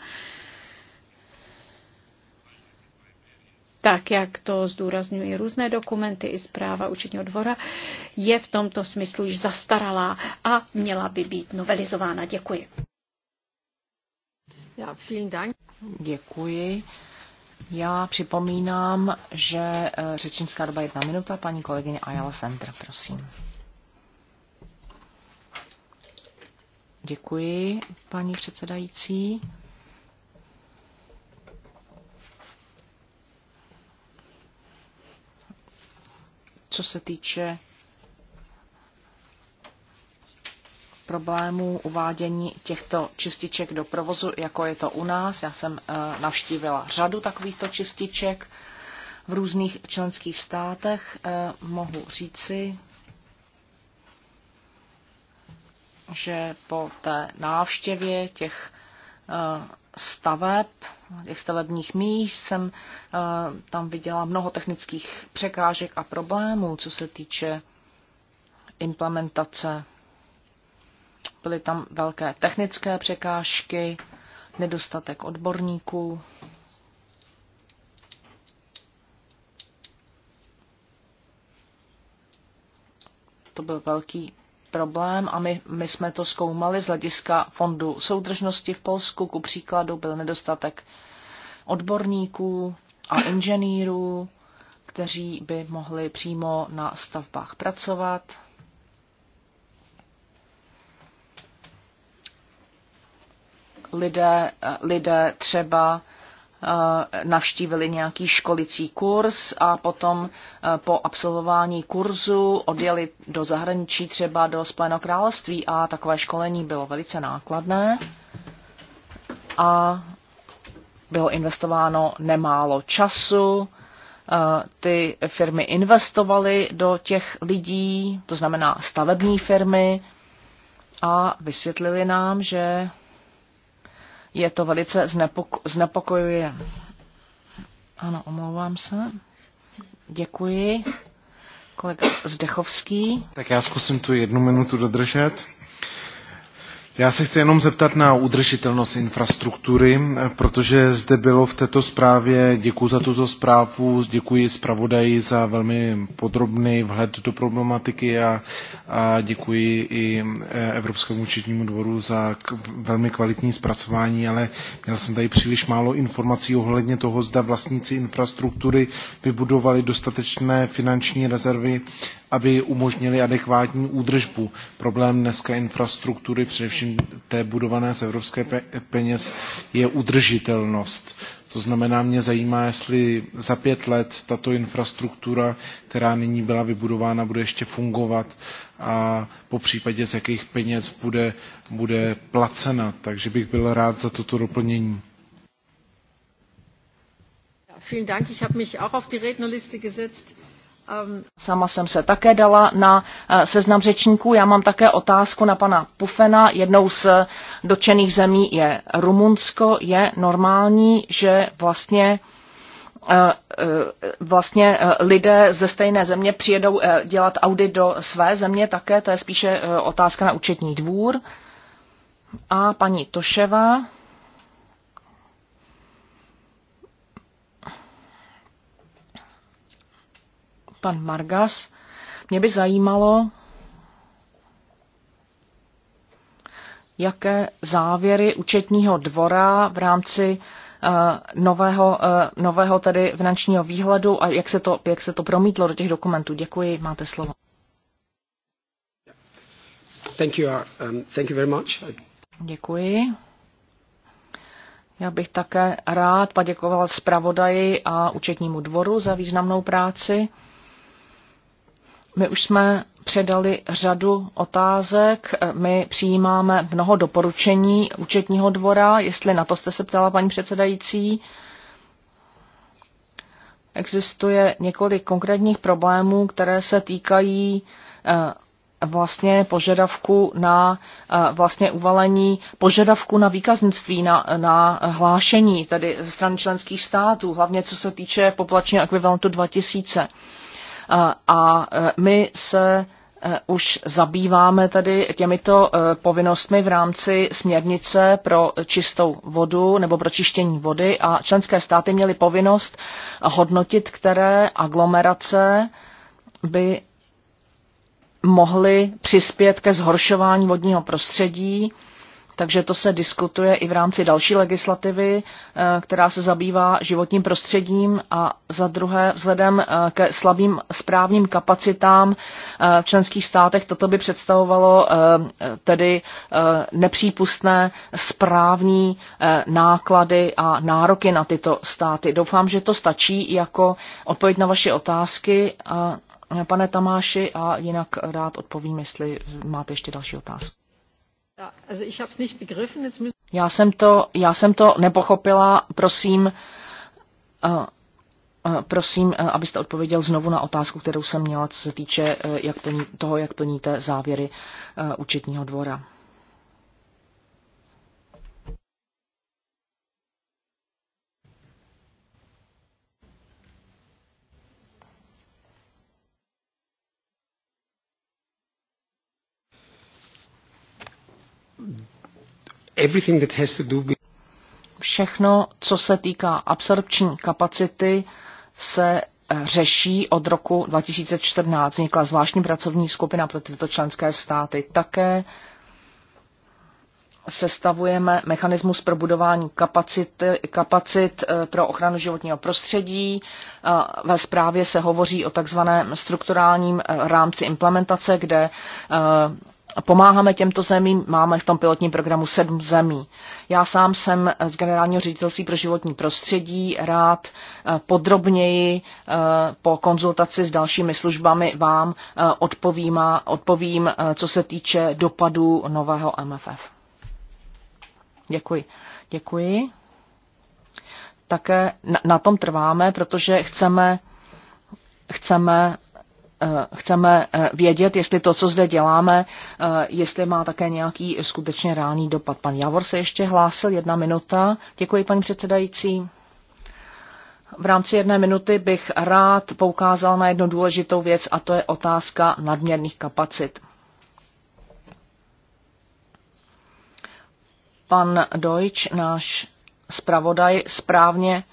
tak jak to zdůrazňují různé dokumenty i zpráva účetního dvora, je v tomto smyslu již zastaralá a měla by být novelizována. Děkuji. Děkuji. Já připomínám, že eh, řečnická doba je jedna minuta. Paní kolegyně Ayala Center, prosím. Děkuji, paní předsedající. Co se týče problémů uvádění těchto čističek do provozu, jako je to u nás. Já jsem eh, navštívila řadu takovýchto čističek v různých členských státech. Eh, mohu říci, že po té návštěvě těch eh, staveb, těch stavebních míst jsem tam viděla mnoho technických překážek a problémů, co se týče implementace Byly tam velké technické překážky, nedostatek odborníků. To byl velký problém a my, my jsme to zkoumali z hlediska fondu soudržnosti v Polsku. Ku příkladu byl nedostatek odborníků a inženýrů, kteří by mohli přímo na stavbách pracovat. lidé, lidé třeba eh, navštívili nějaký školicí kurz a potom eh, po absolvování kurzu odjeli do zahraničí, třeba do Spojeného království a takové školení bylo velice nákladné a bylo investováno nemálo času. Eh, ty firmy investovaly do těch lidí, to znamená stavební firmy, a vysvětlili nám, že je to velice znepoko- znepokojuje. Ano, omlouvám se. Děkuji. Kolega Zdechovský. Tak já zkusím tu jednu minutu dodržet. Já se chci jenom zeptat na udržitelnost infrastruktury, eh, protože zde bylo v této zprávě, děkuji za tuto zprávu, děkuji zpravodaji za velmi podrobný vhled do problematiky a, a děkuji i eh, Evropskému účetnímu dvoru za k, velmi kvalitní zpracování, ale měl jsem tady příliš málo informací ohledně toho, zda vlastníci infrastruktury vybudovali dostatečné finanční rezervy aby umožnili adekvátní údržbu. Problém dneska infrastruktury, především té budované z evropské peněz, je udržitelnost. To znamená, mě zajímá, jestli za pět let tato infrastruktura, která nyní byla vybudována, bude ještě fungovat a po případě z jakých peněz bude, bude placena. Takže bych byl rád za toto doplnění. Vielen Dank. Ich habe mich auch auf die Rednerliste gesetzt. Um, Sama jsem se také dala na eh, seznam řečníků. Já mám také otázku na pana Pufena. Jednou z eh, dotčených zemí je Rumunsko. Je normální, že vlastně eh, vlastně lidé ze stejné země přijedou dělat audit do své země také, to je spíše otázka na účetní dvůr. A paní Toševa. pan Margas. Mě by zajímalo, jaké závěry účetního dvora v rámci eh, nového, eh, nového tedy finančního výhledu a jak se, to, jak se to promítlo do těch dokumentů. Děkuji, máte slovo. Thank you, uh, um, thank you very much. Děkuji. Já bych také rád poděkoval zpravodaji a účetnímu dvoru za významnou práci. My už jsme předali řadu otázek. My přijímáme mnoho doporučení účetního dvora, jestli na to jste se ptala, paní předsedající. Existuje několik konkrétních problémů, které se týkají eh, vlastně požadavku na eh, vlastně uvalení požadavku na výkaznictví, na, na hlášení tedy ze strany členských států, hlavně co se týče poplačního ekvivalentu 2000 a e, my se e, už zabýváme tedy těmito e, povinnostmi v rámci směrnice pro čistou vodu nebo pro čištění vody a členské státy měly povinnost hodnotit, které aglomerace by mohly přispět ke zhoršování vodního prostředí takže to se diskutuje i v rámci další legislativy, eh, která se zabývá životním prostředím a za druhé vzhledem eh, ke slabým správním kapacitám eh, v členských státech toto by představovalo tedy nepřípustné správní náklady a nároky na tyto státy. Doufám, že to stačí jako odpověď na vaše otázky. Pane Tamáši, a jinak rád odpovím, jestli máte ještě další otázku. Já jsem to, já jsem to nepochopila, prosím, eh, eh, prosím, eh, abyste odpověděl znovu na otázku, kterou jsem měla, co se týče jak plní, toho, jak plníte závěry účetního dvora. všechno, co se týká absorpční kapacity, se eh, řeší od roku 2014. Vznikla zvláštní pracovní skupina pro tyto členské státy. Také sestavujeme mechanismus pro budování kapacit, kapacit eh, pro ochranu životního prostředí. Eh, ve zprávě se hovoří o takzvaném strukturálním rámci implementace, kde pomáháme těmto zemím, máme v tom pilotním programu sedm zemí. Já sám jsem z Generálního ředitelství pro životní prostředí rád eh, podrobněji eh, po konzultaci s dalšími službami vám eh, odpovím, odpovím co se týče dopadů nového MFF. Děkuji. Děkuji. Také na, na tom trváme, protože chceme, chceme Eh, chceme eh, vědět, jestli to, co zde děláme, eh, jestli má také nějaký skutečně reálný dopad. Pan Javor se ještě hlásil, jedna minuta. Děkuji, paní předsedající. V rámci jedné minuty bych rád poukázal na jednu důležitou věc, a to je otázka nadměrných kapacit. Pan Deutsch, náš zpravodaj, správně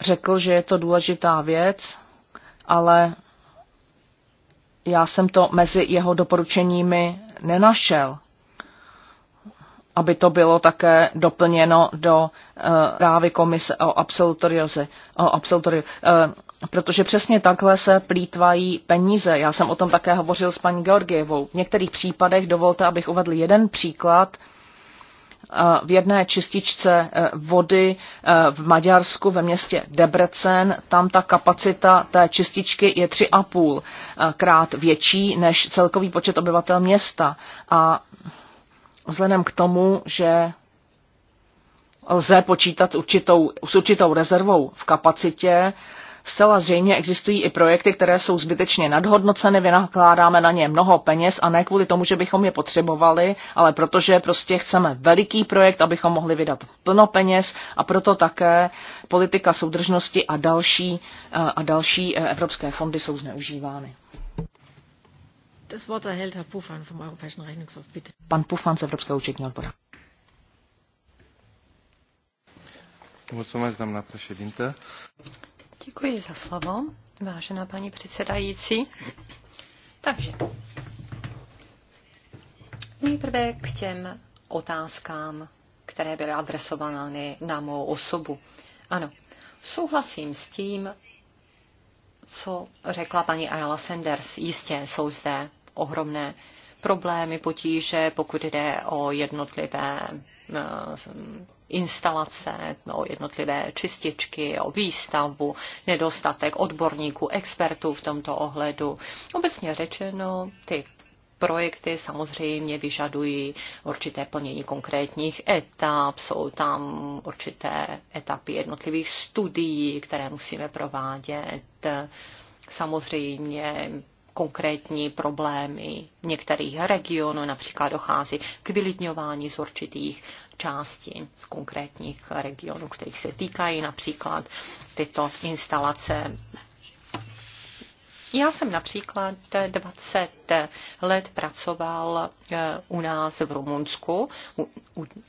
řekl, že je to důležitá věc, ale já jsem to mezi jeho doporučeními nenašel, aby to bylo také doplněno do eh, právy komise o absolutoriozi, o eh, protože přesně takhle se plítvají peníze. Já jsem o tom také hovořil s paní Georgievou. V některých případech dovolte, abych uvedl jeden příklad, v jedné čističce eh, vody eh, v Maďarsku ve městě Debrecen. Tam ta kapacita té čističky je 3,5 eh, krát větší než celkový počet obyvatel města. A vzhledem k tomu, že lze počítat s určitou, s určitou rezervou v kapacitě, Zcela zřejmě existují i projekty, které jsou zbytečně nadhodnoceny, vynakládáme na ně mnoho peněz a ne kvůli tomu, že bychom je potřebovali, ale protože prostě chceme veliký projekt, abychom mohli vydat plno peněz a proto také politika soudržnosti a další, eh, a další eh, evropské fondy jsou zneužívány. Herr vom Europäischen Rechnungshof, bitte. Pan Pufan z Evropského účetního odboru. Mulțumesc, doamna președintă. Děkuji za slovo, vážená paní předsedající. Takže nejprve k těm otázkám, které byly adresovány na mou osobu. Ano, souhlasím s tím, co řekla paní Ayala Sanders. Jistě jsou zde ohromné problémy, potíže, pokud jde o jednotlivé eh, instalace, o jednotlivé čističky, o výstavbu, nedostatek odborníků, expertů v tomto ohledu. Obecně řečeno, ty projekty samozřejmě vyžadují určité plnění konkrétních etap, jsou tam určité etapy jednotlivých studií, které musíme provádět. Samozřejmě konkrétní problémy některých regionů, například dochází k vylidňování z určitých částí z konkrétních regionů, kterých se týkají například tyto instalace. Já jsem například 20 let pracoval eh, u nás v Rumunsku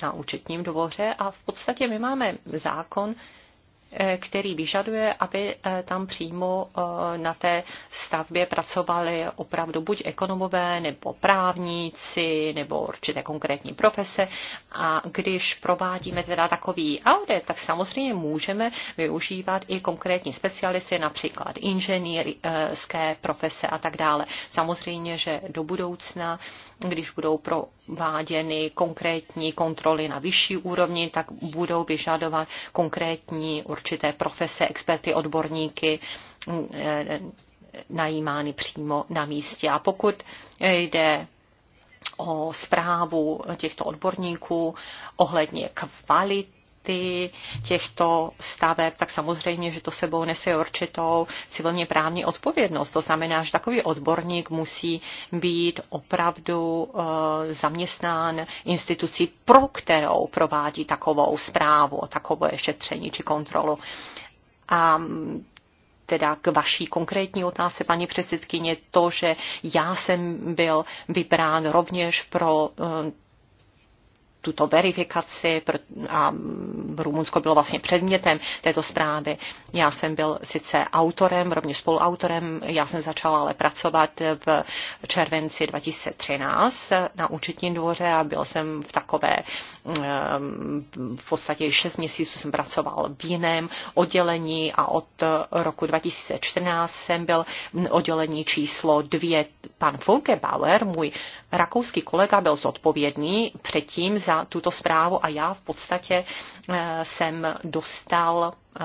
na účetním dvoře a v podstatě my máme zákon, který vyžaduje, aby eh, tam přímo eh, na té stavbě pracovali opravdu buď ekonomové, nebo právníci, nebo určité konkrétní profese. A když provádíme teda takový audit, tak samozřejmě můžeme využívat i konkrétní specialisty, například inženýrské profese a tak dále. Samozřejmě, že do budoucna když budou prováděny konkrétní kontroly na vyšší úrovni, tak budou vyžadovat konkrétní určité profese, experty, odborníky eh, najímány přímo na místě. A pokud jde o zprávu těchto odborníků ohledně kvalit kvality těchto staveb, tak samozřejmě, že to sebou nese určitou civilně právní odpovědnost. To znamená, že takový odborník musí být opravdu eh, zaměstnán institucí, pro kterou provádí takovou zprávu, takové šetření či kontrolu. A mm, teda k vaší konkrétní otázce, paní předsedkyně, to, že já jsem byl vybrán rovněž pro eh, tuto verifikaci a Rumunsko bylo vlastně předmětem této zprávy. Já jsem byl sice autorem, rovněž spoluautorem, já jsem začala ale pracovat v červenci 2013 na účetním dvoře a byl jsem v takové, ehm, v podstatě 6 měsíců jsem pracoval v jiném oddělení a od roku 2014 jsem byl v oddělení číslo 2. Pan Bauer, můj rakouský kolega byl zodpovědný předtím za tuto zprávu a já v podstatě eh, jsem dostal eh,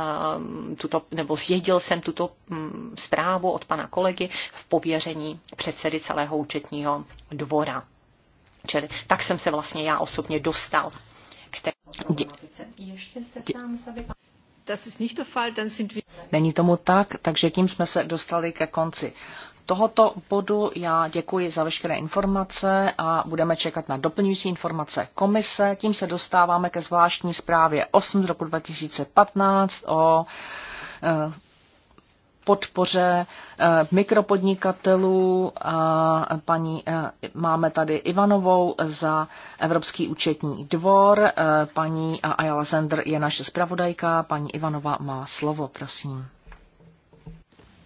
tuto, nebo zjedil jsem tuto mm, zprávu od pana kolegy v pověření předsedy celého účetního dvora. Čili tak jsem se vlastně já osobně dostal k té problematice. Není tomu tak, takže tím jsme se dostali ke konci tohoto bodu. Já děkuji za veškeré informace a budeme čekat na doplňující informace komise. Tím se dostáváme ke zvláštní zprávě 8 z roku 2015 o eh, podpoře eh, mikropodnikatelů. Paní, eh, máme tady Ivanovou za Evropský účetní dvor. Paní Ayala Zender je naše zpravodajka. Paní Ivanová má slovo, prosím.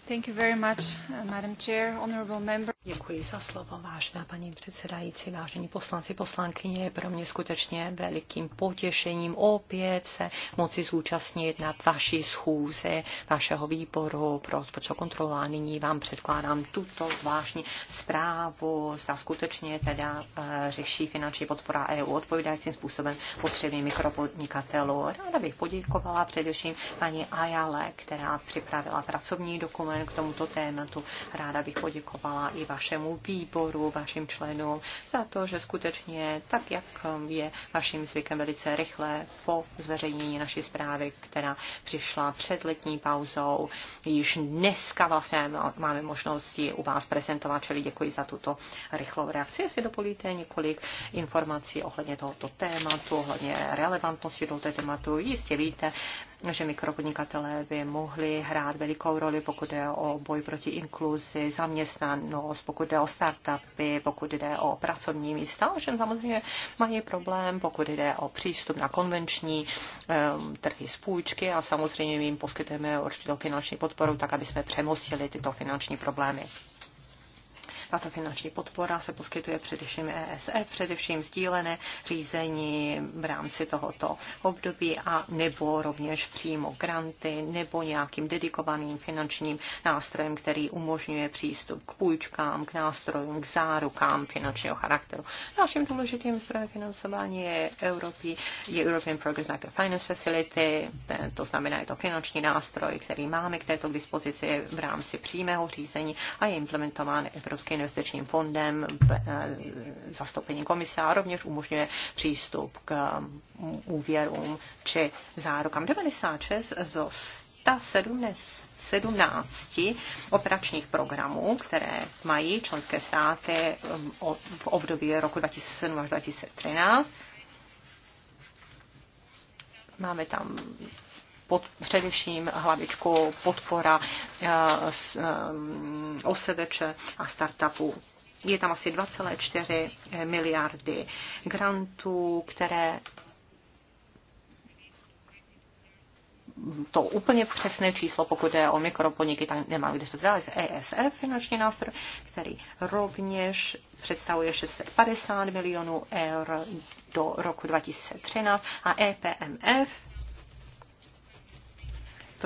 Thank you very much, uh, Madam Chair, honorable member. Děkuji za slovo, vážená paní předsedající, vážení poslanci, poslankyně. Je pro mě skutečně velikým potěšením opět se moci zúčastnit na vaší schůzi, vašeho výboru pro rozpočtovou kontrolu. A nyní vám předkládám tuto vážní zprávu, zda skutečně teda uh, řeší finanční podpora EU odpovídajícím způsobem potřeby mikropodnikatelů. Ráda bych poděkovala především paní Ajale, která připravila pracovní dokument nejen k tomuto tématu. Ráda bych poděkovala i vašemu výboru, vašim členům za to, že skutečně, tak jak je vaším zvykem velice rychle po zveřejnění naší zprávy, která přišla před letní pauzou, již dneska vlastně máme možnost ji u vás prezentovat, čili děkuji za tuto rychlou reakci. Jestli dopolíte několik informací ohledně tohoto tématu, ohledně relevantnosti tohoto tématu, jistě víte, že mikropodnikatelé by mohli hrát velikou roli, pokud jde o boj proti inkluzi, zaměstnanost, pokud jde o startupy, pokud jde o pracovní místa, že samozřejmě mají problém, pokud jde o přístup na konvenční um, trhy z půjčky a samozřejmě jim poskytujeme určitou finanční podporu, tak aby jsme přemostili tyto finanční problémy. Tato finanční podpora se poskytuje především ESF, především sdílené řízení v rámci tohoto období a nebo rovněž přímo granty nebo nějakým dedikovaným finančním nástrojem, který umožňuje přístup k půjčkám, k nástrojům, k zárukám finančního charakteru. Dalším důležitým zdrojem financování je, Evropy, je European Progress Network Finance Facility, to znamená, je to finanční nástroj, který máme k této dispozici v rámci přímého řízení a je implementován Evropský investičním fondem, eh, zastoupení komise a rovněž umožňuje přístup k mm, úvěrům či zárukám. 96 z 117 operačních programů, které mají členské státy mm, v období roku 2007 až 2013. Máme tam pod, především hlavičkou podpora eh, eh, oseveče a startupů. Je tam asi 2,4 miliardy grantů, které to úplně přesné číslo, pokud je o mikropodniky, tak nemám k dispozici, z ESF finanční nástroj, který rovněž představuje 650 milionů eur do roku 2013 a EPMF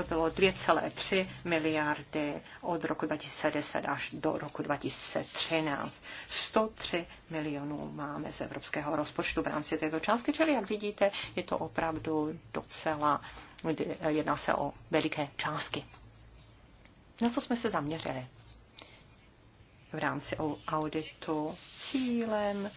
to bylo 2,3 miliardy od roku 2010 až do roku 2013. 103 milionů máme z evropského rozpočtu v rámci této částky, čili jak vidíte, je to opravdu docela, eh, jedná se o veliké částky. Na co jsme se zaměřili? V rámci auditu cílem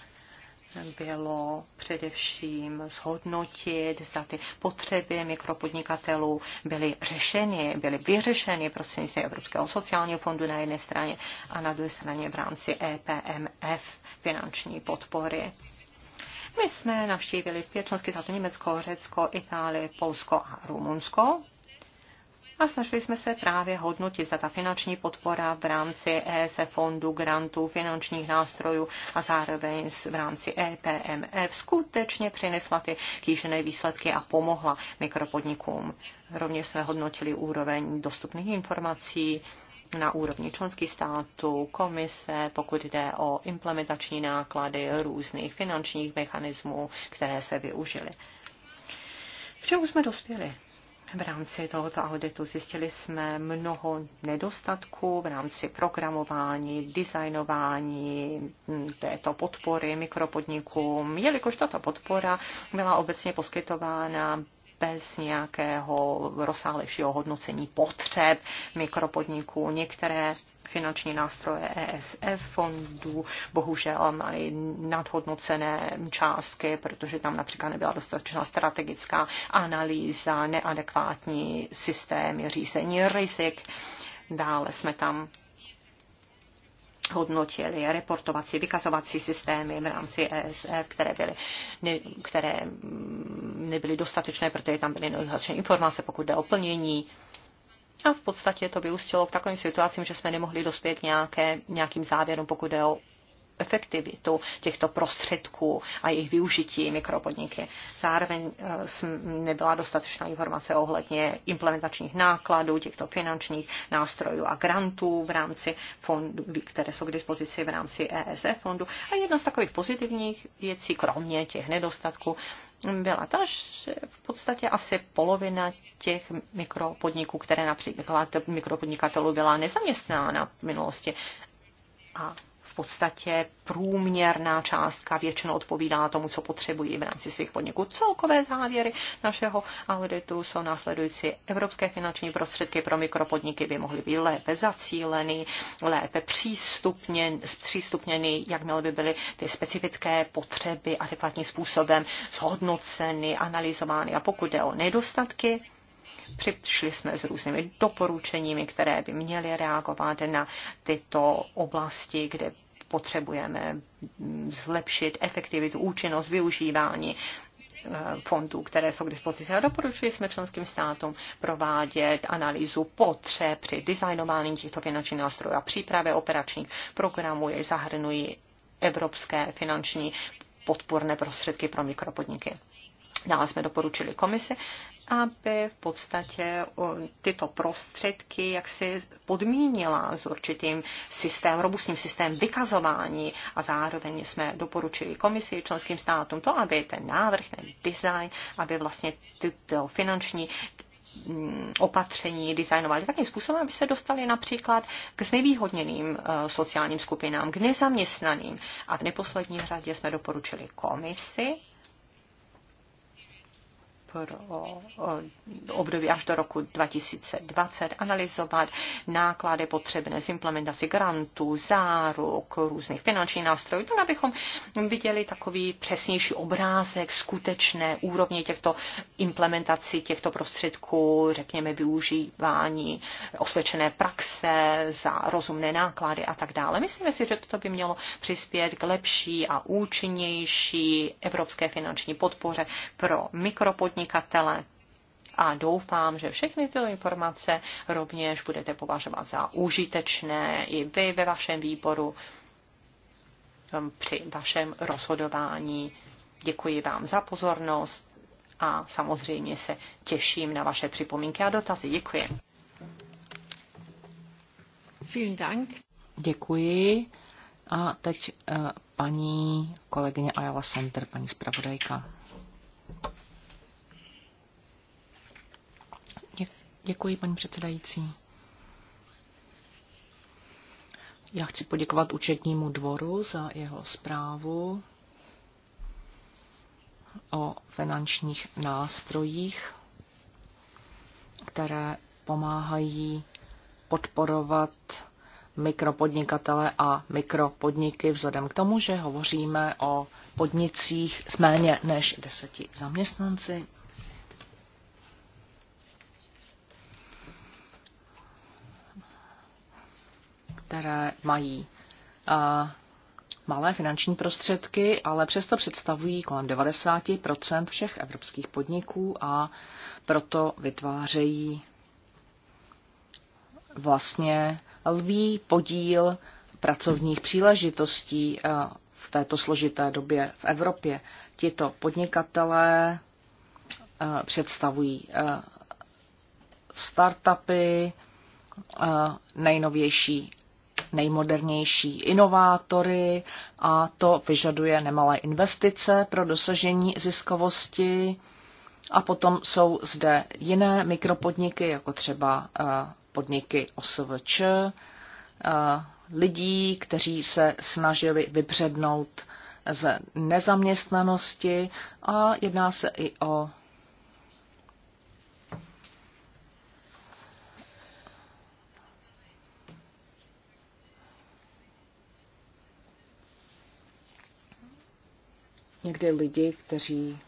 bylo především zhodnotit, zda ty potřeby mikropodnikatelů byly řešeny, byly vyřešeny prostřednictvím Evropského sociálního fondu na jedné straně a na druhé straně v rámci EPMF finanční podpory. My jsme navštívili pět členských států Německo, Řecko, Itálie, Polsko a Rumunsko a snažili jsme se právě hodnotit, za ta finanční podpora v rámci ESF fondu, grantů, finančních nástrojů a zároveň v rámci EPMF skutečně přinesla ty kýžené výsledky a pomohla mikropodnikům. Rovněž jsme hodnotili úroveň dostupných informací, na úrovni členských států, komise, pokud jde o implementační náklady různých finančních mechanismů, které se využily. K čemu jsme dospěli? V rámci tohoto auditu zjistili jsme mnoho nedostatků v rámci programování, designování mm, této podpory mikropodnikům, jelikož tato podpora byla obecně poskytována bez nějakého rozsáhlejšího hodnocení potřeb mikropodniků. Některé finanční nástroje ESF fondů bohužel mají nadhodnocené částky, protože tam například nebyla dostatečná strategická analýza, neadekvátní systémy řízení rizik. Dále jsme tam hodnotili reportovací, vykazovací systémy v rámci ESF, které, byly, ne, které mm, nebyly dostatečné, protože tam byly nedostatečné informace, pokud jde o plnění a v podstatě to vyústilo k takovým situacím, že jsme nemohli dospět nějaké, nějakým závěrům, pokud jde o efektivitu těchto prostředků a jejich využití mikropodniky. Zároveň eh, nebyla dostatečná informace ohledně implementačních nákladů těchto finančních nástrojů a grantů v rámci fondů, které jsou k dispozici v rámci ESF fondu. A jedna z takových pozitivních věcí, kromě těch nedostatků, byla ta, že v podstatě asi polovina těch mikropodniků, které například mikropodnikatelů byla nezaměstnána v minulosti. A v podstatě průměrná částka většinou odpovídá tomu, co potřebují v rámci svých podniků. Celkové závěry našeho auditu jsou následující. Evropské finanční prostředky pro mikropodniky by mohly být lépe zacíleny, lépe přístupně, přístupněny, jakmile by byly ty specifické potřeby adekvátním způsobem zhodnoceny, analyzovány. A pokud jde o nedostatky, Přišli jsme s různými doporučeními, které by měly reagovat na tyto oblasti, kde potřebujeme zlepšit efektivitu, účinnost využívání eh, fondů, které jsou k dispozici. A doporučili jsme členským státům provádět analýzu potřeb při designování těchto finančních nástrojů a přípravě operačních programů, jež zahrnují evropské finanční podporné prostředky pro mikropodniky. Dále jsme doporučili komisi, aby v podstatě tyto prostředky jak si podmínila s určitým systém, robustním systém vykazování a zároveň jsme doporučili komisi členským státům to, aby ten návrh, ten design, aby vlastně tyto finanční mm, opatření designovali takovým způsobem, aby se dostali například k znevýhodněným e, sociálním skupinám, k nezaměstnaným. A v neposlední řadě jsme doporučili komisi, pro období až do roku 2020 analyzovat náklady potřebné z implementaci grantů, záruk, různých finančních nástrojů, tak abychom viděli takový přesnější obrázek skutečné úrovně těchto implementací těchto prostředků, řekněme využívání osvědčené praxe za rozumné náklady a tak dále. Myslíme si, že to by mělo přispět k lepší a účinnější evropské finanční podpoře pro mikropodniky podnikatele. A doufám, že všechny tyto informace rovněž budete považovat za užitečné i vy ve vašem výboru um, při vašem rozhodování. Děkuji vám za pozornost a samozřejmě se těším na vaše připomínky a dotazy. Děkuji. Vielen Dank. Děkuji. A teď eh, paní kolegyně Ayala Center, paní zpravodajka. Děkuji, paní předsedající. Já chci poděkovat účetnímu dvoru za jeho zprávu o finančních nástrojích, které pomáhají podporovat mikropodnikatele a mikropodniky vzhledem k tomu, že hovoříme o podnicích s méně než deseti zaměstnanci. které mají eh, malé finanční prostředky, ale přesto představují kolem 90 všech evropských podniků a proto vytvářejí vlastně lví podíl pracovních příležitostí eh, v této složité době v Evropě. Tito podnikatelé eh, představují startupy, nejnovější nejmodernější inovátory a to vyžaduje nemalé investice pro dosažení ziskovosti. A potom jsou zde jiné mikropodniky, jako třeba eh, podniky OSVČ, eh, lidí, kteří se snažili vybřednout z nezaměstnanosti a jedná se i o někdy lidi, kteří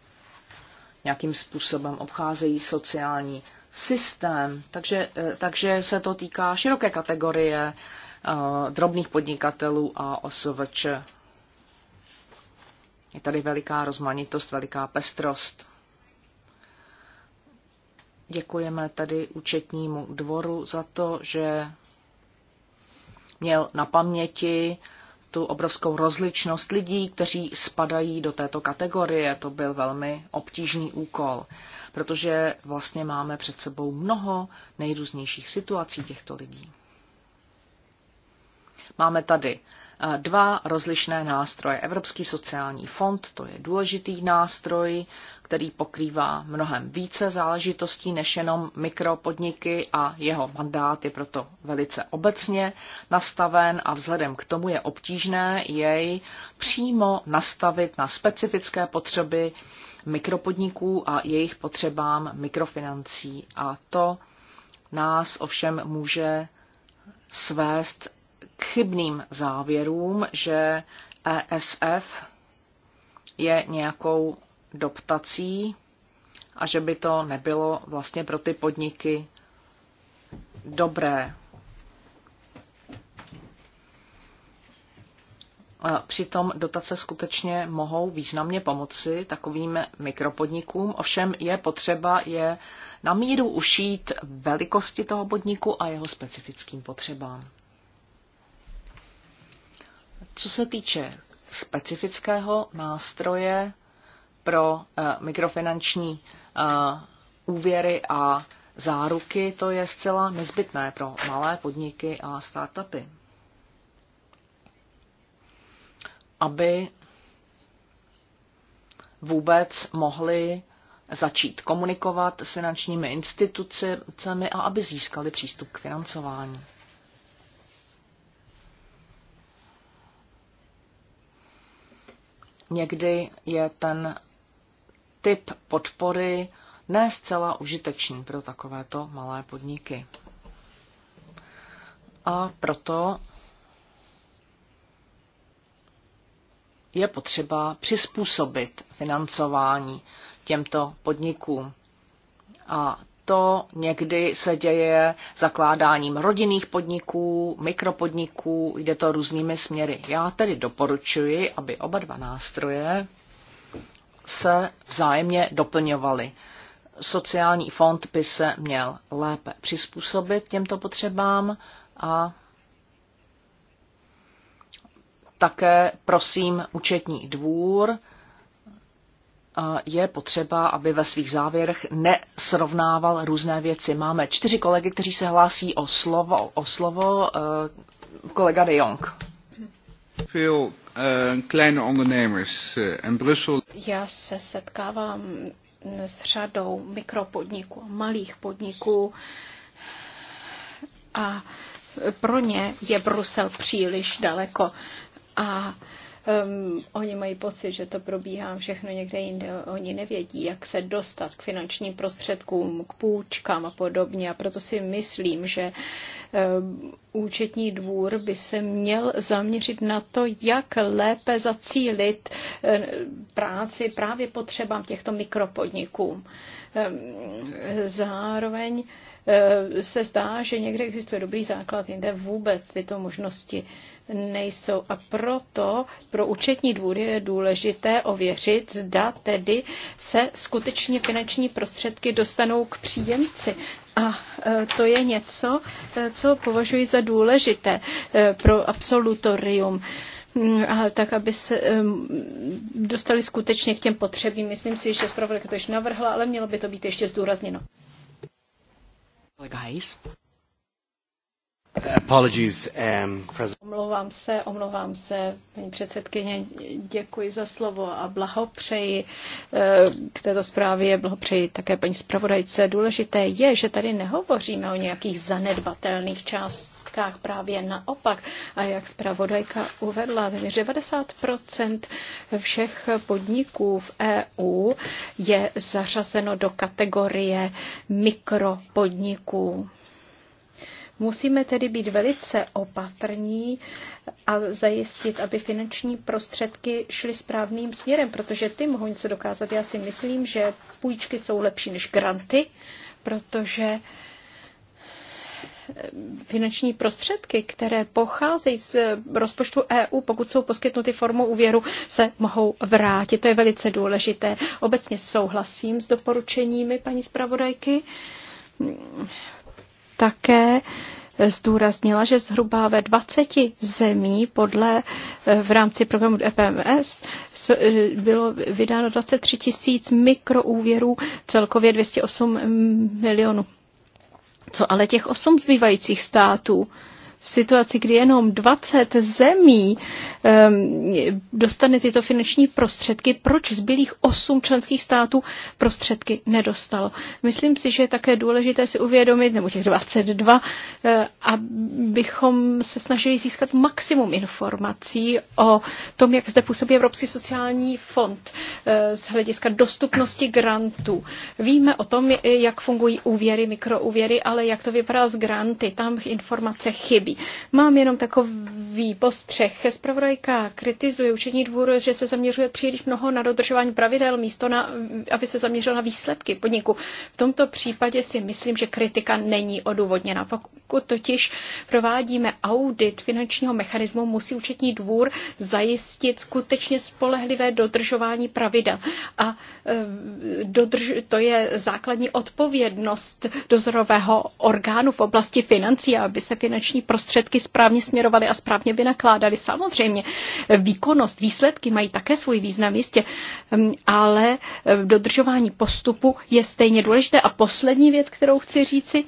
nějakým způsobem obcházejí sociální systém. Takže, eh, takže se to týká široké kategorie eh, drobných podnikatelů a OSVČ. Je tady veliká rozmanitost, veliká pestrost. Děkujeme tady účetnímu dvoru za to, že měl na paměti tu obrovskou rozličnost lidí, kteří spadají do této kategorie. To byl velmi obtížný úkol, protože vlastně máme před sebou mnoho nejrůznějších situací těchto lidí. Máme tady dva rozlišné nástroje. Evropský sociální fond, to je důležitý nástroj, který pokrývá mnohem více záležitostí než jenom mikropodniky a jeho mandát je proto velice obecně nastaven a vzhledem k tomu je obtížné jej přímo nastavit na specifické potřeby mikropodniků a jejich potřebám mikrofinancí. A to nás ovšem může svést k chybným závěrům, že ESF je nějakou doptací a že by to nebylo vlastně pro ty podniky dobré. Přitom dotace skutečně mohou významně pomoci takovým mikropodnikům, ovšem je potřeba je na míru ušít velikosti toho podniku a jeho specifickým potřebám. Co se týče specifického nástroje pro eh, mikrofinanční eh, úvěry a záruky, to je zcela nezbytné pro malé podniky a startupy. Aby vůbec mohli začít komunikovat s finančními institucemi a aby získali přístup k financování. Někdy je ten typ podpory ne zcela užitečný pro takovéto malé podniky. A proto je potřeba přizpůsobit financování těmto podnikům. A to někdy se děje zakládáním rodinných podniků, mikropodniků, jde to různými směry. Já tedy doporučuji, aby oba dva nástroje se vzájemně doplňovaly. Sociální fond by se měl lépe přizpůsobit těmto potřebám a také prosím účetní dvůr, je potřeba, aby ve svých závěrech nesrovnával různé věci. Máme čtyři kolegy, kteří se hlásí o slovo. O slovo eh, kolega de Jong. Eh, eh, Já se setkávám s řadou mikropodniků, malých podniků a pro ně je Brusel příliš daleko. A Um, oni mají pocit, že to probíhá všechno někde jinde. Oni nevědí, jak se dostat k finančním prostředkům, k půjčkám a podobně. A proto si myslím, že um, účetní dvůr by se měl zaměřit na to, jak lépe zacílit práci právě potřebám těchto mikropodniků. Zároveň se zdá, že někde existuje dobrý základ, jinde vůbec tyto možnosti nejsou. A proto pro účetní dvůr je důležité ověřit, zda tedy se skutečně finanční prostředky dostanou k příjemci. A e, to je něco, e, co považuji za důležité e, pro absolutorium mm, a tak, aby se dostali skutečně k těm potřebím. Myslím si, že zpravodajka to již navrhla, ale mělo by to být ještě zdůrazněno. Like Apologies, um, omlouvám se, omlouvám se, paní předsedkyně, děkuji za slovo a blahopřeji eh, k této zprávě, blahopřeji také paní zpravodajce. Důležité je, že tady nehovoříme o nějakých zanedbatelných částech právě naopak. A jak zpravodajka uvedla, že 90 všech podniků v EU je zařazeno do kategorie mikropodniků. Musíme tedy být velice opatrní a zajistit, aby finanční prostředky šly správným směrem, protože ty mohou něco dokázat. Já si myslím, že půjčky jsou lepší než granty, protože eh, finanční prostředky, které pocházejí z rozpočtu EU, pokud jsou poskytnuty formou úvěru, se mohou vrátit. To je velice důležité. Obecně souhlasím s doporučeními paní zpravodajky také zdůraznila, že zhruba ve 20 zemí podle eh, v rámci programu EPMS eh, bylo vydáno 23 tisíc mikroúvěrů, celkově 208 milionů. Co ale těch osm zbývajících států? v situaci, kdy jenom 20 zemí um, dostane tyto finanční prostředky, proč zbylých 8 členských států prostředky nedostalo. Myslím si, že je také důležité si uvědomit, nebo těch 22, uh, eh, abychom se snažili získat maximum informací o tom, jak zde působí Evropský sociální fond uh, z hlediska dostupnosti grantů. Víme o tom, jak fungují úvěry, mikrouvěry, ale jak to vypadá s granty. Tam informace chybí. Mám jenom takový postřeh. Spravodajka kritizuje učení dvůr, že se zaměřuje příliš mnoho na dodržování pravidel, místo na, aby se zaměřil na výsledky podniku. V tomto případě si myslím, že kritika není odůvodněna. Pokud totiž provádíme audit finančního mechanismu, musí účetní dvůr zajistit skutečně spolehlivé dodržování pravidel. A e, dodrž, to je základní odpovědnost dozorového orgánu v oblasti financí, aby se finanční prostředky prostředky správně směrovaly a správně vynakládaly. Samozřejmě eh, výkonnost, výsledky mají také svůj význam jistě, mm, ale eh, dodržování postupu je stejně důležité. A poslední věc, kterou chci říci,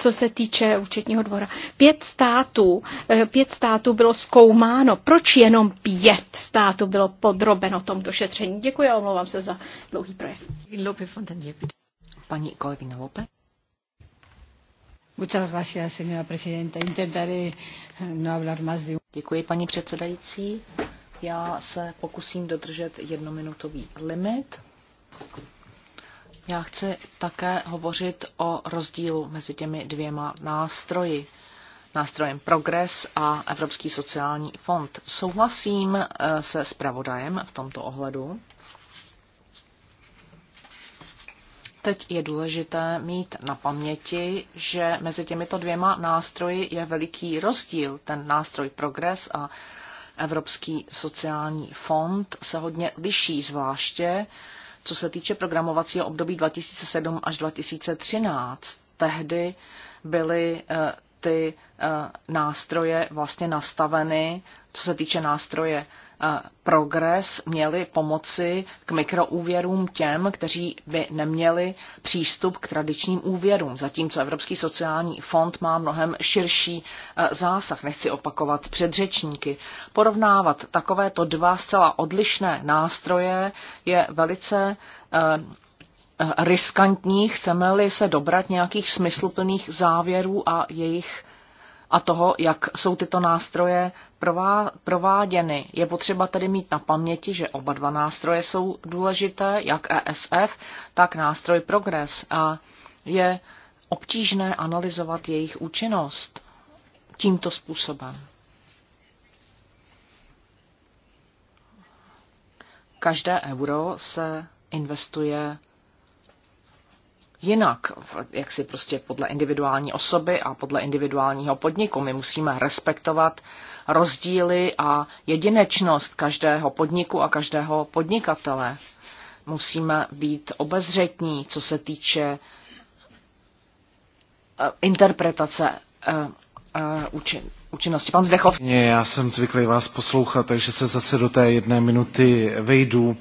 co se týče účetního dvora. Pět států, eh, pět států bylo zkoumáno. Proč jenom pět států bylo podrobeno tomto šetření? Děkuji a omlouvám se za dlouhý projev. Paní kolegyně Lope. Eh, no Děkuji, paní předsedající. Já se pokusím dodržet jednominutový limit. Já chci také hovořit o rozdílu mezi těmi dvěma nástroji. Nástrojem Progres a Evropský sociální fond. Souhlasím eh, se zpravodajem v tomto ohledu. Teď je důležité mít na paměti, že mezi těmito dvěma nástroji je veliký rozdíl. Ten nástroj Progres a Evropský sociální fond se hodně liší, zvláště co se týče programovacího období 2007 až 2013. Tehdy byly eh, ty eh, nástroje vlastně nastaveny, co se týče nástroje Eh, progres měly pomoci k mikroúvěrům těm, kteří by neměli přístup k tradičním úvěrům, zatímco Evropský sociální fond má mnohem širší eh, zásah. Nechci opakovat předřečníky. Porovnávat takovéto dva zcela odlišné nástroje je velice eh, riskantní, chceme-li se dobrat nějakých smysluplných závěrů a jejich a toho, jak jsou tyto nástroje prováděny. Je potřeba tedy mít na paměti, že oba dva nástroje jsou důležité, jak ESF, tak nástroj Progress a je obtížné analyzovat jejich účinnost tímto způsobem. Každé euro se investuje jinak, jak si prostě podle individuální osoby a podle individuálního podniku. My musíme respektovat rozdíly a jedinečnost každého podniku a každého podnikatele. Musíme být obezřetní, co se týče eh, interpretace eh, eh, účinnosti. Pan Zdechov. Já jsem zvyklý vás poslouchat, takže se zase do té jedné minuty vejdu.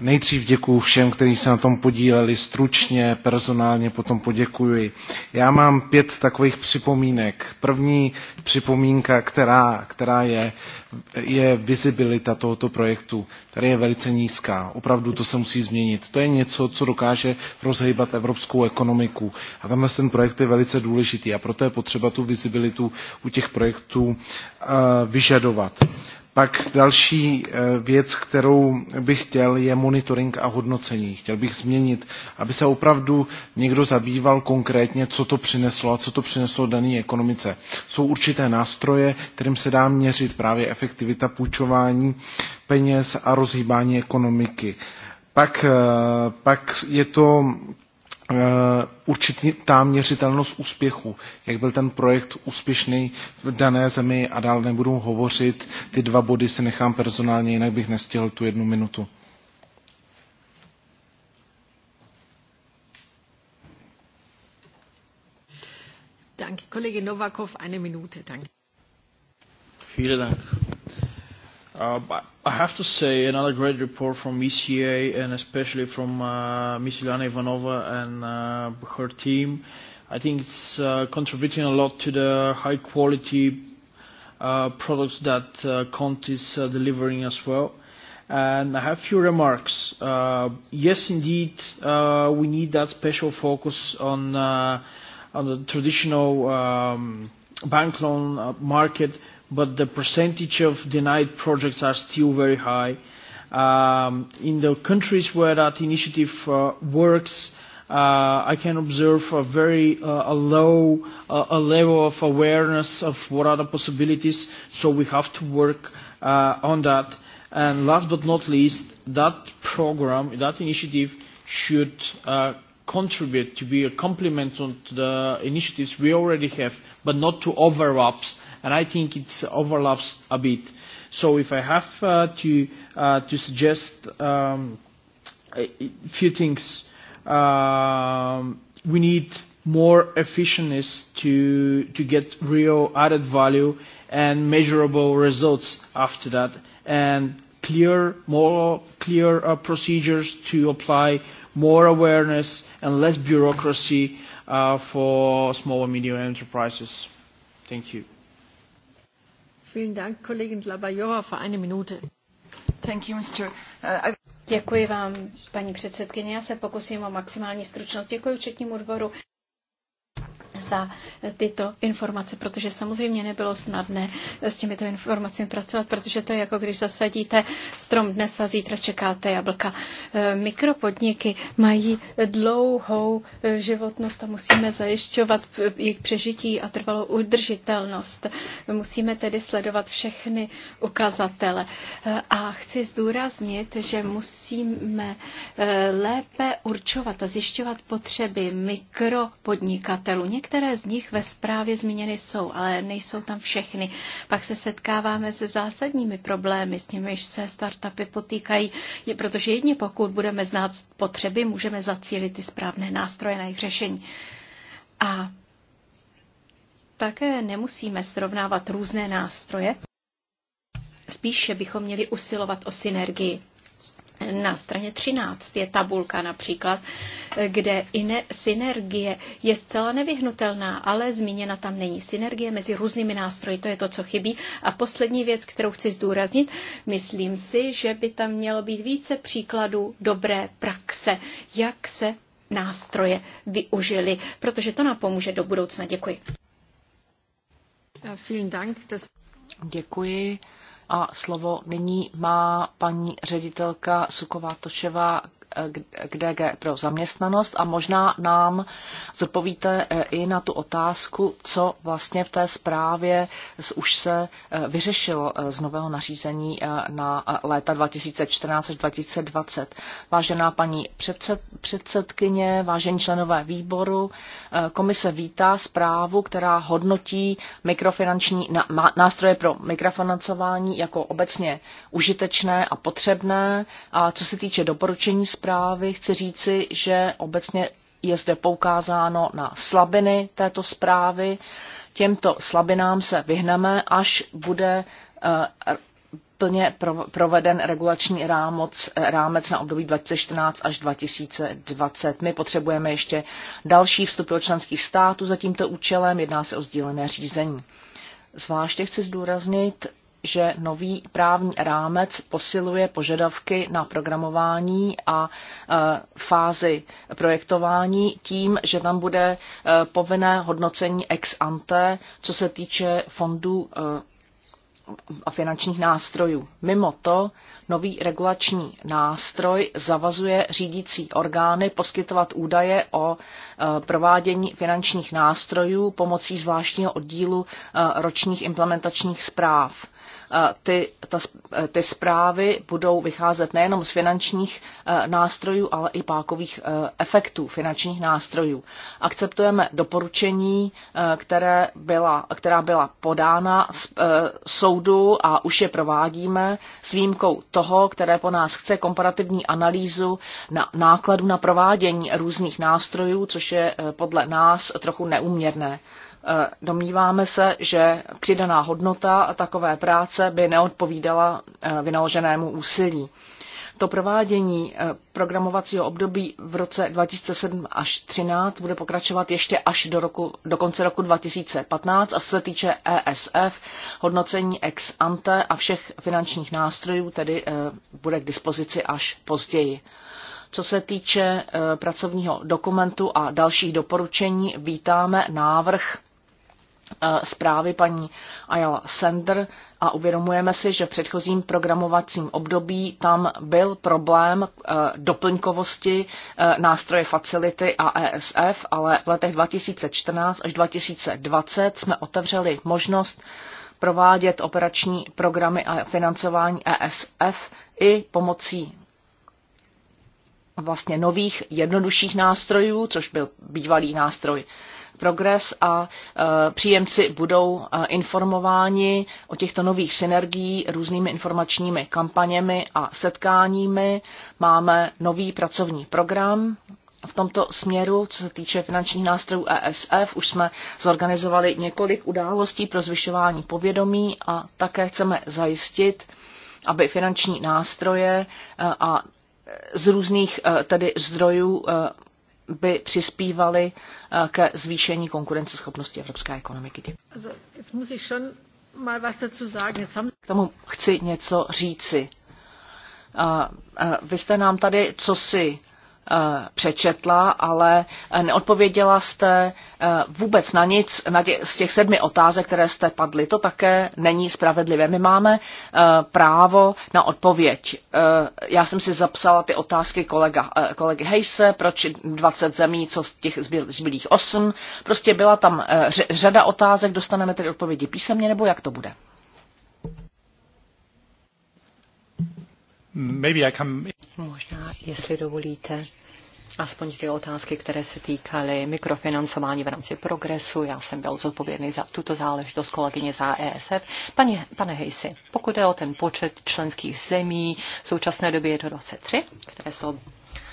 Nejdřív děkuji všem, kteří se na tom podíleli stručně, personálně potom poděkuji. Já mám pět takových připomínek. První připomínka, která, která je, je vizibilita tohoto projektu. Tady je velice nízká. Opravdu to se musí změnit. To je něco, co dokáže rozhýbat evropskou ekonomiku. A tamhle ten projekt je velice důležitý a proto je potřeba tu vizibilitu u těch projektů eh, vyžadovat. Pak další eh, věc, kterou bych chtěl, je monitoring a hodnocení. Chtěl bych změnit, aby se opravdu někdo zabýval konkrétně, co to přineslo a co to přineslo dané ekonomice. Jsou určité nástroje, kterým se dá měřit právě efektivita půjčování peněz a rozhýbání ekonomiky. Pak, eh, pak je to Eh, určitá měřitelnost úspěchu, jak byl ten projekt úspěšný v dané zemi a dál nebudu hovořit, ty dva body si nechám personálně, jinak bych nestihl tu jednu minutu. Danke, Kollege Novakov, eine Minute, danke. Vielen Dank. Uh, I have to say another great report from ECA and especially from uh, Miss Ilana Ivanova and uh, her team. I think it's uh, contributing a lot to the high quality uh, products that uh, Cont is uh, delivering as well. And I have a few remarks. Uh, yes, indeed, uh, we need that special focus on, uh, on the traditional um, bank loan uh, market but the percentage of denied projects are still very high. Um, in the countries where that initiative uh, works, uh, I can observe a very uh, a low uh, a level of awareness of what are the possibilities, so we have to work uh, on that. And last but not least, that program, that initiative should uh, contribute to be a complement to the initiatives we already have, but not to overlaps and I think it overlaps a bit. So if I have uh, to, uh, to suggest um, a few things, um, we need more efficiencies to, to get real added value and measurable results after that, and clear, more clear uh, procedures to apply more awareness and less bureaucracy uh, for small and medium enterprises. Thank you. Uh, Děkuji vám, paní předsedkyně. Já se pokusím o maximální stručnost. Děkuji účetnímu dvoru za tyto informace, protože samozřejmě nebylo snadné s těmito informacemi pracovat, protože to je jako když zasadíte strom dnes a zítra čekáte jablka. E, mikropodniky mají dlouhou e, životnost a musíme zajišťovat jejich přežití a trvalou udržitelnost. Musíme tedy sledovat všechny ukazatele. E, a chci zdůraznit, že musíme lépe určovat a zjišťovat potřeby mikropodnikatelů. Někteří Některé z nich ve zprávě zmíněny jsou, ale nejsou tam všechny. Pak se setkáváme se zásadními problémy, s nimiž se startupy potýkají, protože jedně pokud budeme znát potřeby, můžeme zacílit ty správné nástroje na jejich řešení. A také nemusíme srovnávat různé nástroje, spíše bychom měli usilovat o synergii na straně 13 je tabulka například, kde iné synergie je zcela nevyhnutelná, ale zmíněna tam není. Synergie mezi různými nástroji, to je to, co chybí. A poslední věc, kterou chci zdůraznit, myslím si, že by tam mělo být více příkladů dobré praxe, jak se nástroje využili, protože to nám pomůže do budoucna. Děkuji. Děkuji. A slovo nyní má paní ředitelka Suková Točeva, k DG pro zaměstnanost a možná nám zodpovíte eh, i na tu otázku, co vlastně v té zprávě už se eh, vyřešilo eh, z nového nařízení na léta 2014 až 2020. Vážená paní předsed, předsedkyně, vážení členové výboru, komise vítá zprávu, která hodnotí mikrofinanční nástroje pro mikrofinancování jako obecně užitečné a potřebné. A co se týče doporučení zprávy chci říci, že obecně je zde poukázáno na slabiny této zprávy. Těmto slabinám se vyhneme, až bude eh, plně proveden regulační rámec, eh, rámec na období 2014 až 2020. My potřebujeme ještě další vstupy od členských států za tímto účelem, jedná se o sdílené řízení. Zvláště chci zdůraznit že nový právní rámec posiluje požadavky na programování a e, fázi projektování tím, že tam bude e, povinné hodnocení ex ante, co se týče fondů e, a finančních nástrojů. Mimo to, nový regulační nástroj zavazuje řídící orgány poskytovat údaje o provádění finančních nástrojů pomocí zvláštního oddílu ročních implementačních zpráv ty, ta, e, ty zprávy budou vycházet nejenom z finančních e, nástrojů, ale i pákových e, efektů finančních nástrojů. Akceptujeme doporučení, které byla, která byla podána z, soudu a už je provádíme s výjimkou toho, které po nás chce komparativní analýzu na nákladu na provádění různých nástrojů, což je podle nás trochu neuměrné. Eh, domníváme se, že přidaná hodnota takové práce by neodpovídala eh, vynaloženému úsilí. To provádění eh, programovacího období v roce 2007 až 2013 bude pokračovat ještě až do, roku, do konce roku 2015 a co se týče ESF, hodnocení ex ante a všech finančních nástrojů tedy bude k dispozici až později. Co se týče pracovního dokumentu a dalších doporučení, vítáme návrh Eh, zprávy paní Ayala Sender a uvědomujeme si, že v předchozím programovacím období tam byl problém eh, doplňkovosti eh, nástroje facility a ESF, ale v letech 2014 až 2020 jsme otevřeli možnost provádět operační programy a financování ESF i pomocí vlastně nových jednodušších nástrojů, což byl bývalý nástroj progres a e, příjemci budou e, informováni o těchto nových synergií různými informačními kampaněmi a setkáními. Máme nový pracovní program, v tomto směru, co se týče finančních nástrojů ESF, už jsme zorganizovali několik událostí pro zvyšování povědomí a také chceme zajistit, aby finanční nástroje e, a z různých tedy zdrojů by přispívaly eh, ke zvýšení konkurenceschopnosti evropské ekonomiky. K tomu chci něco říci. Eh, eh, vy jste nám tady co si Eh, přečetla, ale eh, neodpověděla jste eh, vůbec na nic na tě, z těch sedmi otázek, které jste padly. To také není spravedlivé. My máme právo na odpověď. Já jsem si zapsala ty otázky kolega, kolegy Hejse, proč 20 zemí, co z těch zbylých 8. Prostě byla tam řada otázek, dostaneme tedy odpovědi písemně, nebo jak to bude? Možná, jestli dovolíte, aspoň ty otázky, které se týkaly mikrofinancování v rámci progresu. Já jsem byl zodpovědný za tuto záležitost kolegyně za ESF. Pane, pane Hejsi, pokud je o ten počet členských zemí, v současné době je to 23, které jsou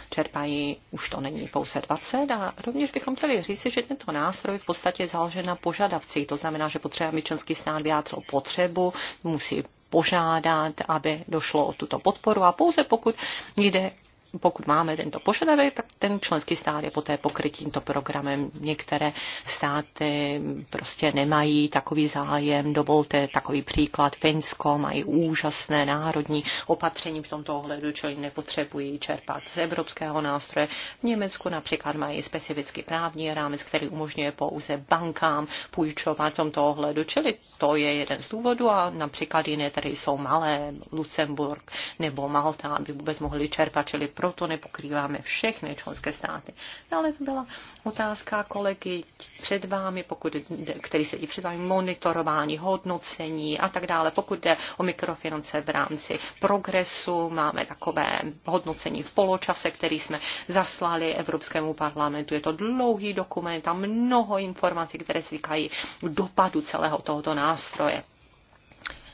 čerpají, už to není pouze 20 a rovněž bychom chtěli říci, že tento nástroj v podstatě je založen na požadavcích. To znamená, že potřeba, aby členský stát vyjádřil potřebu, musí požádat, aby došlo o tuto podporu a pouze pokud jde pokud máme tento požadavek, tak ten členský stát je poté pokryt tímto programem. Některé státy prostě nemají takový zájem. Dovolte takový příklad. Finsko mají úžasné národní opatření v tomto ohledu, čili nepotřebují čerpat z evropského nástroje. V Německu například mají specifický právní rámec, který umožňuje pouze bankám půjčovat v tomto ohledu, čili to je jeden z důvodů a například jiné tady jsou malé, Lucemburg nebo Malta, aby vůbec mohli čerpat, čili proto nepokrýváme všechny členské státy. No, ale to byla otázka kolegy před vámi, pokud, který sedí před vámi, monitorování, hodnocení a tak dále. Pokud jde o mikrofinance v rámci progresu, máme takové hodnocení v poločase, který jsme zaslali Evropskému parlamentu. Je to dlouhý dokument a mnoho informací, které se týkají dopadu celého tohoto nástroje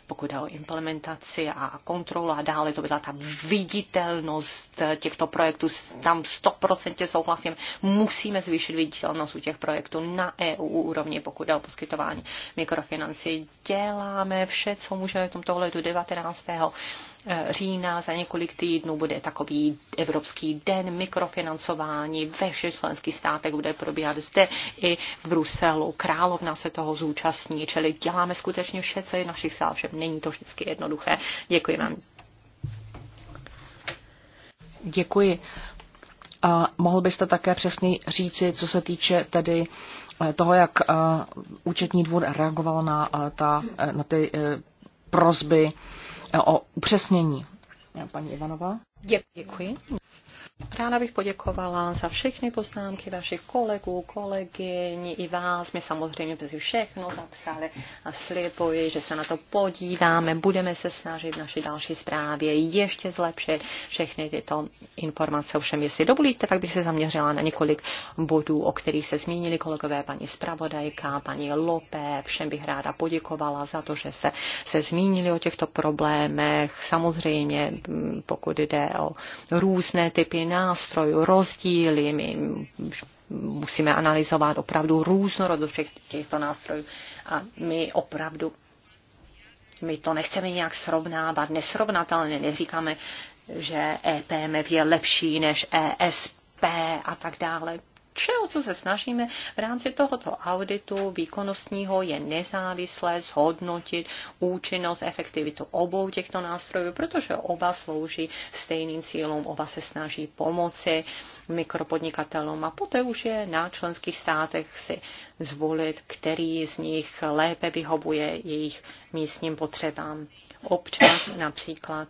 pokud jde o implementaci a kontrolu a dále, to byla ta viditelnost těchto projektů, tam stoprocentně souhlasím, musíme zvýšit viditelnost u těch projektů na EU úrovni, pokud jde o poskytování mikrofinancí. Děláme vše, co můžeme v tomto ohledu 19 října, za několik týdnů bude takový Evropský den mikrofinancování ve všech členských státech, bude probíhat zde i v Bruselu. Královna se toho zúčastní, čili děláme skutečně vše, co je v našich silách, všem není to vždycky jednoduché. Děkuji vám. Děkuji. A mohl byste také přesně říci, co se týče tedy eh, toho, jak eh, účetní dvůr reagoval na, eh, ta, na ty prozby o upřesnění. Paní Ivanová. Děkuji. Ráda bych poděkovala za všechny poznámky vašich kolegů, kolegyň i vás. My samozřejmě bez všechno zapsali a slibuji, že se na to podíváme. Budeme se snažit v naší další zprávě ještě zlepšit všechny tyto informace. Ovšem, jestli dovolíte, tak bych se zaměřila na několik bodů, o kterých se zmínili kolegové, paní spravodajka, paní Lope. Všem bych ráda poděkovala za to, že se, se zmínili o těchto problémech. Samozřejmě, pokud jde o různé typy nástrojů, rozdíly, my musíme analyzovat opravdu různorodost všech těchto nástrojů a my opravdu my to nechceme nějak srovnávat, nesrovnatelně, neříkáme, že EPMF je lepší než ESP a tak dále. Vše, o co se snažíme v rámci tohoto auditu výkonnostního, je nezávisle zhodnotit účinnost, efektivitu obou těchto nástrojů, protože oba slouží stejným cílům, oba se snaží pomoci mikropodnikatelům a poté už je na členských státech si zvolit, který z nich lépe vyhovuje jejich místním potřebám. Občas například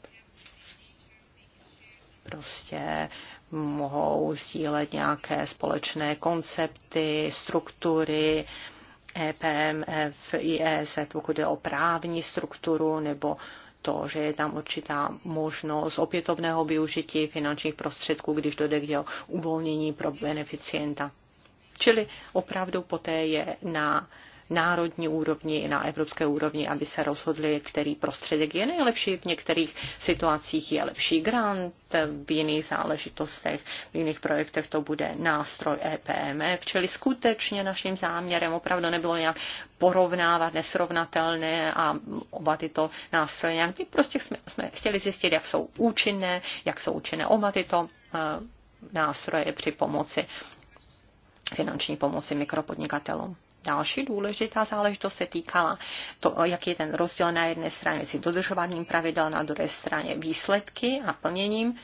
prostě mohou sdílet nějaké společné koncepty, struktury, EPM, FIS, e, pokud je o právní strukturu nebo to, že je tam určitá možnost opětovného využití finančních prostředků, když dojde k uvolnění pro beneficienta. Čili opravdu poté je na národní úrovni i na evropské úrovni, aby se rozhodli, který prostředek je nejlepší. V některých situacích je lepší grant, v jiných záležitostech, v jiných projektech to bude nástroj EPMF, e. čili skutečně naším záměrem opravdu nebylo nějak porovnávat nesrovnatelné a oba tyto nástroje nějak. My prostě jsme, jsme chtěli zjistit, jak jsou účinné, jak jsou účinné oba tyto eh, nástroje při pomoci finanční pomoci mikropodnikatelům. Další důležitá záležitost se týkala to, jaký je ten rozdíl na jedné straně mezi dodržováním pravidel, na druhé straně výsledky a plněním.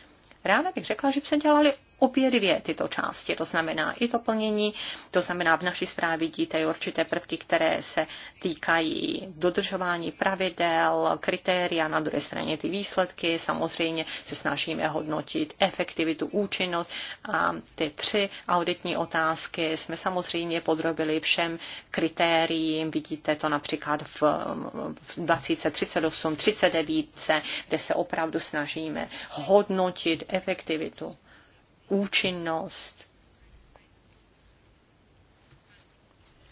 Ráda bych řekla, že se dělali obě dvě tyto části, to znamená i to plnění, to znamená v naší zprávě vidíte i určité prvky, které se týkají dodržování pravidel, kritéria, na druhé straně ty výsledky, samozřejmě se snažíme hodnotit efektivitu, účinnost a ty tři auditní otázky jsme samozřejmě podrobili všem kritériím, vidíte to například v, v 20, 39, kde se opravdu snažíme hodnotit efektivitu účinnost,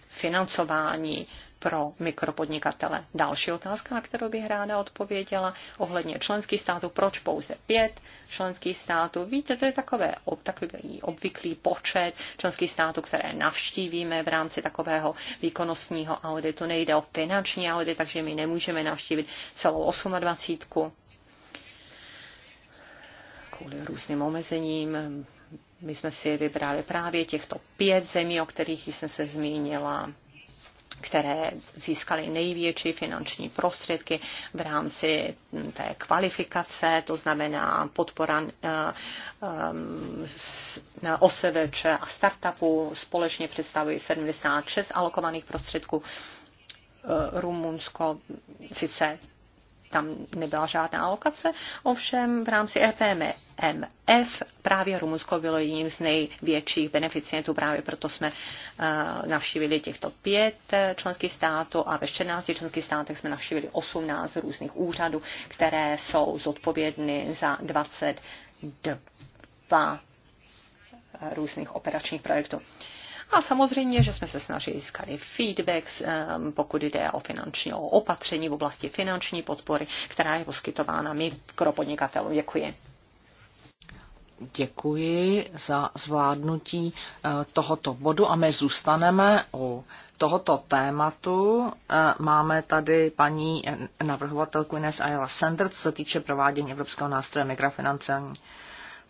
financování pro mikropodnikatele. Další otázka, na kterou bych ráda odpověděla, ohledně členských států, proč pouze pět členských států. Víte, to je takové, takový obvyklý počet členských států, které navštívíme v rámci takového výkonnostního auditu. Nejde o finanční audit, takže my nemůžeme navštívit celou 28 kvůli různým omezením. My jsme si vybrali právě těchto pět zemí, o kterých jsem se zmínila, které získaly největší finanční prostředky v rámci té kvalifikace, to znamená podpora eh, eh, OSVČ a startupů společně představují 76 alokovaných prostředků eh, Rumunsko sice tam nebyla žádná alokace, ovšem v rámci EPMF právě Rumunsko bylo jedním z největších beneficientů, právě proto jsme eh, navštívili těchto pět eh, členských států a ve 14 členských státech jsme navštívili 18 různých úřadů, které jsou zodpovědny za 22 různých operačních projektů. A samozřejmě, že jsme se snažili i feedback, pokud jde o finanční o opatření v oblasti finanční podpory, která je poskytována podnikatelů. Děkuji. Děkuji za zvládnutí eh, tohoto bodu a my zůstaneme u tohoto tématu. Eh, máme tady paní navrhovatelku Ines Ayala Sender, co se týče provádění Evropského nástroje mikrofinancování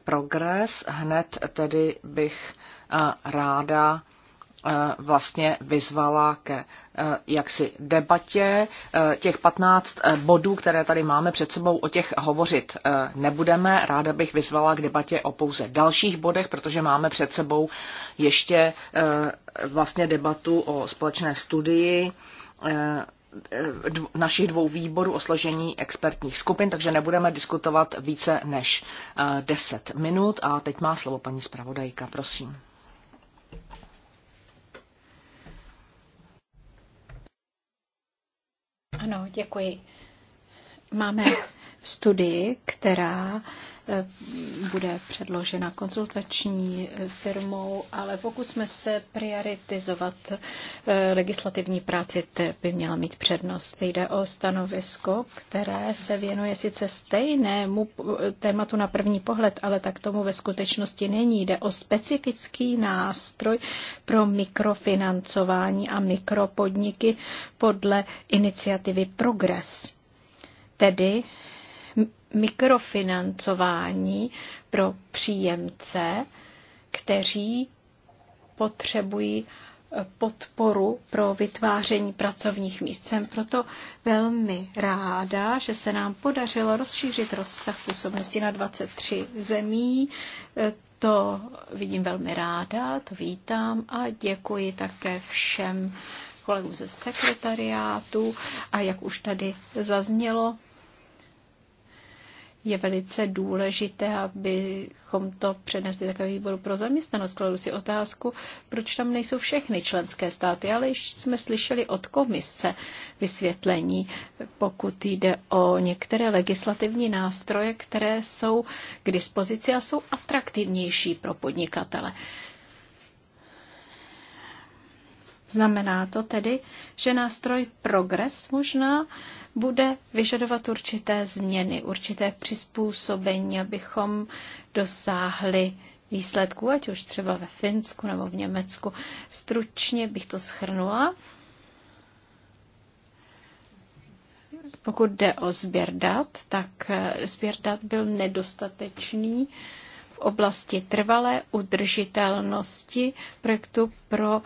progres. Hned tedy bych ráda eh, vlastně vyzvala ke eh, jaksi debatě. Eh, těch 15 bodů, které tady máme před sebou, o těch hovořit nebudeme. Ráda bych vyzvala k debatě o pouze dalších bodech, protože máme před sebou ještě vlastně debatu o společné studii našich dvou výborů o složení expertních skupin, takže nebudeme diskutovat více než 10 minut. A teď má slovo paní zpravodajka, prosím. Ano, děkuji. Máme studii, která Eh, bude předložena konzultační firmou, ale pokusme se prioritizovat eh, legislativní práci, by měla mít přednost. Jde o stanovisko, které se věnuje sice stejnému eh, tématu na první pohled, ale tak tomu ve skutečnosti není. Jde o specifický nástroj pro mikrofinancování a mikropodniky podle iniciativy Progress. Tedy mikrofinancování pro příjemce, kteří potřebují eh, podporu pro vytváření pracovních míst. Jsem proto velmi ráda, že se nám podařilo rozšířit rozsah působnosti na 23 zemí. Eh, to vidím velmi ráda, to vítám a děkuji také všem kolegům ze sekretariátu a jak už tady zaznělo, je velice důležité, abychom to přednesli také výboru pro zaměstnanost. Kladu si otázku, proč tam nejsou všechny členské státy, ale již jsme slyšeli od komise vysvětlení, pokud jde o některé legislativní nástroje, které jsou k dispozici a jsou atraktivnější pro podnikatele. Znamená to tedy, že nástroj progres možná bude vyžadovat určité změny, určité přizpůsobení, abychom dosáhli výsledků, ať už třeba ve Finsku nebo v Německu. Stručně bych to schrnula. Pokud jde o sběr dat, tak eh, sběr dat byl nedostatečný v oblasti trvalé udržitelnosti projektu pro uh,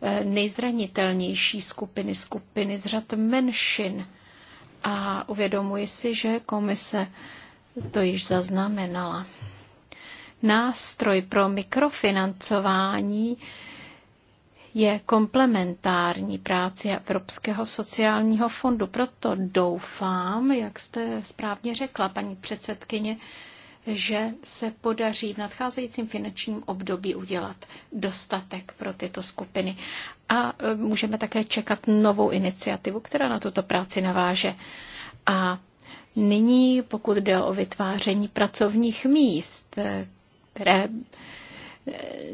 Eh, nejzranitelnější skupiny, skupiny z řad menšin. A uvědomuji si, že komise to již zaznamenala. Nástroj pro mikrofinancování je komplementární práci Evropského sociálního fondu. Proto doufám, jak jste správně řekla, paní předsedkyně, že se podaří v nadcházejícím finančním období udělat dostatek pro tyto skupiny. A e, můžeme také čekat novou iniciativu, která na tuto práci naváže. A nyní, pokud jde o vytváření pracovních míst, e, které e,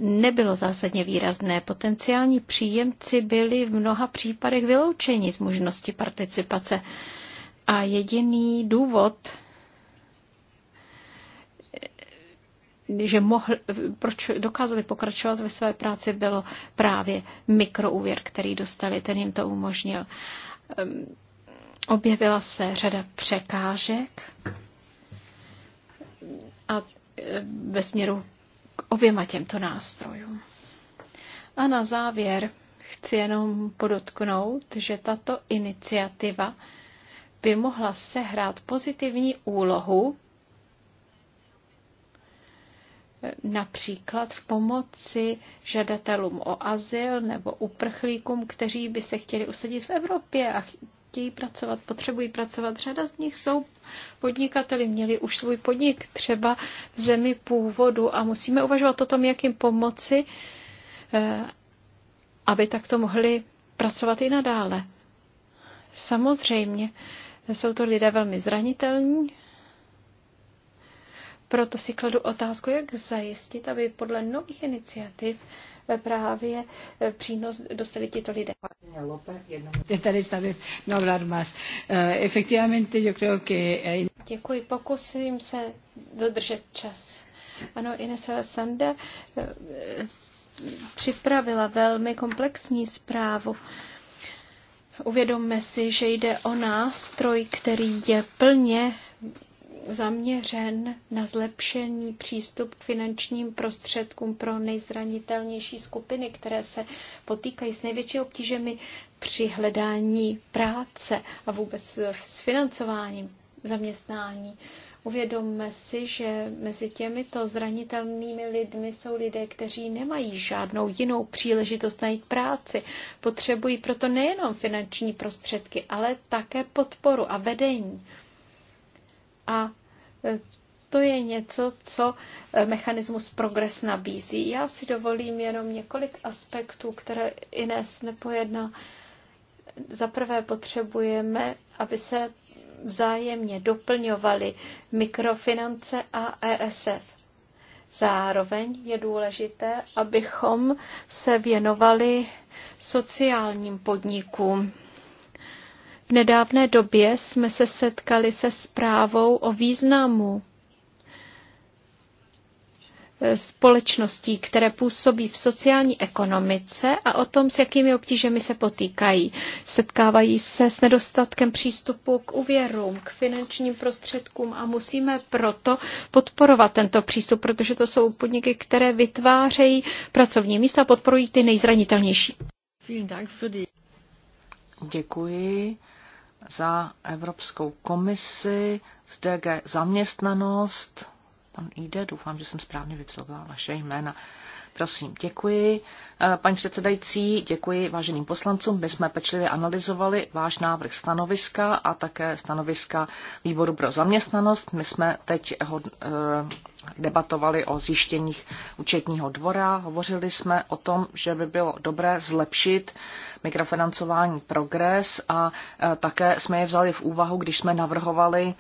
nebylo zásadně výrazné. Potenciální příjemci byli v mnoha případech vyloučeni z možnosti participace. A jediný důvod, že mohl, proč dokázali pokračovat ve své práci, bylo právě mikroúvěr, který dostali, ten jim to umožnil. Ehm, objevila se řada překážek a eh, ve směru k oběma těmto nástrojům. A na závěr chci jenom podotknout, že tato iniciativa by mohla sehrát pozitivní úlohu například v pomoci žadatelům o azyl nebo uprchlíkům, kteří by se chtěli usadit v Evropě a chtějí pracovat, potřebují pracovat. Řada z nich jsou podnikateli, měli už svůj podnik třeba v zemi původu a musíme uvažovat o tom, jak jim pomoci, eh, aby takto mohli pracovat i nadále. Samozřejmě jsou to lidé velmi zranitelní, proto si kladu otázku, jak zajistit, aby podle nových iniciativ právě eh, přínos dostali tito lidé. Eh, eh, Děkuji, pokusím se dodržet čas. Ano, Ines Sanda připravila velmi komplexní zprávu. Uvědomme si, že jde o nástroj, který je plně zaměřen na zlepšení přístup k finančním prostředkům pro nejzranitelnější skupiny, které se potýkají s největší obtížemi při hledání práce a vůbec s financováním zaměstnání. Uvědomme si, že mezi těmito zranitelnými lidmi jsou lidé, kteří nemají žádnou jinou příležitost najít práci. Potřebují proto nejenom finanční prostředky, ale také podporu a vedení. A e, to je něco, co e, mechanismus progres nabízí. Já si dovolím jenom několik aspektů, které Ines nepojedná. Za prvé potřebujeme, aby se vzájemně doplňovaly mikrofinance a ESF. Zároveň je důležité, abychom se věnovali sociálním podnikům v nedávné době jsme se setkali se zprávou o významu eh, společností, které působí v sociální ekonomice a o tom, s jakými obtížemi se potýkají. Setkávají se s nedostatkem přístupu k úvěrům, k finančním prostředkům a musíme proto podporovat tento přístup, protože to jsou podniky, které vytvářejí pracovní místa a podporují ty nejzranitelnější. Děkuji za Evropskou komisi z DG Zaměstnanost. Tam jde, doufám, že jsem správně vypsala vaše jména. Prosím, děkuji. Eh, paní předsedající, děkuji váženým poslancům. My jsme pečlivě analyzovali váš návrh stanoviska a také stanoviska výboru pro zaměstnanost. My jsme teď eh, debatovali o zjištěních účetního dvora. Hovořili jsme o tom, že by bylo dobré zlepšit mikrofinancování progres a eh, také jsme je vzali v úvahu, když jsme navrhovali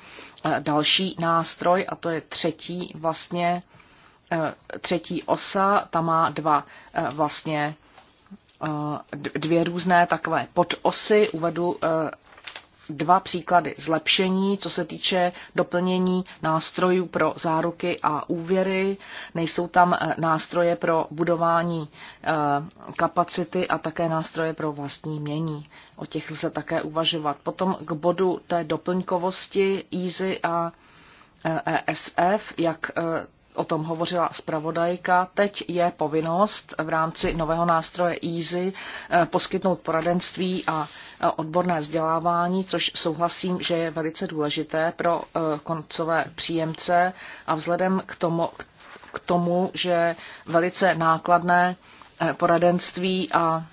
další nástroj, a to je třetí vlastně Eh, třetí osa, ta má dva eh, vlastně eh, dvě různé takové podosy. Uvedu dva příklady zlepšení, co se týče doplnění nástrojů pro záruky a úvěry. Nejsou tam nástroje pro budování kapacity a také nástroje pro vlastní mění. O těch lze také uvažovat. Potom k bodu té doplňkovosti EASY a ESF, e jak o tom hovořila zpravodajka, teď je povinnost v rámci nového nástroje EASY eh, poskytnout poradenství a eh, odborné vzdělávání, což souhlasím, že je velice důležité pro eh, koncové příjemce a vzhledem k tomu, k tomu že velice nákladné poradenství a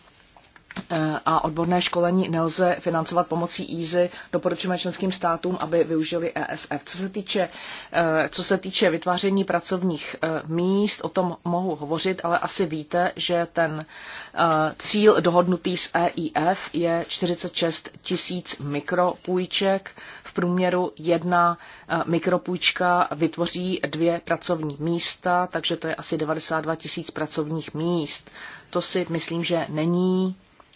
a odborné školení nelze financovat pomocí EASY, doporučujeme členským státům, aby využili ESF. Co se týče, eh, co se týče vytváření pracovních eh, míst, o tom mohu hovořit, ale asi víte, že ten eh, cíl dohodnutý s EIF je 46 tisíc mikropůjček. V průměru jedna mikropůjčka vytvoří dvě pracovní místa, takže to je asi 92 tisíc pracovních míst. To si myslím, že není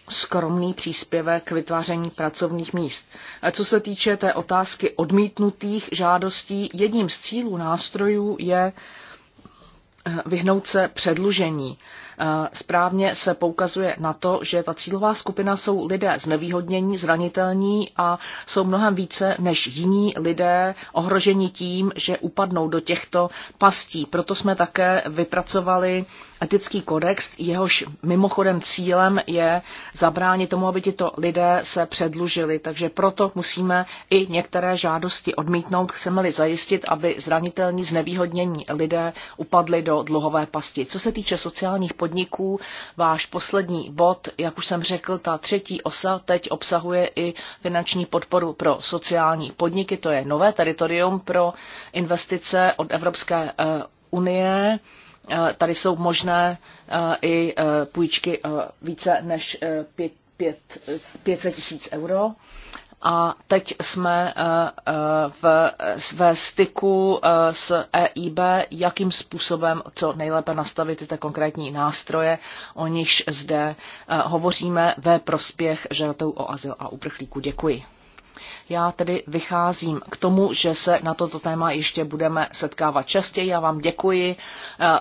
skromný příspěvek k vytváření pracovních míst. Co se týče té otázky odmítnutých žádostí, jedním z cílů nástrojů je eh, vyhnout se předlužení. Eh, správně se poukazuje na to, že ta cílová skupina jsou lidé znevýhodnění, zranitelní a jsou mnohem více než jiní lidé ohroženi tím, že upadnou do těchto pastí. Proto jsme také vypracovali etický kodex, jehož mimochodem cílem je zabránit tomu, aby tito lidé se předlužili. Takže proto musíme i některé žádosti odmítnout, chceme-li zajistit, aby zranitelní znevýhodnění lidé upadli do dluhové pasti. Co se týče sociálních podniků. Váš poslední bod, jak už jsem řekl, ta třetí osa teď obsahuje i finanční podporu pro sociální podniky. To je nové teritorium pro investice od Evropské eh, unie. Eh, tady jsou možné eh, i půjčky více než 500 tisíc euro a teď jsme eh, eh, ve styku eh, s EIB, jakým způsobem co nejlépe nastavit ty konkrétní nástroje, o nichž zde hovoříme ve prospěch žadatelů o azyl a uprchlíků. Děkuji. Já tedy vycházím k tomu, že se na toto téma ještě budeme setkávat častěji. Já vám děkuji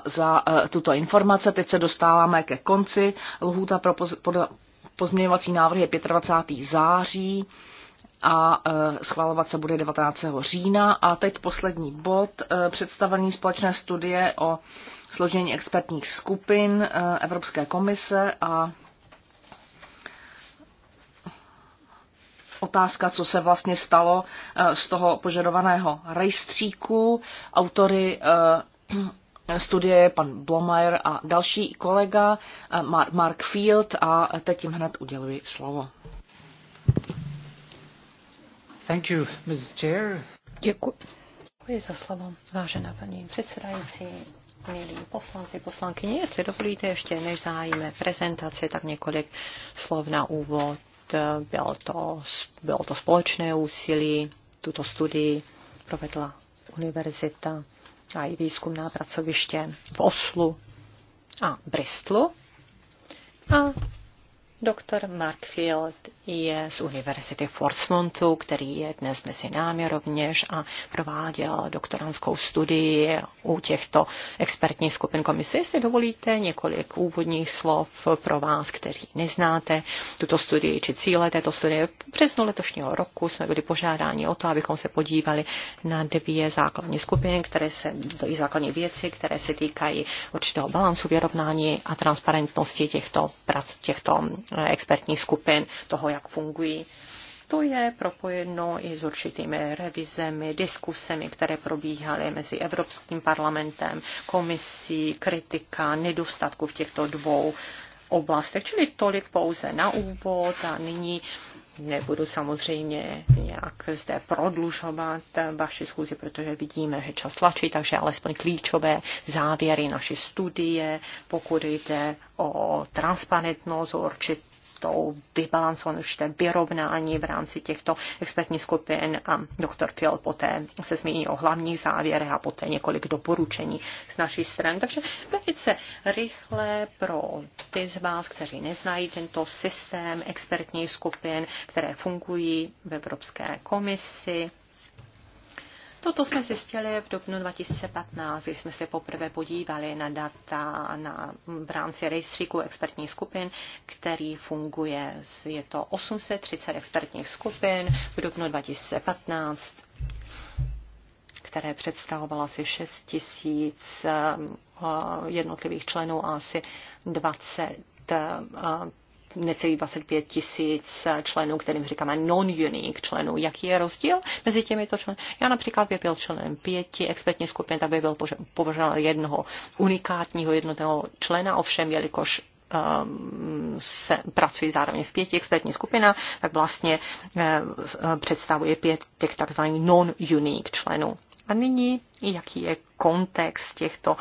za tuto informace. Teď se dostáváme ke konci. Lhůta pro pozměňovací návrh je 25. září a e, schvalovat se bude 19. října. A teď poslední bod, e, představení společné studie o složení expertních skupin e, Evropské komise a otázka, co se vlastně stalo z toho požadovaného rejstříku. Autory studie je pan Blomeyer a další kolega Mark Field a teď jim hned uděluji slovo. Děkuji. za slovo, vážená paní předsedající, milí poslanci, poslankyně. Jestli dovolíte ještě, než zájme prezentaci, tak několik slov na úvod. Bylo to, bylo to společné úsilí, tuto studii provedla univerzita a i výzkumná pracoviště v Oslu a Bristolu. A Doktor Mark Field je z Univerzity Forsmontu, který je dnes mezi námi rovněž a prováděl doktorantskou studii u těchto expertních skupin komise. Jestli dovolíte několik úvodních slov pro vás, kteří neznáte tuto studii či cíle této studie. V březnu letošního roku jsme byli požádáni o to, abychom se podívali na dvě základní skupiny, které se, dvě základní věci, které se týkají určitého balansu vyrovnání a transparentnosti těchto, prac, těchto Eh, expertních skupin toho, jak fungují. To je propojeno i s určitými revizemi, diskusemi, které probíhaly mezi Evropským parlamentem, komisí, kritika, nedostatku v těchto dvou oblastech. Čili tolik pouze na úvod a nyní Nebudu samozřejmě nějak zde prodlužovat vaši schůzi, protože vidíme, že čas tlačí, takže alespoň klíčové závěry naší studie, pokud jde o transparentnost, o určit určitou vybalancovanost, vyrovnání v rámci těchto expertních skupin a doktor Piel poté se zmíní o hlavních závěrech a poté několik doporučení z naší strany. Takže velice rychle pro ty z vás, kteří neznají tento systém expertních skupin, které fungují v Evropské komisi, Toto jsme zjistili v dubnu 2015, když jsme se poprvé podívali na data na, v rámci rejstříku expertních skupin, který funguje. Je to 830 expertních skupin v dubnu 2015 které představovalo asi 6 tisíc eh, jednotlivých členů a asi 20 necelých 25 tisíc členů, kterým říkáme non-unique členů. Jaký je rozdíl mezi těmito členy? Já například bych byl členem pěti expertní skupin, tak bych byl považován jednoho unikátního jednotného člena, ovšem jelikož ehm, se pracují zároveň v pěti expertních skupinách, tak vlastně eh, eh, představuje pět těch takzvaných non-unique členů. A nyní, jaký je kontext těchto,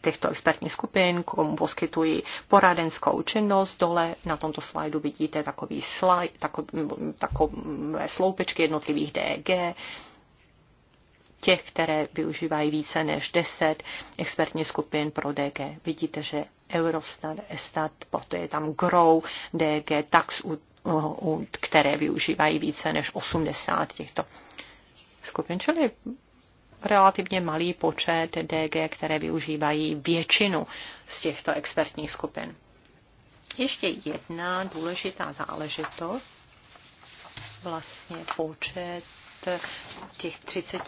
těchto expertních skupin, komu poskytují poradenskou činnost. Dole na tomto slajdu vidíte takový slide, tako, takové sloupečky jednotlivých DG, těch, které využívají více než 10 expertních skupin pro DG. Vidíte, že Eurostat, Estat, poté je tam GROW, DG, TAX, u, u, které využívají více než 80 těchto skupin. Čili relativně malý počet DG, které využívají většinu z těchto expertních skupin. Ještě jedna důležitá záležitost, vlastně počet těch 30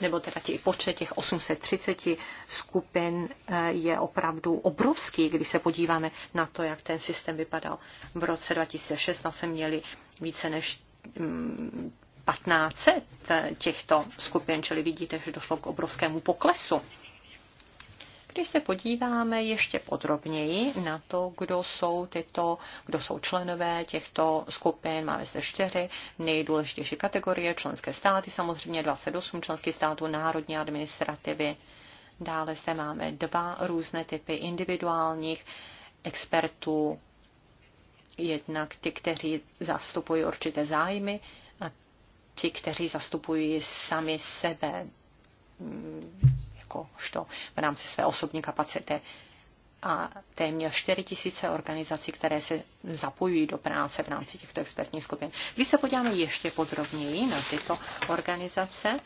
nebo teda těch počet těch 830 skupin eh, je opravdu obrovský, když se podíváme na to, jak ten systém vypadal. V roce 2016 jsme měli více než mm, 1500 těchto skupin, čili vidíte, že došlo k obrovskému poklesu. Když se podíváme ještě podrobněji na to, kdo jsou, tyto, kdo jsou členové těchto skupin, máme zde čtyři nejdůležitější kategorie, členské státy, samozřejmě 28 členských států, národní administrativy. Dále zde máme dva různé typy individuálních expertů, jednak ty, kteří zastupují určité zájmy ti, kteří zastupují sami sebe, jakožto v rámci své osobní kapacity. A téměř 4 tisíce organizací, které se zapojují do práce v rámci těchto expertních skupin. Když se podíváme ještě podrobněji na tyto organizace,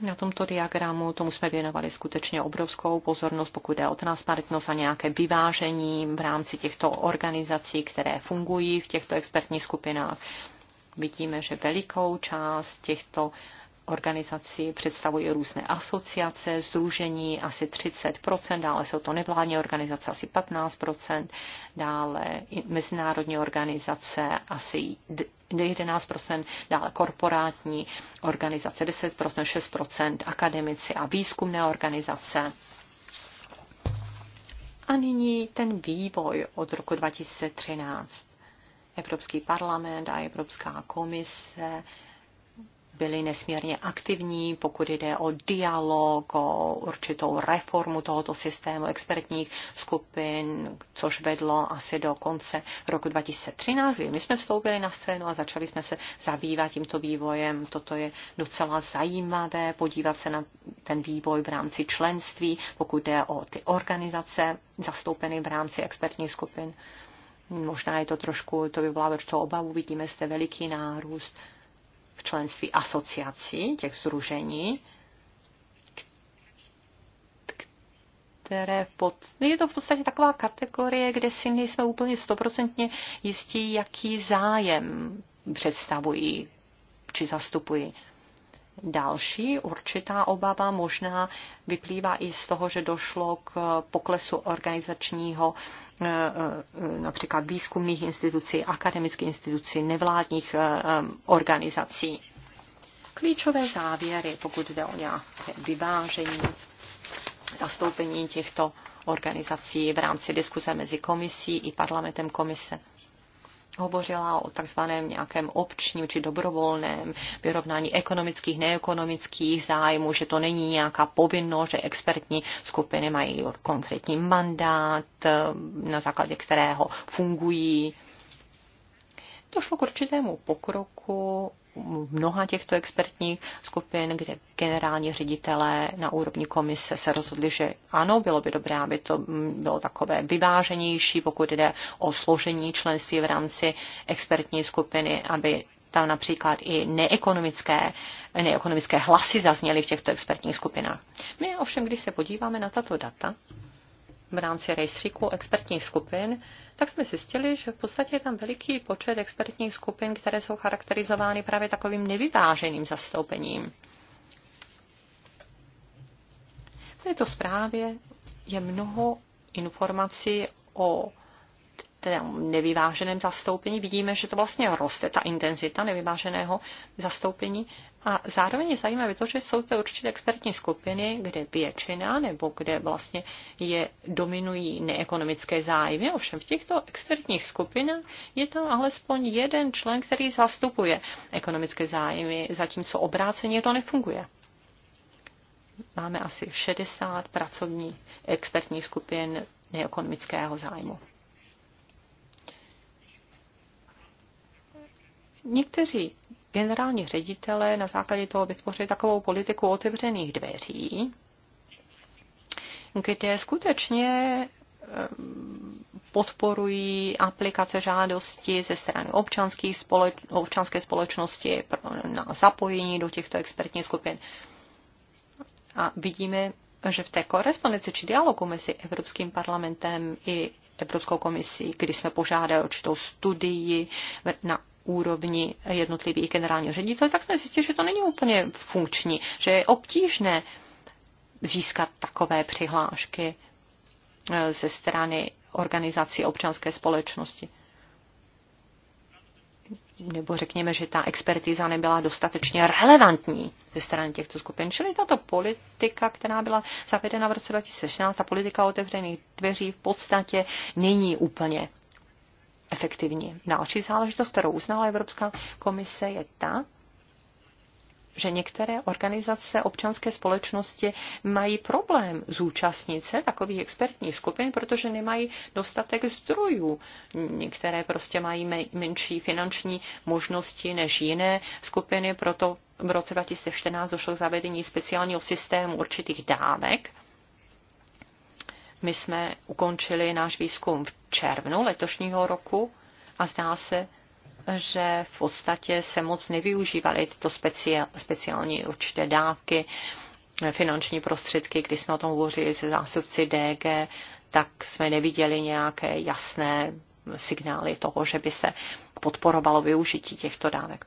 na tomto diagramu, tomu jsme věnovali skutečně obrovskou pozornost, pokud jde o transparentnost a nějaké vyvážení v rámci těchto organizací, které fungují v těchto expertních skupinách vidíme, že velikou část těchto organizací představují různé asociace, združení asi 30%, dále jsou to nevládní organizace asi 15%, dále mezinárodní organizace asi 11%, dále korporátní organizace 10%, 6% akademici a výzkumné organizace. A nyní ten vývoj od roku 2013. Evropský parlament a Evropská komise byli nesmírně aktivní, pokud jde o dialog, o určitou reformu tohoto systému expertních skupin, což vedlo asi do konce roku 2013, kdy my jsme vstoupili na scénu a začali jsme se zabývat tímto vývojem. Toto je docela zajímavé, podívat se na ten vývoj v rámci členství, pokud jde o ty organizace zastoupené v rámci expertních skupin. Možná je to trošku, to vyvolá určitou obavu, vidíme zde veliký nárůst v členství asociací, těch združení, které pod... je to v podstatě taková kategorie, kde si nejsme úplně stoprocentně jistí, jaký zájem představují či zastupují. Další určitá obava možná vyplývá i z toho, že došlo k poklesu organizačního eh, eh, například výzkumných institucí, akademických institucí, nevládních eh, organizací. Klíčové závěry, pokud jde o nějaké vyvážení, zastoupení těchto organizací v rámci diskuze mezi komisí i parlamentem komise hovořila o takzvaném nějakém občním či dobrovolném vyrovnání ekonomických, neekonomických zájmů, že to není nějaká povinnost, že expertní skupiny mají konkrétní mandát, eh, na základě kterého fungují došlo k určitému pokroku mnoha těchto expertních skupin, kde generální ředitelé na úrovni komise se rozhodli, že ano, bylo by dobré, aby to bylo takové vyváženější, pokud jde o složení členství v rámci expertní skupiny, aby tam například i neekonomické, neekonomické hlasy zazněly v těchto expertních skupinách. My ovšem, když se podíváme na tato data, v rámci rejstříku expertních skupin, tak jsme zjistili, že v podstatě je tam veliký počet expertních skupin, které jsou charakterizovány právě takovým nevyváženým zastoupením. V této zprávě je mnoho informací o teda nevyváženém zastoupení. Vidíme, že to vlastně roste, ta intenzita nevyváženého zastoupení. A zároveň je zajímavé to, že jsou to určitě expertní skupiny, kde většina nebo kde vlastně je dominují neekonomické zájmy. Ovšem v těchto expertních skupinách je tam alespoň jeden člen, který zastupuje ekonomické zájmy, zatímco obráceně to nefunguje máme asi 60 pracovních expertních skupin neekonomického zájmu. Někteří generální ředitelé na základě toho vytvořili takovou politiku otevřených dveří, kde skutečně eh, podporují aplikace žádosti ze strany občanských společ, občanské společnosti na zapojení do těchto expertních skupin. A vidíme, že v té korespondenci či dialogu mezi Evropským parlamentem i Evropskou komisí, kdy jsme požádali určitou studii na úrovni jednotlivých generálního ředitele, tak jsme zjistili, že to není úplně funkční, že je obtížné získat takové přihlášky eh, ze strany organizací občanské společnosti. Nebo řekněme, že ta expertiza nebyla dostatečně relevantní ze strany těchto skupin. Čili tato politika, která byla zavedena v roce 2016, ta politika otevřených dveří v podstatě není úplně efektivní. Další záležitost, kterou uznala Evropská komise, je ta, že některé organizace občanské společnosti mají problém zúčastnit se takových expertních skupin, protože nemají dostatek zdrojů. Některé prostě mají menší finanční možnosti než jiné skupiny, proto v roce 2014 došlo k zavedení speciálního systému určitých dávek, my jsme ukončili náš výzkum v červnu letošního roku a zdá se, že v podstatě se moc nevyužívaly tyto speciální určité dávky, finanční prostředky, když jsme o tom hovořili se zástupci DG, tak jsme neviděli nějaké jasné signály toho, že by se podporovalo využití těchto dávek.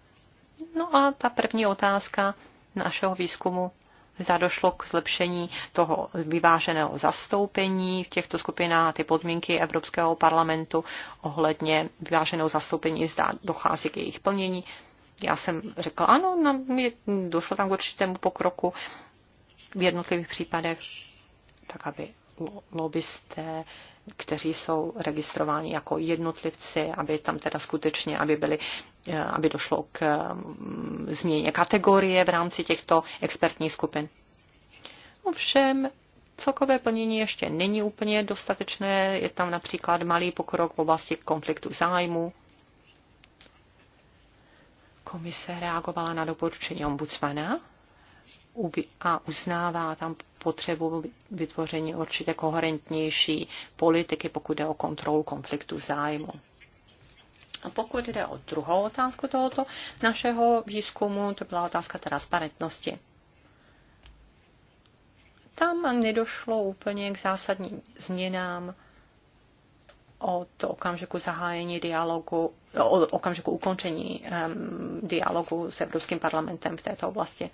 No a ta první otázka našeho výzkumu zda došlo k zlepšení toho vyváženého zastoupení v těchto skupinách, ty podmínky Evropského parlamentu ohledně vyváženého zastoupení, zda dochází k jejich plnění. Já jsem řekla, ano, no, je došlo tam k určitému pokroku v jednotlivých případech, tak aby lobbysté, kteří jsou registrováni jako jednotlivci, aby tam teda skutečně, aby, byli, eh, aby došlo k mm, změně kategorie v rámci těchto expertních skupin. Ovšem, celkové plnění ještě není úplně dostatečné, je tam například malý pokrok v oblasti konfliktu zájmu. Komise reagovala na doporučení ombudsmana a uznává tam potřebu vytvoření určitě koherentnější politiky, pokud jde o kontrolu konfliktu zájmu. A pokud jde o druhou otázku tohoto našeho výzkumu, to byla otázka transparentnosti. Tam nedošlo úplně k zásadním změnám od okamžiku zahájení dialogu, od okamžiku ukončení um, dialogu s Evropským parlamentem v této oblasti.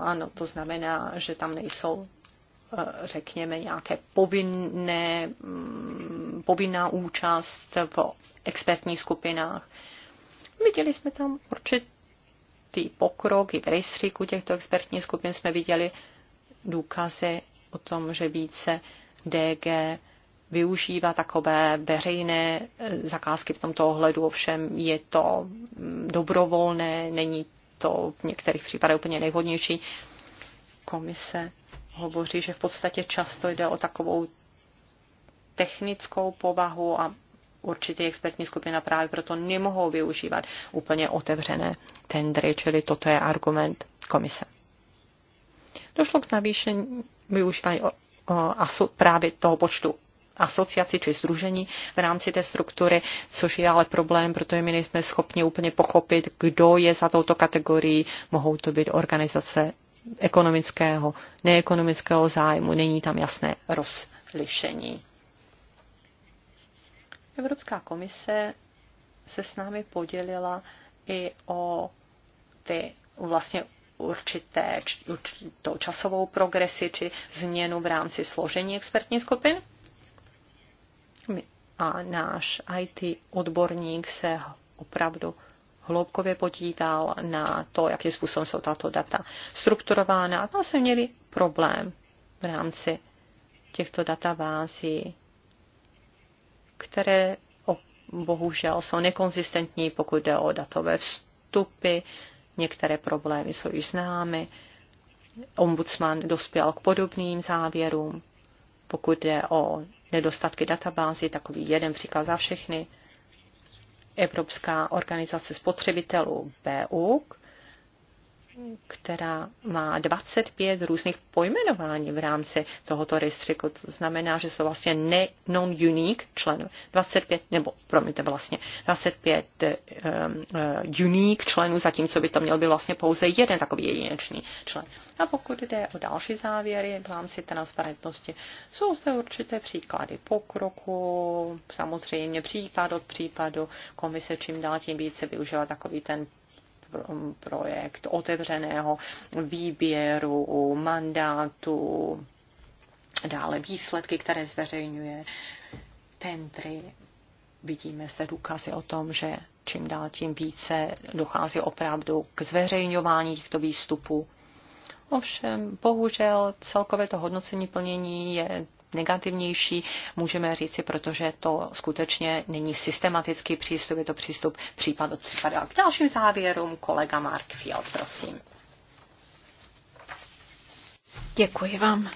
Ano, to znamená, že tam nejsou eh, řekněme, nějaké povinné, mm, povinná účast v expertních skupinách. Viděli jsme tam určitý pokrok, i v rejstříku těchto expertních skupin jsme viděli důkazy o tom, že více DG využívá takové veřejné eh, zakázky v tomto ohledu, ovšem je to mm, dobrovolné, není to v některých případech úplně nejvhodnější. Komise hovoří, že v podstatě často jde o takovou technickou povahu a určitě expertní skupina právě proto nemohou využívat úplně otevřené tendry, čili toto je argument komise. Došlo k navýšení využívání o, o, právě toho počtu asociaci či združení v rámci té struktury, což je ale problém, protože my nejsme schopni úplně pochopit, kdo je za touto kategorii. Mohou to být organizace ekonomického, neekonomického zájmu. Není tam jasné rozlišení. Evropská komise se s námi podělila i o ty vlastně určité, určitou časovou progresi či změnu v rámci složení expertní skupin a náš IT odborník se opravdu hloubkově podíval na to, jakým způsobem jsou tato data strukturována. A tam jsme měli problém v rámci těchto databází, které bohužel jsou nekonzistentní, pokud jde o datové vstupy. Některé problémy jsou již známy. Ombudsman dospěl k podobným závěrům, pokud jde o nedostatky databází, takový jeden příklad za všechny. Evropská organizace spotřebitelů BUK která má 25 různých pojmenování v rámci tohoto rejstříku. To znamená, že jsou vlastně ne non-unique členů. 25, nebo promiňte vlastně, 25 um, uh, unique členů, zatímco by to měl být vlastně pouze jeden takový jedinečný člen. A pokud jde o další závěry v rámci transparentnosti, jsou zde určité příklady pokroku, samozřejmě případ od případu. Komise čím dál tím více využívá takový ten projekt otevřeného výběru, mandátu, dále výsledky, které zveřejňuje tendry. Vidíme zde důkazy o tom, že čím dál tím více dochází opravdu k zveřejňování těchto výstupů. Ovšem, bohužel celkové to hodnocení plnění je negativnější, můžeme říci, protože to skutečně není systematický přístup, je to přístup případ od případu. A k dalším závěrům kolega Mark Field, prosím. Děkuji vám.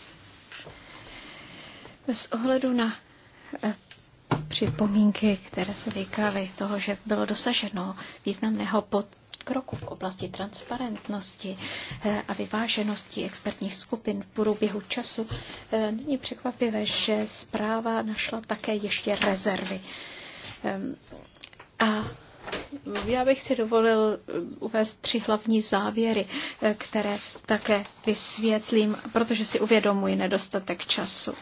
Bez ohledu na eh, připomínky, které se týkaly toho, že bylo dosaženo významného pod kroku v oblasti transparentnosti eh, a vyváženosti expertních skupin v průběhu času, eh, není překvapivé, že zpráva našla také ještě rezervy. Ehm, a já bych si dovolil eh, uvést tři hlavní závěry, které také vysvětlím, protože si uvědomuji nedostatek času.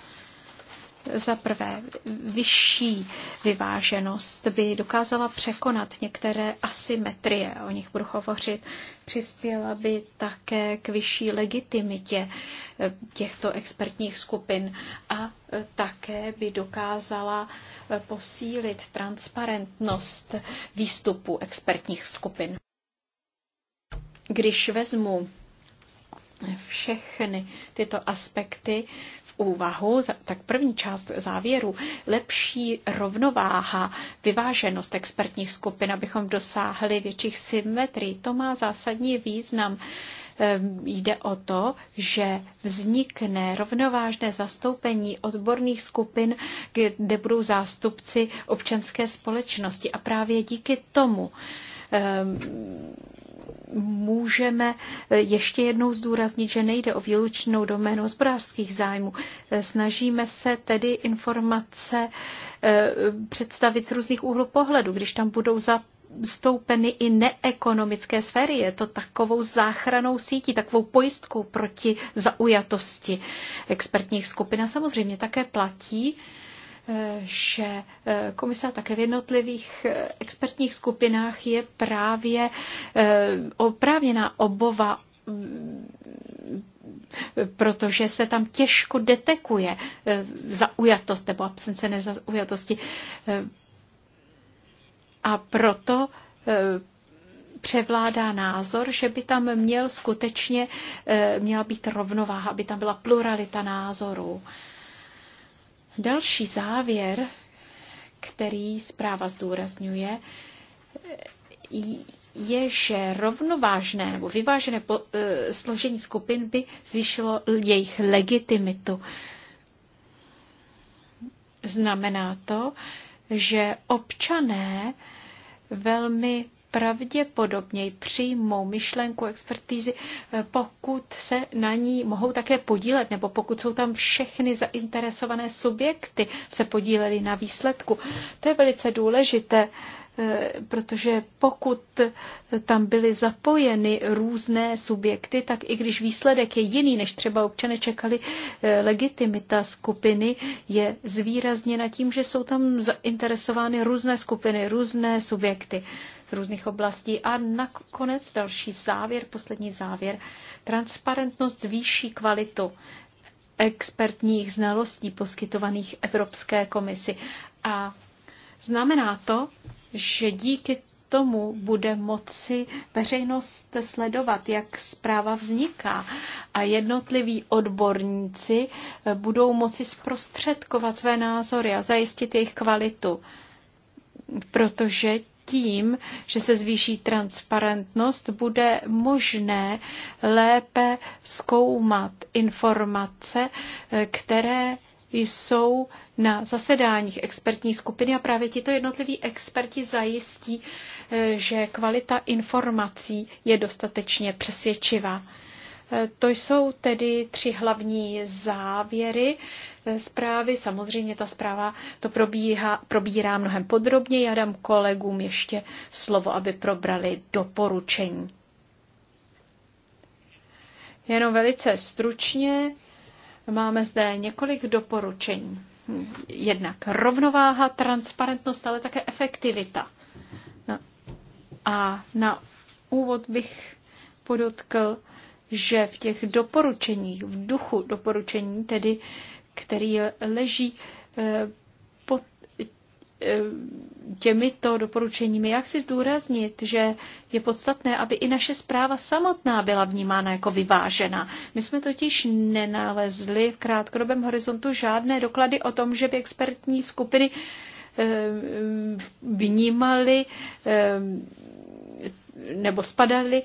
Za prvé, vyšší vyváženost by dokázala překonat některé asymetrie, o nich budu hovořit, přispěla by také k vyšší legitimitě eh, těchto expertních skupin a eh, také by dokázala eh, posílit transparentnost výstupu expertních skupin. Když vezmu všechny tyto aspekty, úvahu, tak první část závěru, lepší rovnováha, vyváženost expertních skupin, abychom dosáhli větších symetrií. To má zásadní význam ehm, jde o to, že vznikne rovnovážné zastoupení odborných skupin, kde budou zástupci občanské společnosti. A právě díky tomu ehm, můžeme ještě jednou zdůraznit, že nejde o výlučnou doménu hospodářských zájmů. Snažíme se tedy informace eh, představit z různých úhlů pohledu, když tam budou za stoupeny i neekonomické sféry. Je to takovou záchranou sítí, takovou pojistkou proti zaujatosti expertních skupin. A samozřejmě také platí, že eh, komisa také v jednotlivých eh, expertních skupinách je právě eh, oprávněná obova mm, protože se tam těžko detekuje zaujatost nebo absence nezaujatosti. A proto převládá názor, že by tam měl skutečně, měla být rovnováha, aby tam byla pluralita názorů. Další závěr, který zpráva zdůrazňuje, je, že rovnovážné nebo vyvážené po, e, složení skupin by zvýšilo jejich legitimitu. Znamená to, že občané velmi Pravděpodobně přijmou myšlenku expertízy, eh, pokud se na ní mohou také podílet, nebo pokud jsou tam všechny zainteresované subjekty se podíleli na výsledku. To je velice důležité, eh, protože pokud eh, tam byly zapojeny různé subjekty, tak i když výsledek je jiný, než třeba občané čekali, legitimita skupiny je zvýrazněna tím, že jsou tam zainteresovány různé skupiny, různé subjekty z různých oblastí. A nakonec další závěr, poslední závěr. Transparentnost zvýší kvalitu expertních znalostí poskytovaných Evropské komisi. A znamená to, že díky tomu bude moci veřejnost sledovat, jak zpráva vzniká a jednotliví odborníci budou moci zprostředkovat své názory a zajistit jejich kvalitu, protože tím, že se zvýší transparentnost, bude možné lépe zkoumat informace, eh, které jsou na zasedáních expertní skupiny a právě tito jednotliví experti zajistí, eh, že kvalita informací je dostatečně přesvědčivá. Eh, to jsou tedy tři hlavní závěry Eh, zprávy. Samozřejmě ta zpráva to probíhá, probírá mnohem podrobně. Já dám kolegům ještě slovo, aby probrali doporučení. Jenom velice stručně máme zde několik doporučení. Jednak rovnováha, transparentnost, ale také efektivita. No, a na úvod bych podotkl, že v těch doporučeních, v duchu doporučení, tedy který leží eh, pod eh, těmito doporučeními. Já chci zdůraznit, že je podstatné, aby i naše zpráva samotná byla vnímána jako vyvážená. My jsme totiž nenalezli v krátkodobém horizontu žádné doklady o tom, že by expertní skupiny eh, vnímaly nebo spadaly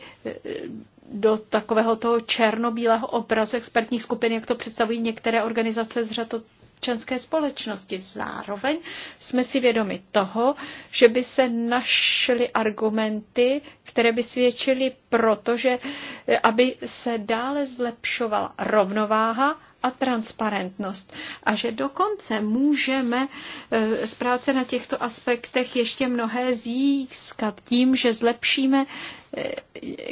do takového toho černobílého obrazu expertních skupin, jak to představují některé organizace z řad občanské společnosti. Zároveň jsme si vědomi toho, že by se našly argumenty, které by svědčily proto, že eh, aby se dále zlepšovala rovnováha a transparentnost. A že dokonce můžeme eh, z práce na těchto aspektech ještě mnohé získat tím, že zlepšíme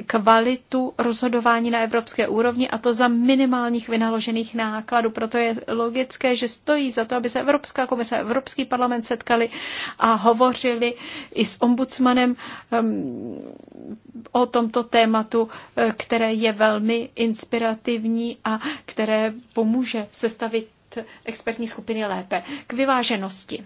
kvalitu rozhodování na evropské úrovni a to za minimálních vynaložených nákladů. Proto je logické, že stojí za to, aby se Evropská komise a Evropský parlament setkali a hovořili i s ombudsmanem um, o tomto tématu, eh, které je velmi inspirativní a které pomůže sestavit expertní skupiny lépe. K vyváženosti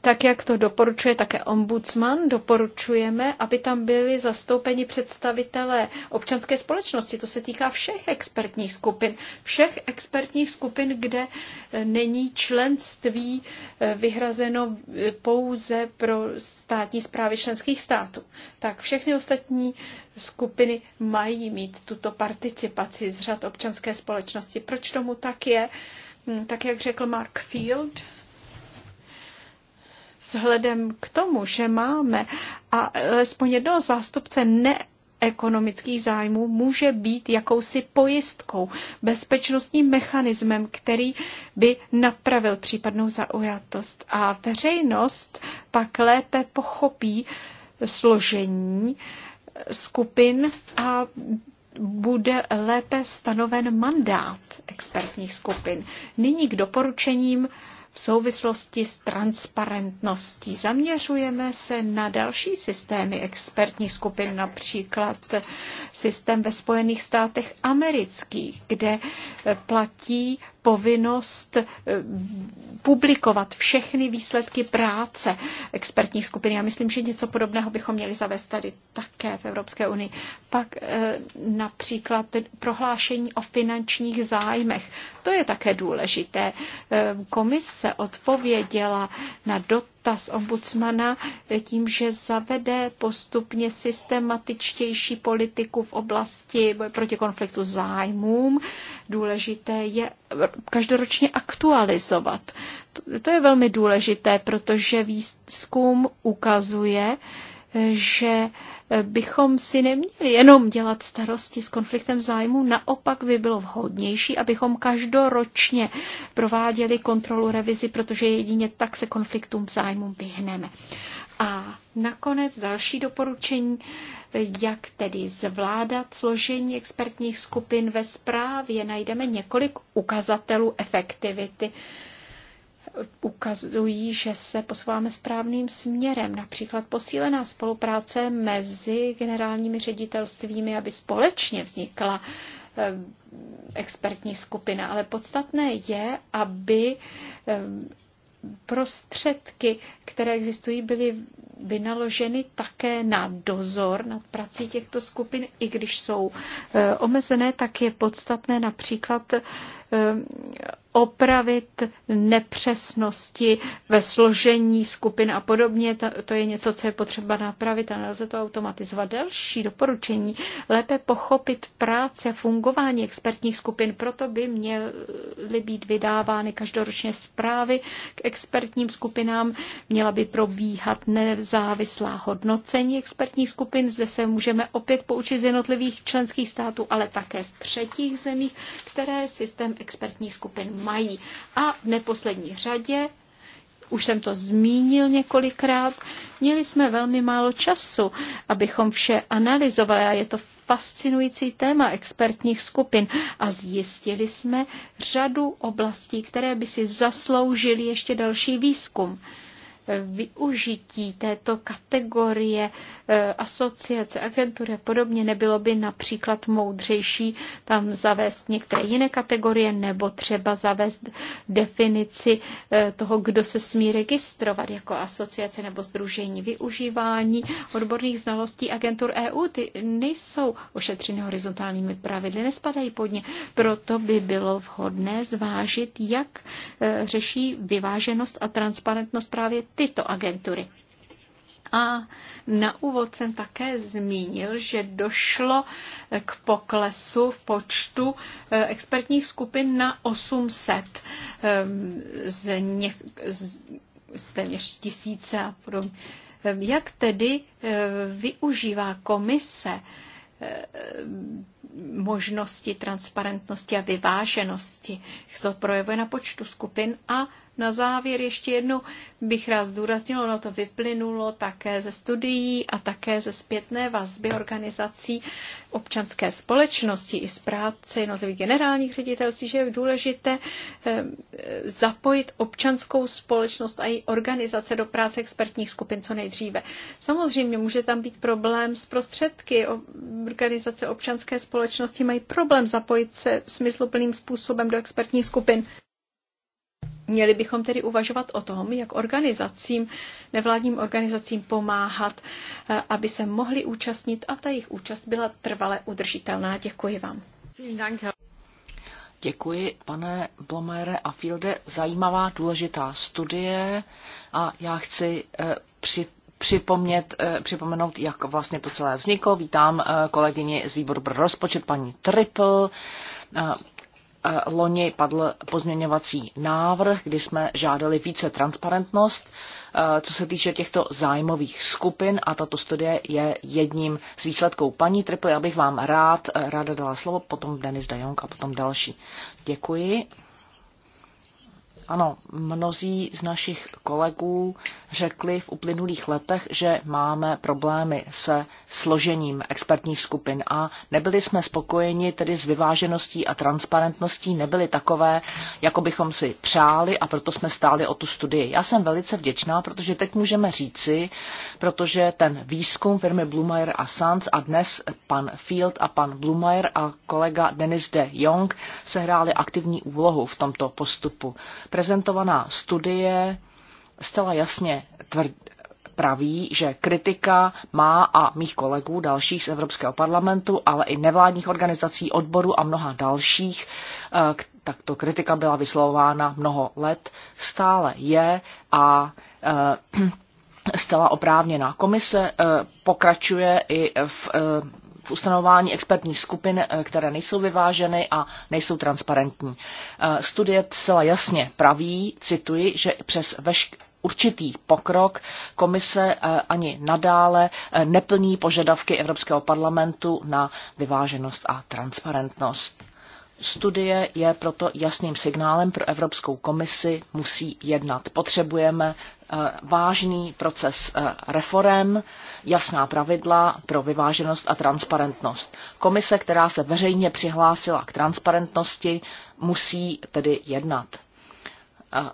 tak jak to doporučuje také ombudsman, doporučujeme, aby tam byli zastoupeni představitelé občanské společnosti. To se týká všech expertních skupin. Všech expertních skupin, kde eh, není členství eh, vyhrazeno eh, pouze pro státní zprávy členských států. Tak všechny ostatní skupiny mají mít tuto participaci z řad občanské společnosti. Proč tomu tak je? Hm, tak jak řekl Mark Field, vzhledem k tomu, že máme alespoň jednoho zástupce ne ekonomických zájmů může být jakousi pojistkou, bezpečnostním mechanismem, který by napravil případnou zaujatost. A veřejnost pak lépe pochopí složení skupin a bude lépe stanoven mandát expertních skupin. Nyní k doporučením v souvislosti s transparentností. Zaměřujeme se na další systémy expertních skupin, například systém ve Spojených státech amerických, kde platí povinnost eh, publikovat všechny výsledky práce expertních skupin. Já myslím, že něco podobného bychom měli zavést tady také v Evropské unii. Pak eh, například prohlášení o finančních zájmech. To je také důležité. Eh, komise odpověděla na dotaz dotaz ombudsmana tím, že zavede postupně systematičtější politiku v oblasti proti konfliktu zájmům. Důležité je každoročně aktualizovat. To je velmi důležité, protože výzkum ukazuje, že eh, bychom si neměli jenom dělat starosti s konfliktem zájmu, naopak by bylo vhodnější, abychom každoročně prováděli kontrolu revizi, protože jedině tak se konfliktům zájmu vyhneme. A nakonec další doporučení, jak tedy zvládat složení expertních skupin ve zprávě. Najdeme několik ukazatelů efektivity ukazují, že se posouváme správným směrem. Například posílená spolupráce mezi generálními ředitelstvími, aby společně vznikla eh, expertní skupina. Ale podstatné je, aby eh, prostředky, které existují, byly vynaloženy také na dozor nad prací těchto skupin, i když jsou eh, omezené, tak je podstatné například opravit nepřesnosti ve složení skupin a podobně. To je něco, co je potřeba napravit a nelze to automatizovat. Další doporučení, lépe pochopit práce a fungování expertních skupin, proto by měly být vydávány každoročně zprávy k expertním skupinám, měla by probíhat nezávislá hodnocení expertních skupin, zde se můžeme opět poučit z jednotlivých členských států, ale také z třetích zemí, které systém expertních skupin mají. A v neposlední řadě, už jsem to zmínil několikrát, měli jsme velmi málo času, abychom vše analyzovali a je to fascinující téma expertních skupin a zjistili jsme řadu oblastí, které by si zasloužily ještě další výzkum využití této kategorie eh, asociace, agentury a podobně nebylo by například moudřejší tam zavést některé jiné kategorie nebo třeba zavést definici eh, toho, kdo se smí registrovat jako asociace nebo združení. Využívání odborných znalostí agentur EU ty nejsou ošetřeny horizontálními pravidly, nespadají pod ně. Proto by bylo vhodné zvážit, jak eh, řeší vyváženost a transparentnost právě tyto agentury. A na úvod jsem také zmínil, že došlo k poklesu v počtu eh, expertních skupin na 800 ehm, z, něk, z, z téměř tisíce a podobně. Ehm, jak tedy eh, využívá komise ehm, možnosti transparentnosti a vyváženosti? Se to projevuje na počtu skupin a na závěr ještě jednou bych rád zdůraznil, ono to vyplynulo také ze studií a také ze zpětné vazby organizací občanské společnosti i z práce jednotlivých generálních ředitelství, že je důležité eh, zapojit občanskou společnost a její organizace do práce expertních skupin co nejdříve. Samozřejmě může tam být problém s prostředky. Organizace občanské společnosti mají problém zapojit se smysluplným způsobem do expertních skupin. Měli bychom tedy uvažovat o tom, jak organizacím, nevládním organizacím pomáhat, eh, aby se mohli účastnit a ta jejich účast byla trvale udržitelná. Děkuji vám. Děkuji, pane Blomere a Fielde. Zajímavá, důležitá studie a já chci eh, při, připomnět, eh, připomenout, jak vlastně to celé vzniklo. Vítám kolegyni z výboru pro rozpočet, paní Triple Eh, loni padl pozměňovací návrh, kdy jsme žádali více transparentnost, eh, co se týče těchto zájmových skupin a tato studie je jedním z výsledků. Paní Triple, já bych vám rád, eh, ráda dala slovo, potom Denis Dajong a potom další. Děkuji. Ano, mnozí z našich kolegů řekli v uplynulých letech, že máme problémy se složením expertních skupin a nebyli jsme spokojeni tedy s vyvážeností a transparentností, nebyly takové, jako bychom si přáli a proto jsme stáli o tu studii. Já jsem velice vděčná, protože teď můžeme říci, protože ten výzkum firmy Blumeyer a Sons a dnes pan Field a pan Blumeyer a kolega Denis de Jong sehráli aktivní úlohu v tomto postupu prezentovaná studie zcela jasně tvrd, praví, že kritika má a mých kolegů dalších z Evropského parlamentu, ale i nevládních organizací, odborů a mnoha dalších, eh, takto kritika byla vyslovována mnoho let, stále je a eh, zcela oprávněná. Komise eh, pokračuje i v v ustanování expertních skupin, eh, které nejsou vyváženy a nejsou transparentní. Eh, studie zcela jasně praví, cituji, že přes vešk- určitý pokrok. Komise eh, ani nadále neplní požadavky Evropského parlamentu na vyváženost a transparentnost studie je proto jasným signálem pro Evropskou komisi, musí jednat. Potřebujeme eh, vážný proces eh, reform, jasná pravidla pro vyváženost a transparentnost. Komise, která se veřejně přihlásila k transparentnosti, musí tedy jednat. Eh,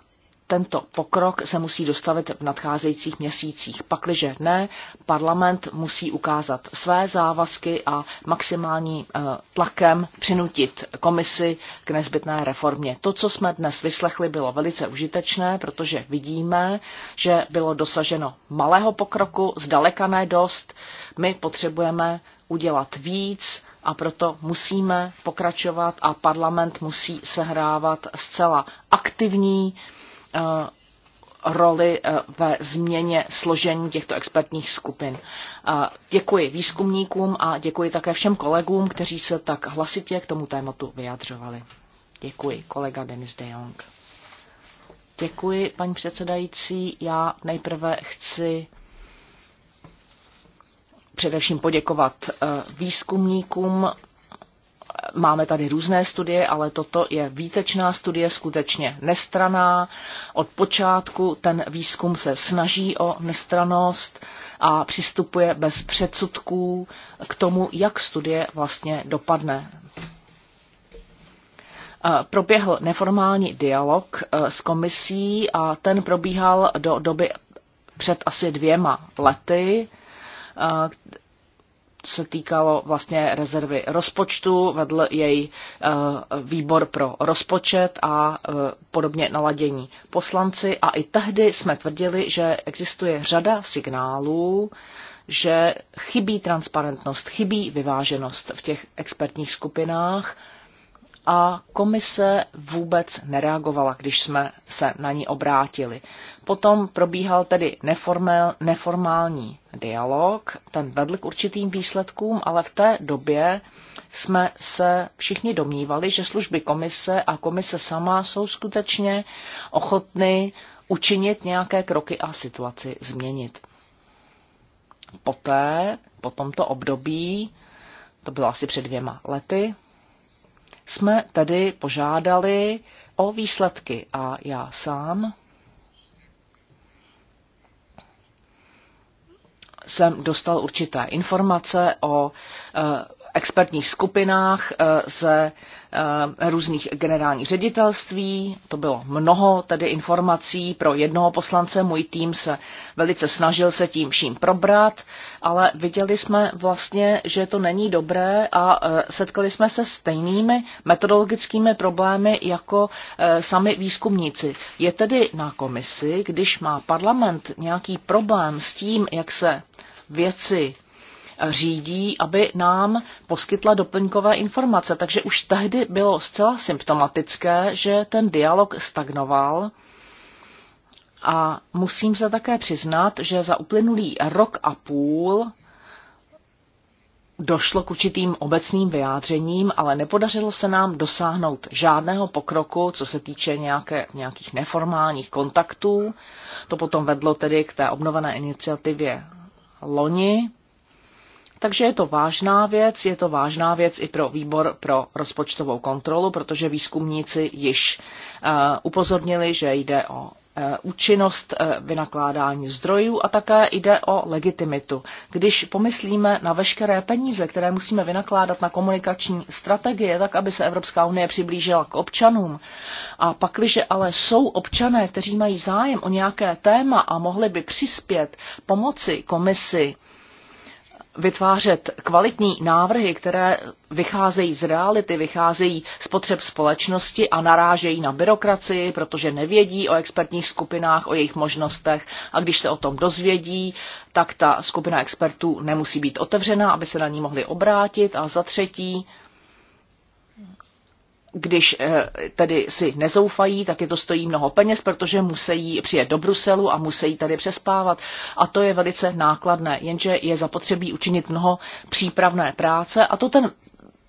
tento pokrok se musí dostavit v nadcházejících měsících. Pakliže ne, parlament musí ukázat své závazky a maximální eh, tlakem přinutit komisi k nezbytné reformě. To, co jsme dnes vyslechli, bylo velice užitečné, protože vidíme, že bylo dosaženo malého pokroku, zdaleka ne dost. My potřebujeme udělat víc, a proto musíme pokračovat a parlament musí sehrávat zcela aktivní Eh, roli eh, ve změně složení těchto expertních skupin. Eh, děkuji výzkumníkům a děkuji také všem kolegům, kteří se tak hlasitě k tomu tématu vyjadřovali. Děkuji, kolega Denis de Jong. Děkuji, paní předsedající. Já nejprve chci především poděkovat výzkumníkům Máme tady různé studie, ale toto je výtečná studie, skutečně nestraná. Od počátku ten výzkum se snaží o nestranost a přistupuje bez předsudků k tomu, jak studie vlastně dopadne. Eh, proběhl neformální dialog eh, s komisí a ten probíhal do doby před asi dvěma lety eh, se týkalo vlastně rezervy rozpočtu, vedl jej eh, výbor pro rozpočet a eh, podobně naladění poslanci. A i tehdy jsme tvrdili, že existuje řada signálů, že chybí transparentnost, chybí vyváženost v těch expertních skupinách a komise vůbec nereagovala, když jsme se na ní obrátili. Potom probíhal tedy neformál, neformální dialog, ten vedl k určitým výsledkům, ale v té době jsme se všichni domnívali, že služby komise a komise sama jsou skutečně ochotny učinit nějaké kroky a situaci změnit. Poté, po tomto období, to bylo asi před dvěma lety, jsme tedy požádali o výsledky a já sám jsem dostal určité informace o eh, expertních skupinách eh, ze eh, různých generálních ředitelství. To bylo mnoho tedy informací pro jednoho poslance. Můj tým se velice snažil se tím vším probrat, ale viděli jsme vlastně, že to není dobré a eh, setkali jsme se stejnými metodologickými problémy jako sami výzkumníci. Je tedy na komisi, když má parlament nějaký problém s tím, jak se věci řídí, aby nám poskytla doplňkové informace. Takže už tehdy bylo zcela symptomatické, že ten dialog stagnoval. A musím se také přiznat, že za uplynulý rok a půl došlo k určitým obecným vyjádřením, ale nepodařilo se nám dosáhnout žádného pokroku, co se týče nějaké, nějakých neformálních kontaktů. To potom vedlo tedy k té obnovené iniciativě loni. Takže je to vážná věc, je to vážná věc i pro výbor pro rozpočtovou kontrolu, protože výzkumníci již eh, upozornili, že jde o eh, účinnost eh, vynakládání zdrojů a také jde o legitimitu. Když pomyslíme na veškeré peníze, které musíme vynakládat na komunikační strategie, tak aby se Evropská unie přiblížila k občanům, a pakliže ale jsou občané, kteří mají zájem o nějaké téma a mohli by přispět pomoci komisi vytvářet kvalitní návrhy, které vycházejí z reality, vycházejí z potřeb společnosti a narážejí na byrokracii, protože nevědí o expertních skupinách, o jejich možnostech a když se o tom dozvědí, tak ta skupina expertů nemusí být otevřená, aby se na ní mohli obrátit. A za třetí, když eh, tedy si nezoufají, tak je to stojí mnoho peněz, protože musí přijet do Bruselu a musí tady přespávat. A to je velice nákladné, jenže je zapotřebí učinit mnoho přípravné práce a to ten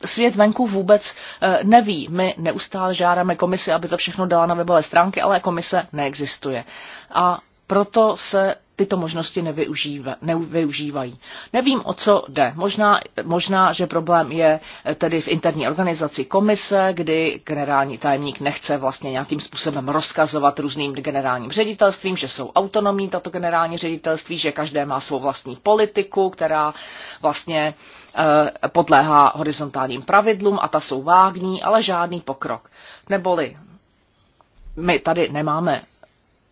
svět venku vůbec eh, neví. My neustále žádáme komisi, aby to všechno dala na webové stránky, ale komise neexistuje. A proto se tyto možnosti nevyužíva, nevyužívají. Nevím, o co jde. Možná, možná, že problém je tedy v interní organizaci komise, kdy generální tajemník nechce vlastně nějakým způsobem rozkazovat různým generálním ředitelstvím, že jsou autonomní tato generální ředitelství, že každé má svou vlastní politiku, která vlastně eh, podléhá horizontálním pravidlům a ta jsou vágní, ale žádný pokrok. Neboli my tady nemáme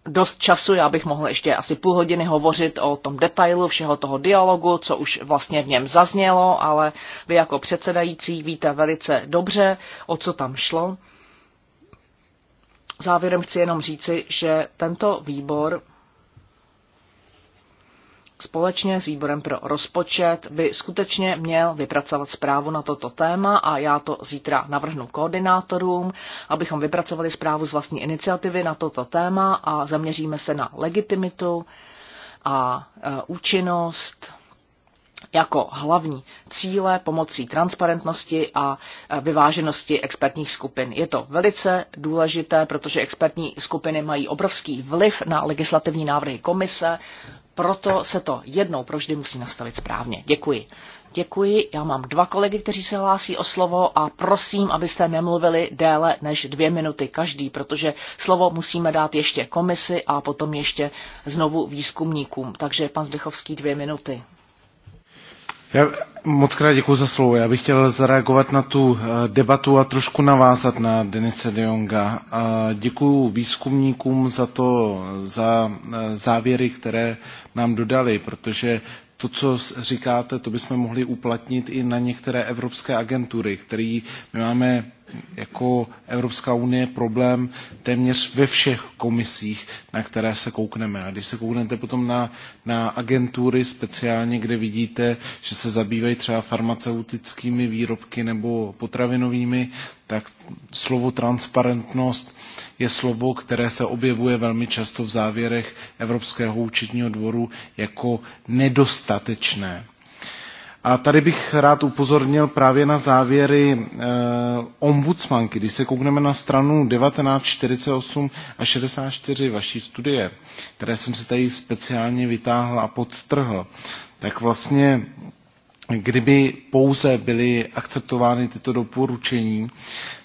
dost času, já bych mohl ještě asi půl hodiny hovořit o tom detailu všeho toho dialogu, co už vlastně v něm zaznělo, ale vy jako předsedající víte velice dobře, o co tam šlo. Závěrem chci jenom říci, že tento výbor společně s výborem pro rozpočet by skutečně měl vypracovat zprávu na toto téma a já to zítra navrhnu koordinátorům, abychom vypracovali zprávu z vlastní iniciativy na toto téma a zaměříme se na legitimitu a e, účinnost jako hlavní cíle pomocí transparentnosti a e, vyváženosti expertních skupin. Je to velice důležité, protože expertní skupiny mají obrovský vliv na legislativní návrhy komise, proto se to jednou proždy musí nastavit správně. Děkuji. Děkuji. Já mám dva kolegy, kteří se hlásí o slovo a prosím, abyste nemluvili déle než dvě minuty každý, protože slovo musíme dát ještě komisi a potom ještě znovu výzkumníkům. Takže pan Zdechovský dvě minuty. Já moc krát děkuji za slovo. Já bych chtěl zareagovat na tu eh, debatu a trošku navázat na Denise de Jonga. A děkuji výzkumníkům za to, za eh, závěry, které nám dodali, protože to, co říkáte, to bychom mohli uplatnit i na některé evropské agentury, které my máme jako Evropská unie problém téměř ve všech komisích, na které se koukneme. A když se kouknete potom na, na agentury speciálně, kde vidíte, že se zabývají třeba farmaceutickými výrobky nebo potravinovými, tak slovo transparentnost je slovo, které se objevuje velmi často v závěrech Evropského účetního dvoru jako nedostatečné. A tady bych rád upozornil právě na závěry e, ombudsmanky. Když se koukneme na stranu 1948 a 64 vaší studie, které jsem si tady speciálně vytáhl a podtrhl, tak vlastně kdyby pouze byly akceptovány tyto doporučení,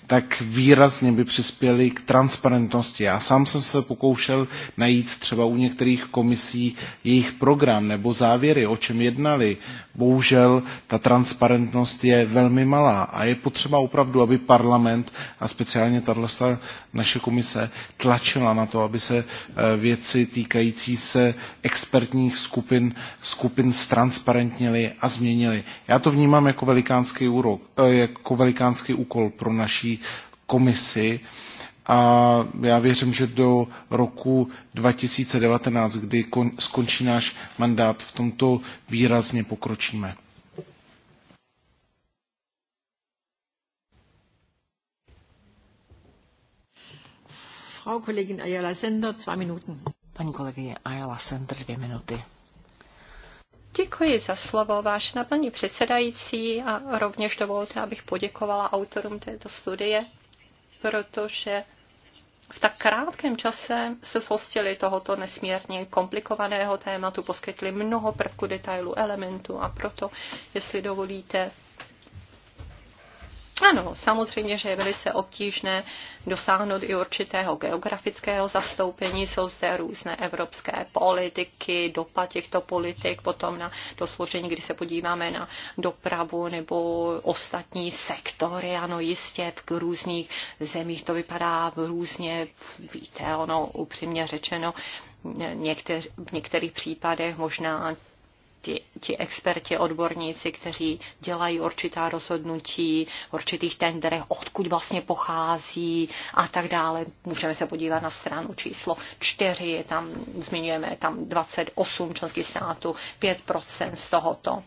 tak výrazně by přispěly k transparentnosti. Já sám jsem se pokoušel najít třeba u některých komisí jejich program nebo závěry, o čem jednali. Bohužel ta transparentnost je velmi malá a je potřeba opravdu, aby parlament a speciálně tato naše komise tlačila na to, aby se eh, věci týkající se expertních skupin, skupin ztransparentnily a změnily. Já to vnímám jako velikánský, úrok, eh, jako velikánský úkol pro naší komisi a já věřím, že do roku 2019, kdy kon, skončí náš mandát, v tomto výrazně pokročíme. Frau Kollegin Ayala Sender, zwei Minuten. Pani kolegyně Ayala Sender, dvě minuty. Děkuji za slovo, vážená paní předsedající, a rovněž dovolte, abych poděkovala autorům této studie, protože v tak krátkém čase se zhostili tohoto nesmírně komplikovaného tématu, poskytli mnoho prvků detailů, elementů a proto, jestli dovolíte, ano, samozřejmě, že je velice obtížné dosáhnout i určitého geografického zastoupení. Jsou zde různé evropské politiky, dopad těchto politik, potom na to složení, kdy se podíváme na dopravu nebo ostatní sektory. Ano, jistě v různých zemích to vypadá různě, víte, ono upřímně řečeno, někteř, v některých případech možná ti, ti experti, odborníci, kteří dělají určitá rozhodnutí, určitých tenderech, odkud vlastně pochází a tak dále. Můžeme se podívat na stranu číslo 4, je tam, zmiňujeme tam 28 členských států, 5% z tohoto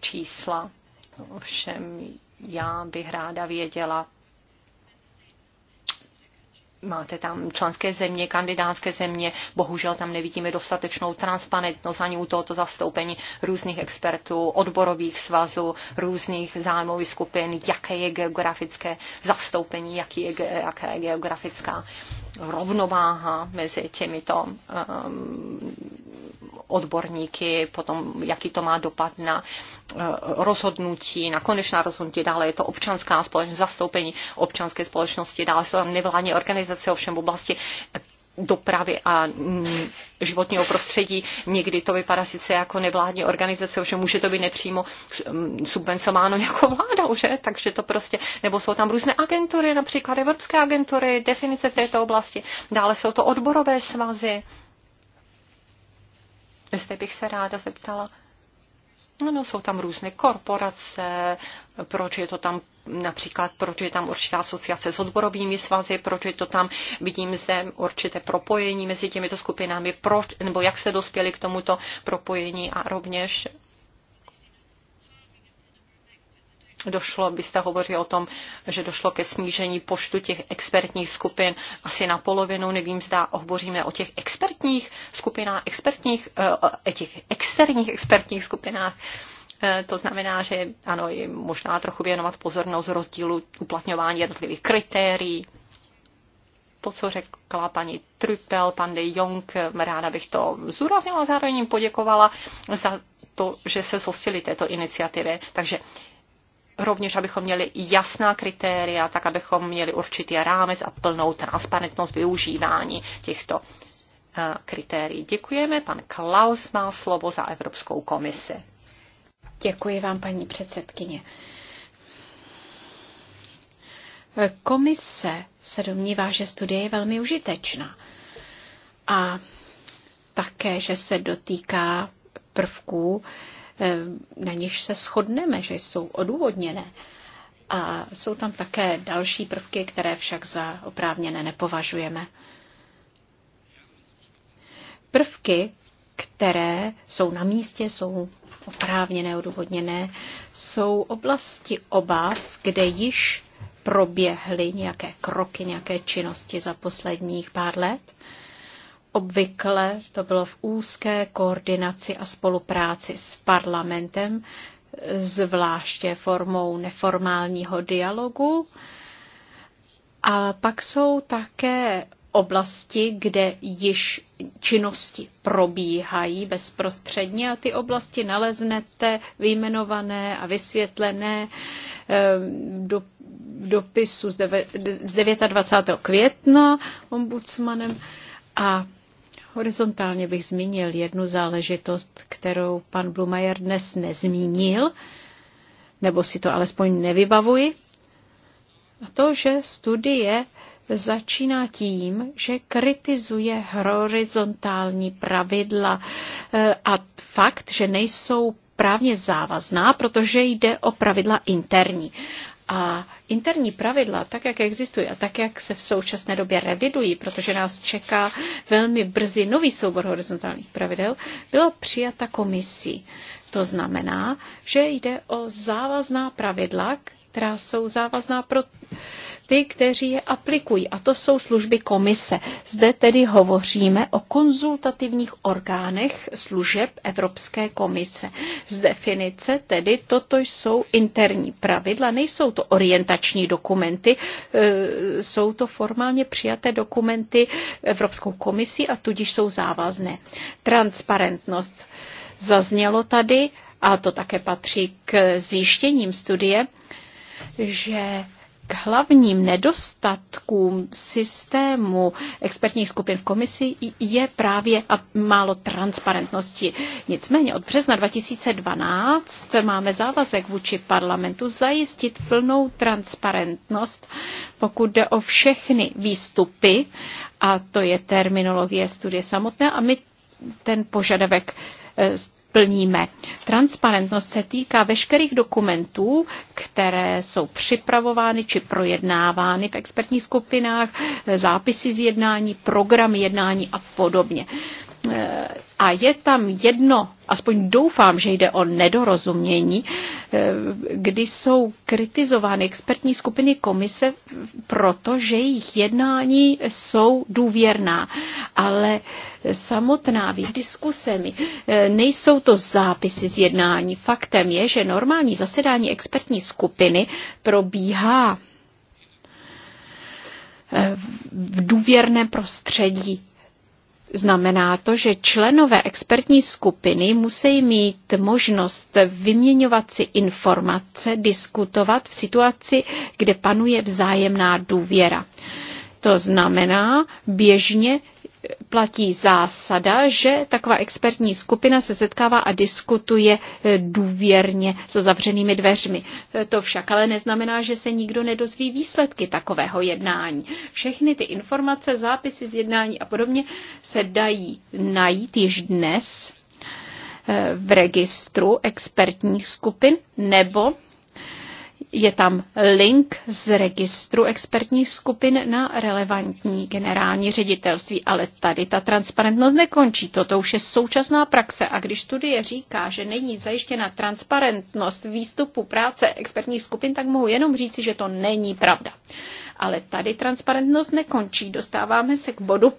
čísla. Ovšem já bych ráda věděla, máte tam členské země, kandidátské země, bohužel tam nevidíme dostatečnou transparentnost ani u tohoto zastoupení různých expertů, odborových svazů, různých zájmových skupin, jaké je geografické zastoupení, jaký je, jaká je geografická rovnováha mezi těmito um, odborníky, potom jaký to má dopad na eh, rozhodnutí, na konečná rozhodnutí, dále je to občanská společnost, zastoupení občanské společnosti, dále jsou tam nevládní organizace, ovšem v oblasti dopravy a mm, životního prostředí. Někdy to vypadá sice jako nevládní organizace, ovšem může to být nepřímo mm, subvencováno jako vláda, že? Takže to prostě, nebo jsou tam různé agentury, například evropské agentury, definice v této oblasti. Dále jsou to odborové svazy, zde bych se ráda zeptala, ano, jsou tam různé korporace, proč je to tam například, proč je tam určitá asociace s odborovými svazy, proč je to tam, vidím zde určité propojení mezi těmito skupinami, proč, nebo jak se dospěli k tomuto propojení a rovněž došlo, byste hovořili o tom, že došlo ke snížení poštu těch expertních skupin asi na polovinu, nevím, zda hovoříme o těch expertních skupinách, expertních, eh, těch externích expertních skupinách, eh, to znamená, že ano, je možná trochu věnovat pozornost rozdílu uplatňování jednotlivých kritérií. To, co řekla paní Trupel, pan de Jong, ráda bych to zúraznila, zároveň jim poděkovala za to, že se zhostili této iniciativy. Takže rovněž, abychom měli jasná kritéria, tak abychom měli určitý rámec a plnou transparentnost využívání těchto eh, kritérií. Děkujeme. Pan Klaus má slovo za Evropskou komisi. Děkuji vám, paní předsedkyně. Eh, komise se domnívá, že studie je velmi užitečná a také, že se dotýká prvků, Eh, na něž se shodneme, že jsou odůvodněné. A jsou tam také další prvky, které však za oprávněné nepovažujeme. Prvky, které jsou na místě, jsou oprávněné, odůvodněné, jsou oblasti obav, kde již proběhly nějaké kroky, nějaké činnosti za posledních pár let Obvykle to bylo v úzké koordinaci a spolupráci s parlamentem, zvláště formou neformálního dialogu. A pak jsou také oblasti, kde již činnosti probíhají bezprostředně a ty oblasti naleznete vyjmenované a vysvětlené ehm, do, v dopisu z 29. května ombudsmanem. A Horizontálně bych zmínil jednu záležitost, kterou pan Blumajer dnes nezmínil, nebo si to alespoň nevybavuji. A to, že studie začíná tím, že kritizuje horizontální pravidla e, a fakt, že nejsou právně závazná, protože jde o pravidla interní. A interní pravidla, tak jak existují a tak jak se v současné době revidují, protože nás čeká velmi brzy nový soubor horizontálních pravidel, byla přijata komisí. To znamená, že jde o závazná pravidla, která jsou závazná pro ty, kteří je aplikují. A to jsou služby komise. Zde tedy hovoříme o konzultativních orgánech služeb Evropské komise. Z definice tedy toto jsou interní pravidla, nejsou to orientační dokumenty, e, jsou to formálně přijaté dokumenty Evropskou komisí a tudíž jsou závazné. Transparentnost zaznělo tady, a to také patří k zjištěním studie, že k hlavním nedostatkům systému expertních skupin v komisi je právě málo transparentnosti. Nicméně od března 2012 máme závazek vůči parlamentu zajistit plnou transparentnost, pokud jde o všechny výstupy, a to je terminologie studie samotné, a my ten požadavek eh, plníme. Transparentnost se týká veškerých dokumentů, které jsou připravovány či projednávány v expertních skupinách, zápisy z jednání, programy jednání a podobně. A je tam jedno, aspoň doufám, že jde o nedorozumění, kdy jsou kritizovány expertní skupiny komise, protože jejich jednání jsou důvěrná. Ale samotná být diskusemi. Eh, nejsou to zápisy z jednání. Faktem je, že normální zasedání expertní skupiny probíhá eh, v důvěrném prostředí. Znamená to, že členové expertní skupiny musí mít možnost vyměňovat si informace, diskutovat v situaci, kde panuje vzájemná důvěra. To znamená, běžně platí zásada, že taková expertní skupina se setkává a diskutuje eh, důvěrně se zavřenými dveřmi. Eh, to však ale neznamená, že se nikdo nedozví výsledky takového jednání. Všechny ty informace, zápisy z jednání a podobně se dají najít již dnes eh, v registru expertních skupin nebo je tam link z registru expertních skupin na relevantní generální ředitelství, ale tady ta transparentnost nekončí. Toto už je současná praxe a když studie říká, že není zajištěna transparentnost výstupu práce expertních skupin, tak mohu jenom říci, že to není pravda. Ale tady transparentnost nekončí. Dostáváme se k bodu,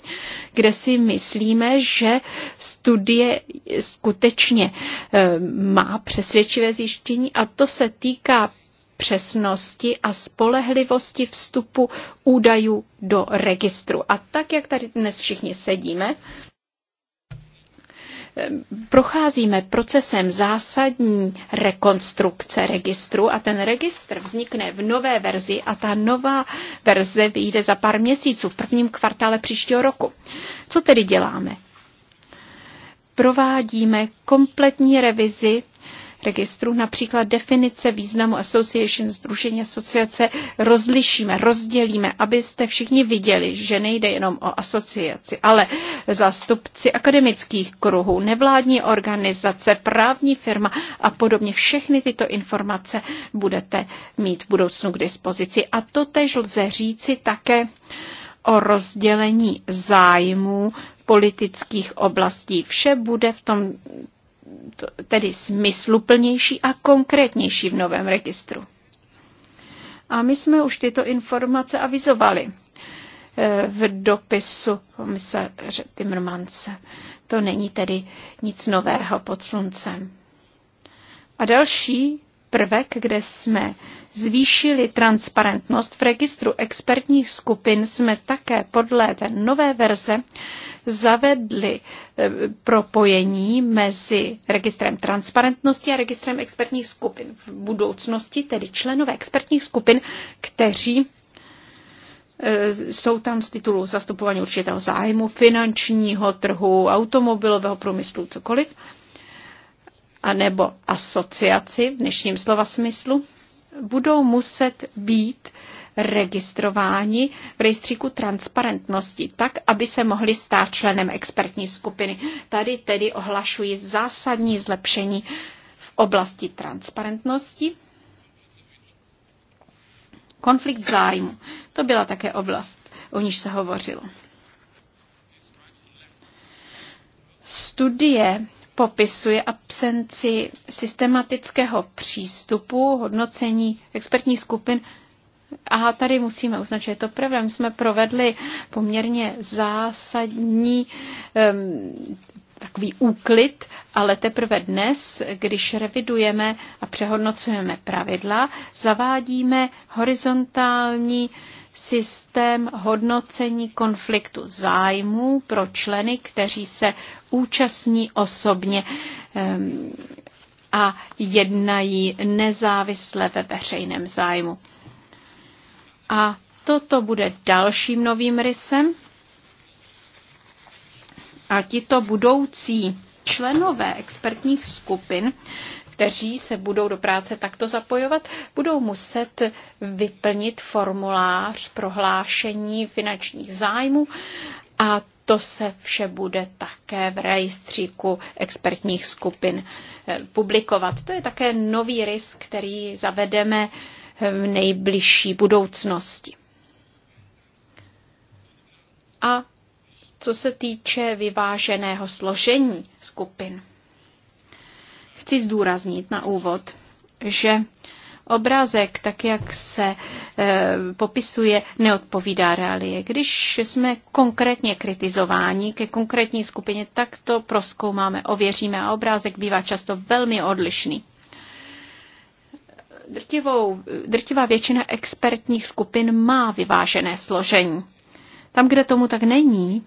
kde si myslíme, že studie skutečně eh, má přesvědčivé zjištění a to se týká přesnosti a spolehlivosti vstupu údajů do registru. A tak, jak tady dnes všichni sedíme, procházíme procesem zásadní rekonstrukce registru a ten registr vznikne v nové verzi a ta nová verze vyjde za pár měsíců v prvním kvartále příštího roku. Co tedy děláme? Provádíme kompletní revizi registru, například definice významu association, združení asociace, rozlišíme, rozdělíme, abyste všichni viděli, že nejde jenom o asociaci, ale zástupci akademických kruhů, nevládní organizace, právní firma a podobně. Všechny tyto informace budete mít v budoucnu k dispozici. A to tež lze říci také o rozdělení zájmů politických oblastí. Vše bude v tom tedy smysluplnější a konkrétnější v novém registru. A my jsme už tyto informace avizovali eh, v dopisu komisaře Timmermanse. To není tedy nic nového pod sluncem. A další prvek, kde jsme zvýšili transparentnost v registru expertních skupin, jsme také podle té nové verze zavedli eh, propojení mezi registrem transparentnosti a registrem expertních skupin. V budoucnosti tedy členové expertních skupin, kteří eh, jsou tam z titulu zastupování určitého zájmu, finančního trhu, automobilového průmyslu, cokoliv, anebo asociaci v dnešním slova smyslu, budou muset být uh, registrováni v rejstříku transparentnosti, tak, aby se mohli stát členem expertní skupiny. Tady tedy ohlašuji zásadní zlepšení v oblasti transparentnosti. Konflikt zájmu. To byla také oblast, o níž se hovořilo. Studie popisuje absenci systematického přístupu, hodnocení expertních skupin a tady musíme uznat, že je to pravda. My jsme provedli poměrně zásadní um, takový úklid, ale teprve dnes, když revidujeme a přehodnocujeme pravidla, zavádíme horizontální systém hodnocení konfliktu zájmů pro členy, kteří se účastní osobně um, a jednají nezávisle ve veřejném zájmu. A toto bude dalším novým rysem. A tito budoucí členové expertních skupin, kteří se budou do práce takto zapojovat, budou muset vyplnit formulář prohlášení finančních zájmů a to se vše bude také v rejstříku expertních skupin eh, publikovat. To je také nový risk, který zavedeme v nejbližší budoucnosti. A co se týče vyváženého složení skupin, chci zdůraznit na úvod, že obrázek, tak jak se e, popisuje, neodpovídá realie. Když jsme konkrétně kritizováni ke konkrétní skupině, tak to proskoumáme, ověříme a obrázek bývá často velmi odlišný drtivou, drtivá většina expertních skupin má vyvážené složení. Tam, kde tomu tak není,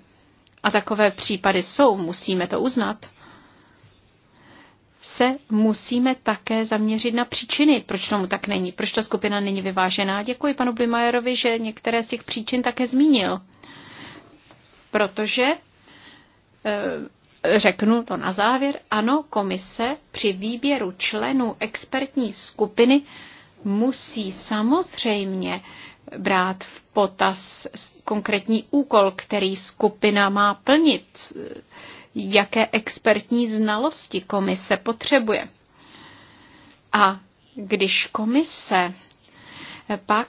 a takové případy jsou, musíme to uznat, se musíme také zaměřit na příčiny, proč tomu tak není, proč ta skupina není vyvážená. Děkuji panu Blimajerovi, že některé z těch příčin také zmínil. Protože eh, Řeknu to na závěr. Ano, komise při výběru členů expertní skupiny musí samozřejmě brát v potaz konkrétní úkol, který skupina má plnit, jaké expertní znalosti komise potřebuje. A když komise pak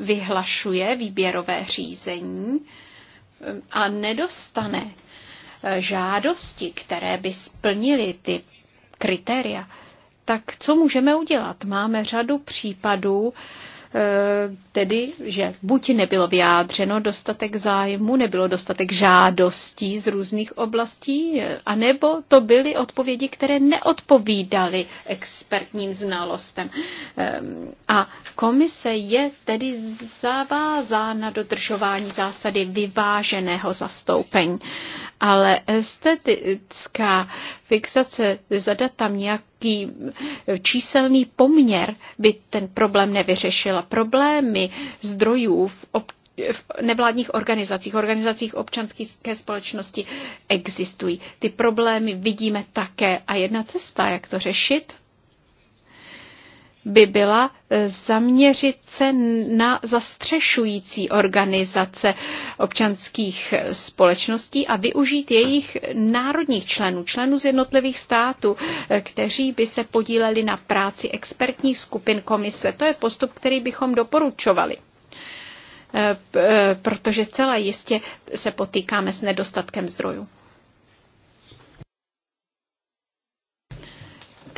vyhlašuje výběrové řízení a nedostane žádosti, které by splnily ty kritéria, tak co můžeme udělat? Máme řadu případů, eh, tedy, že buď nebylo vyjádřeno dostatek zájmu, nebylo dostatek žádostí z různých oblastí, eh, anebo to byly odpovědi, které neodpovídaly expertním znalostem. Eh, a komise je tedy zavázána dodržování zásady vyváženého zastoupení ale estetická fixace zadat tam nějaký číselný poměr by ten problém nevyřešila. Problémy zdrojů v ob v nevládních organizacích, organizacích občanské společnosti existují. Ty problémy vidíme také a jedna cesta, jak to řešit, by byla eh, zaměřit se na zastřešující organizace občanských eh, společností a využít jejich národních členů, členů z jednotlivých států, eh, kteří by se podíleli na práci expertních skupin komise. To je postup, který bychom doporučovali protože zcela jistě se potýkáme s nedostatkem zdrojů.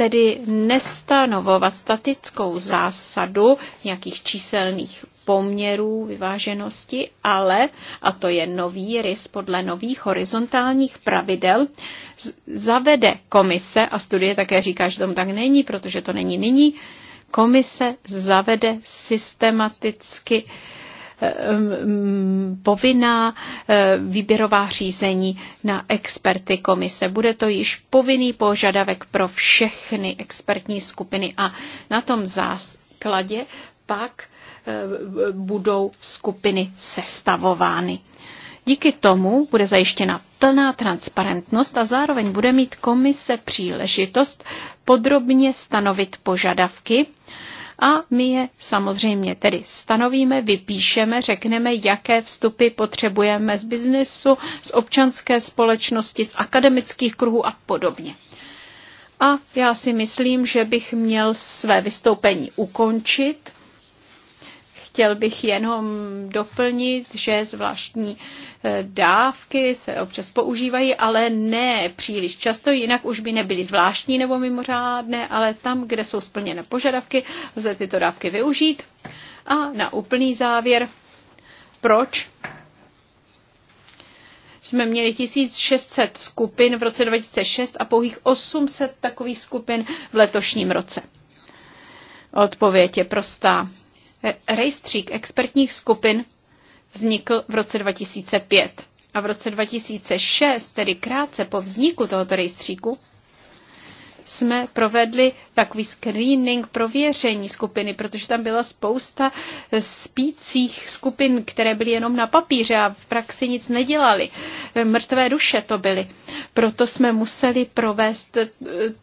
tedy nestanovovat statickou zásadu nějakých číselných poměrů, vyváženosti, ale, a to je nový rys podle nových horizontálních pravidel, zavede komise, a studie také říká, že tomu tak není, protože to není nyní, komise zavede systematicky uh, Eh, mm, povinná eh, výběrová řízení na experty komise. Bude to již povinný požadavek pro všechny expertní skupiny a na tom základě pak eh, budou skupiny sestavovány. Díky tomu bude zajištěna plná transparentnost a zároveň bude mít komise příležitost podrobně stanovit požadavky a my je samozřejmě tedy stanovíme, vypíšeme, řekneme, jaké vstupy potřebujeme z biznesu, z občanské společnosti, z akademických kruhů a podobně. A já si myslím, že bych měl své vystoupení ukončit Chtěl bych jenom doplnit, že zvláštní e, dávky se občas používají, ale ne příliš často, jinak už by nebyly zvláštní nebo mimořádné, ale tam, kde jsou splněné požadavky, lze tyto dávky využít. A na úplný závěr, proč jsme měli 1600 skupin v roce 2006 a pouhých 800 takových skupin v letošním roce. Odpověď je prostá. Rejstřík expertních skupin vznikl v roce 2005 a v roce 2006, tedy krátce po vzniku tohoto rejstříku, jsme provedli takový screening prověření skupiny, protože tam byla spousta spících skupin, které byly jenom na papíře a v praxi nic nedělali. Mrtvé duše to byly. Proto jsme museli provést eh,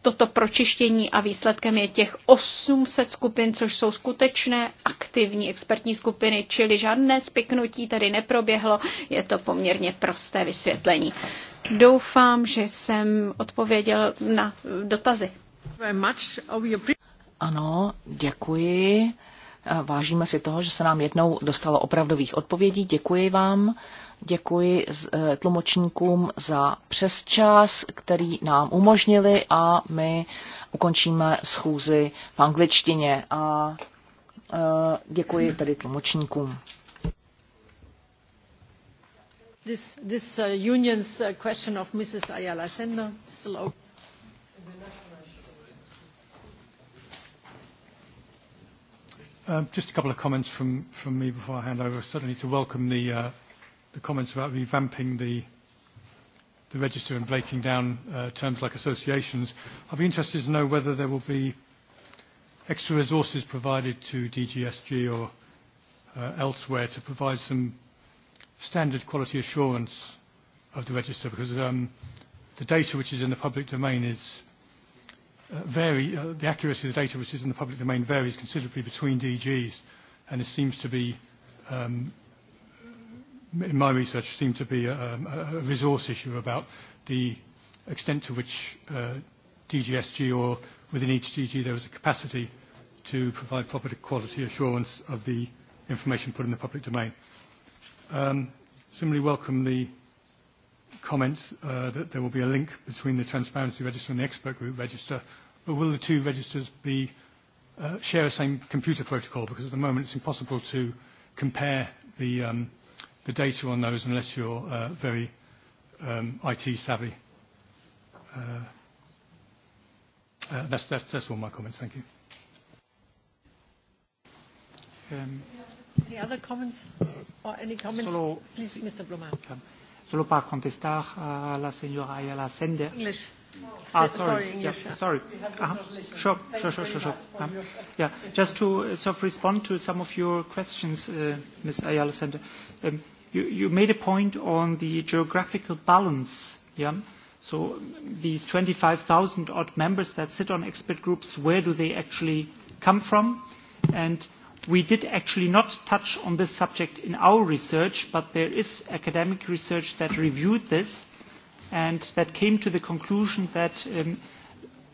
toto pročištění a výsledkem je těch 800 skupin, což jsou skutečné aktivní expertní skupiny, čili žádné spiknutí tady neproběhlo. Je to poměrně prosté vysvětlení. Doufám, že jsem odpověděl na dotazy. Ano, děkuji. Eh, vážíme si toho, že se nám jednou dostalo opravdových odpovědí. Děkuji vám. Děkuji eh, tlumočníkům za přesčas, který nám umožnili a my ukončíme schůzi v angličtině a eh, děkuji tedy tlumočníkům. This, this uh, union's uh, question of Mrs. Ayala Sender Um, just a couple of comments from, from me before I hand over. Certainly to welcome the uh, the comments about revamping the, the register and breaking down uh, terms like associations. I'd be interested to know whether there will be extra resources provided to DGSG or uh, elsewhere to provide some standard quality assurance of the register because um, the data which is in the public domain is uh, vary, uh, the accuracy of the data which is in the public domain varies considerably between DGs and it seems to be um, in my research, seemed to be a, a resource issue about the extent to which uh, DGSG or within each DG there was a capacity to provide proper quality assurance of the information put in the public domain. Um, similarly welcome the comments uh, that there will be a link between the transparency register and the expert group register, but will the two registers be uh, share the same computer protocol? Because at the moment it's impossible to compare the um, the data on those unless you're uh, very um, IT savvy. Uh, uh, that's, that's, that's all my comments. Thank you. Um, any other comments or any comments? Solo, Please, Mr. Blumer. Um, solo para contestar a la señora y a la Sender. English. Oh, Ah, sorry. sorry, English. Yeah, sorry. Uh-huh. Sure, sure, sure, sure, sure. Um, yeah, just to uh, sort of respond to some of your questions, uh, Ms. Ayala Sender. Um, You, you made a point on the geographical balance. Yeah? So these 25,000 odd members that sit on expert groups, where do they actually come from? And we did actually not touch on this subject in our research, but there is academic research that reviewed this and that came to the conclusion that um,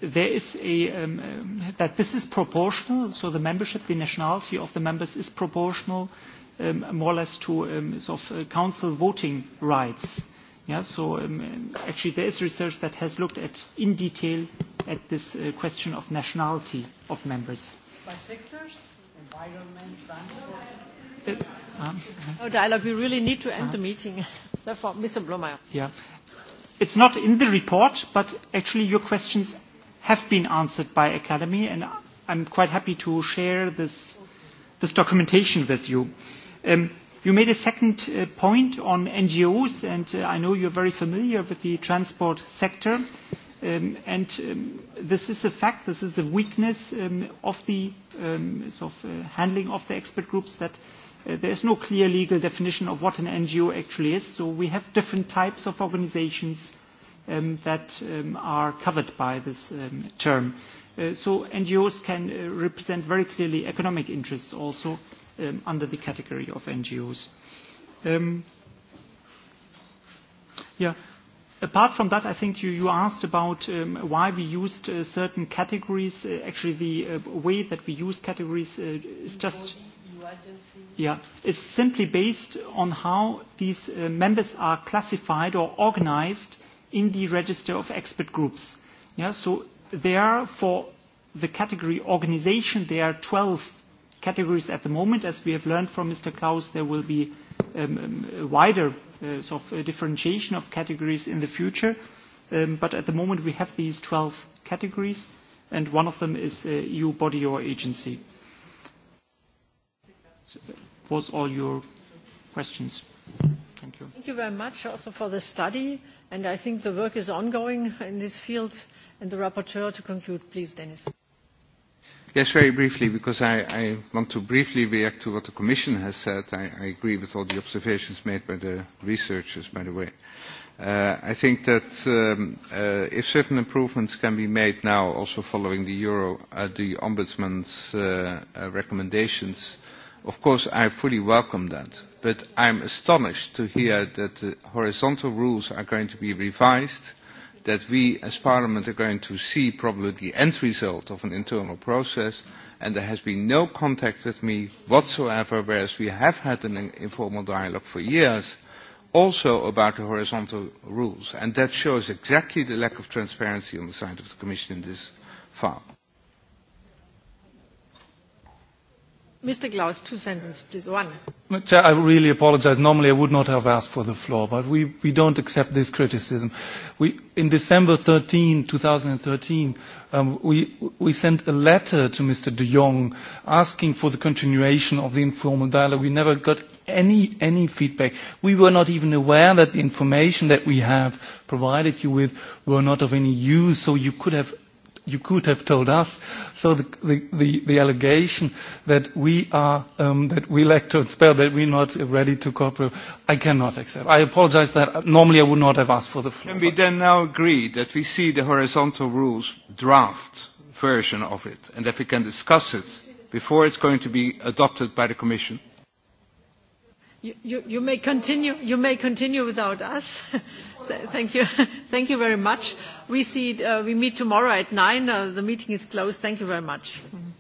there is a, um, um that this is proportional, so the membership, the nationality of the members is proportional um, more or less to um, sort of uh, council voting rights. Yeah, so um, actually there is research that has looked at in detail at this uh, question of nationality of members. By sectors, environment, uh, transport. Uh, um, oh, dialogue. We really need to end uh, the uh-huh. meeting. Therefore, Mr. Blomeyer. Yeah, it's not in the report, but actually your questions have been answered by Academy, and I'm quite happy to share this this documentation with you. Um, you made a second uh, point on NGOs, and uh, I know you're very familiar with the transport sector. Um, and um, this is a fact, this is a weakness um, of the um, sort of, uh, handling of the expert groups that uh, there is no clear legal definition of what an NGO actually is. So we have different types of organizations um, that um, are covered by this um, term. Uh, so NGOs can uh, represent very clearly economic interests also um, under the category of NGOs. Um, yeah. Apart from that, I think you, you asked about um, why we used uh, certain categories. Uh, actually, the uh, way that we use categories uh, is just. Yeah, it's simply based on how these uh, members are classified or organized in the register of expert groups. Yeah, so there for the category organization, there are 12 categories at the moment. As we have learned from Mr. Claus, there will be um, um, a wider uh, sort of differentiation of categories in the future. Um, but at the moment, we have these 12 categories, and one of them is uh, EU body or agency. So was all your questions. Thank you. Thank you very much also for the study, and I think the work is ongoing in this field. the rapporteur to conclude, please, Dennis. Yes, very briefly, because I, I want to briefly react to what the Commission has said. I, I agree with all the observations made by the researchers, by the way. Uh, I think that um, uh, if certain improvements can be made now, also following the, Euro, uh, the Ombudsman's uh, uh, recommendations, of course I fully welcome that. But I'm astonished to hear that the horizontal rules are going to be revised that we as Parliament are going to see probably the end result of an internal process and there has been no contact with me whatsoever, whereas we have had an informal dialogue for years, also about the horizontal rules. And that shows exactly the lack of transparency on the side of the Commission in this file. Mr. Klaus, two sentences, please. One. Chair, uh, I really apologize. Normally, I would not have asked for the floor, but we, we don't accept this criticism. We, in December 13, 2013, um, we, we sent a letter to Mr. de Jong asking for the continuation of the informal dialogue. We never got any, any feedback. We were not even aware that the information that we have provided you with were not of any use, so you could have you could have told us. So the, the, the, the allegation that we are, um, that we lack transparency, that we're not ready to cooperate, I cannot accept. I apologize that normally I would not have asked for the floor. Can we then now agree that we see the horizontal rules draft version of it and that we can discuss it before it's going to be adopted by the Commission? You, may continue. You may continue without us. Thank you. Thank you very much. We see. Uh, we meet tomorrow at nine. Uh, the meeting is closed. Thank you very much. Mm-hmm.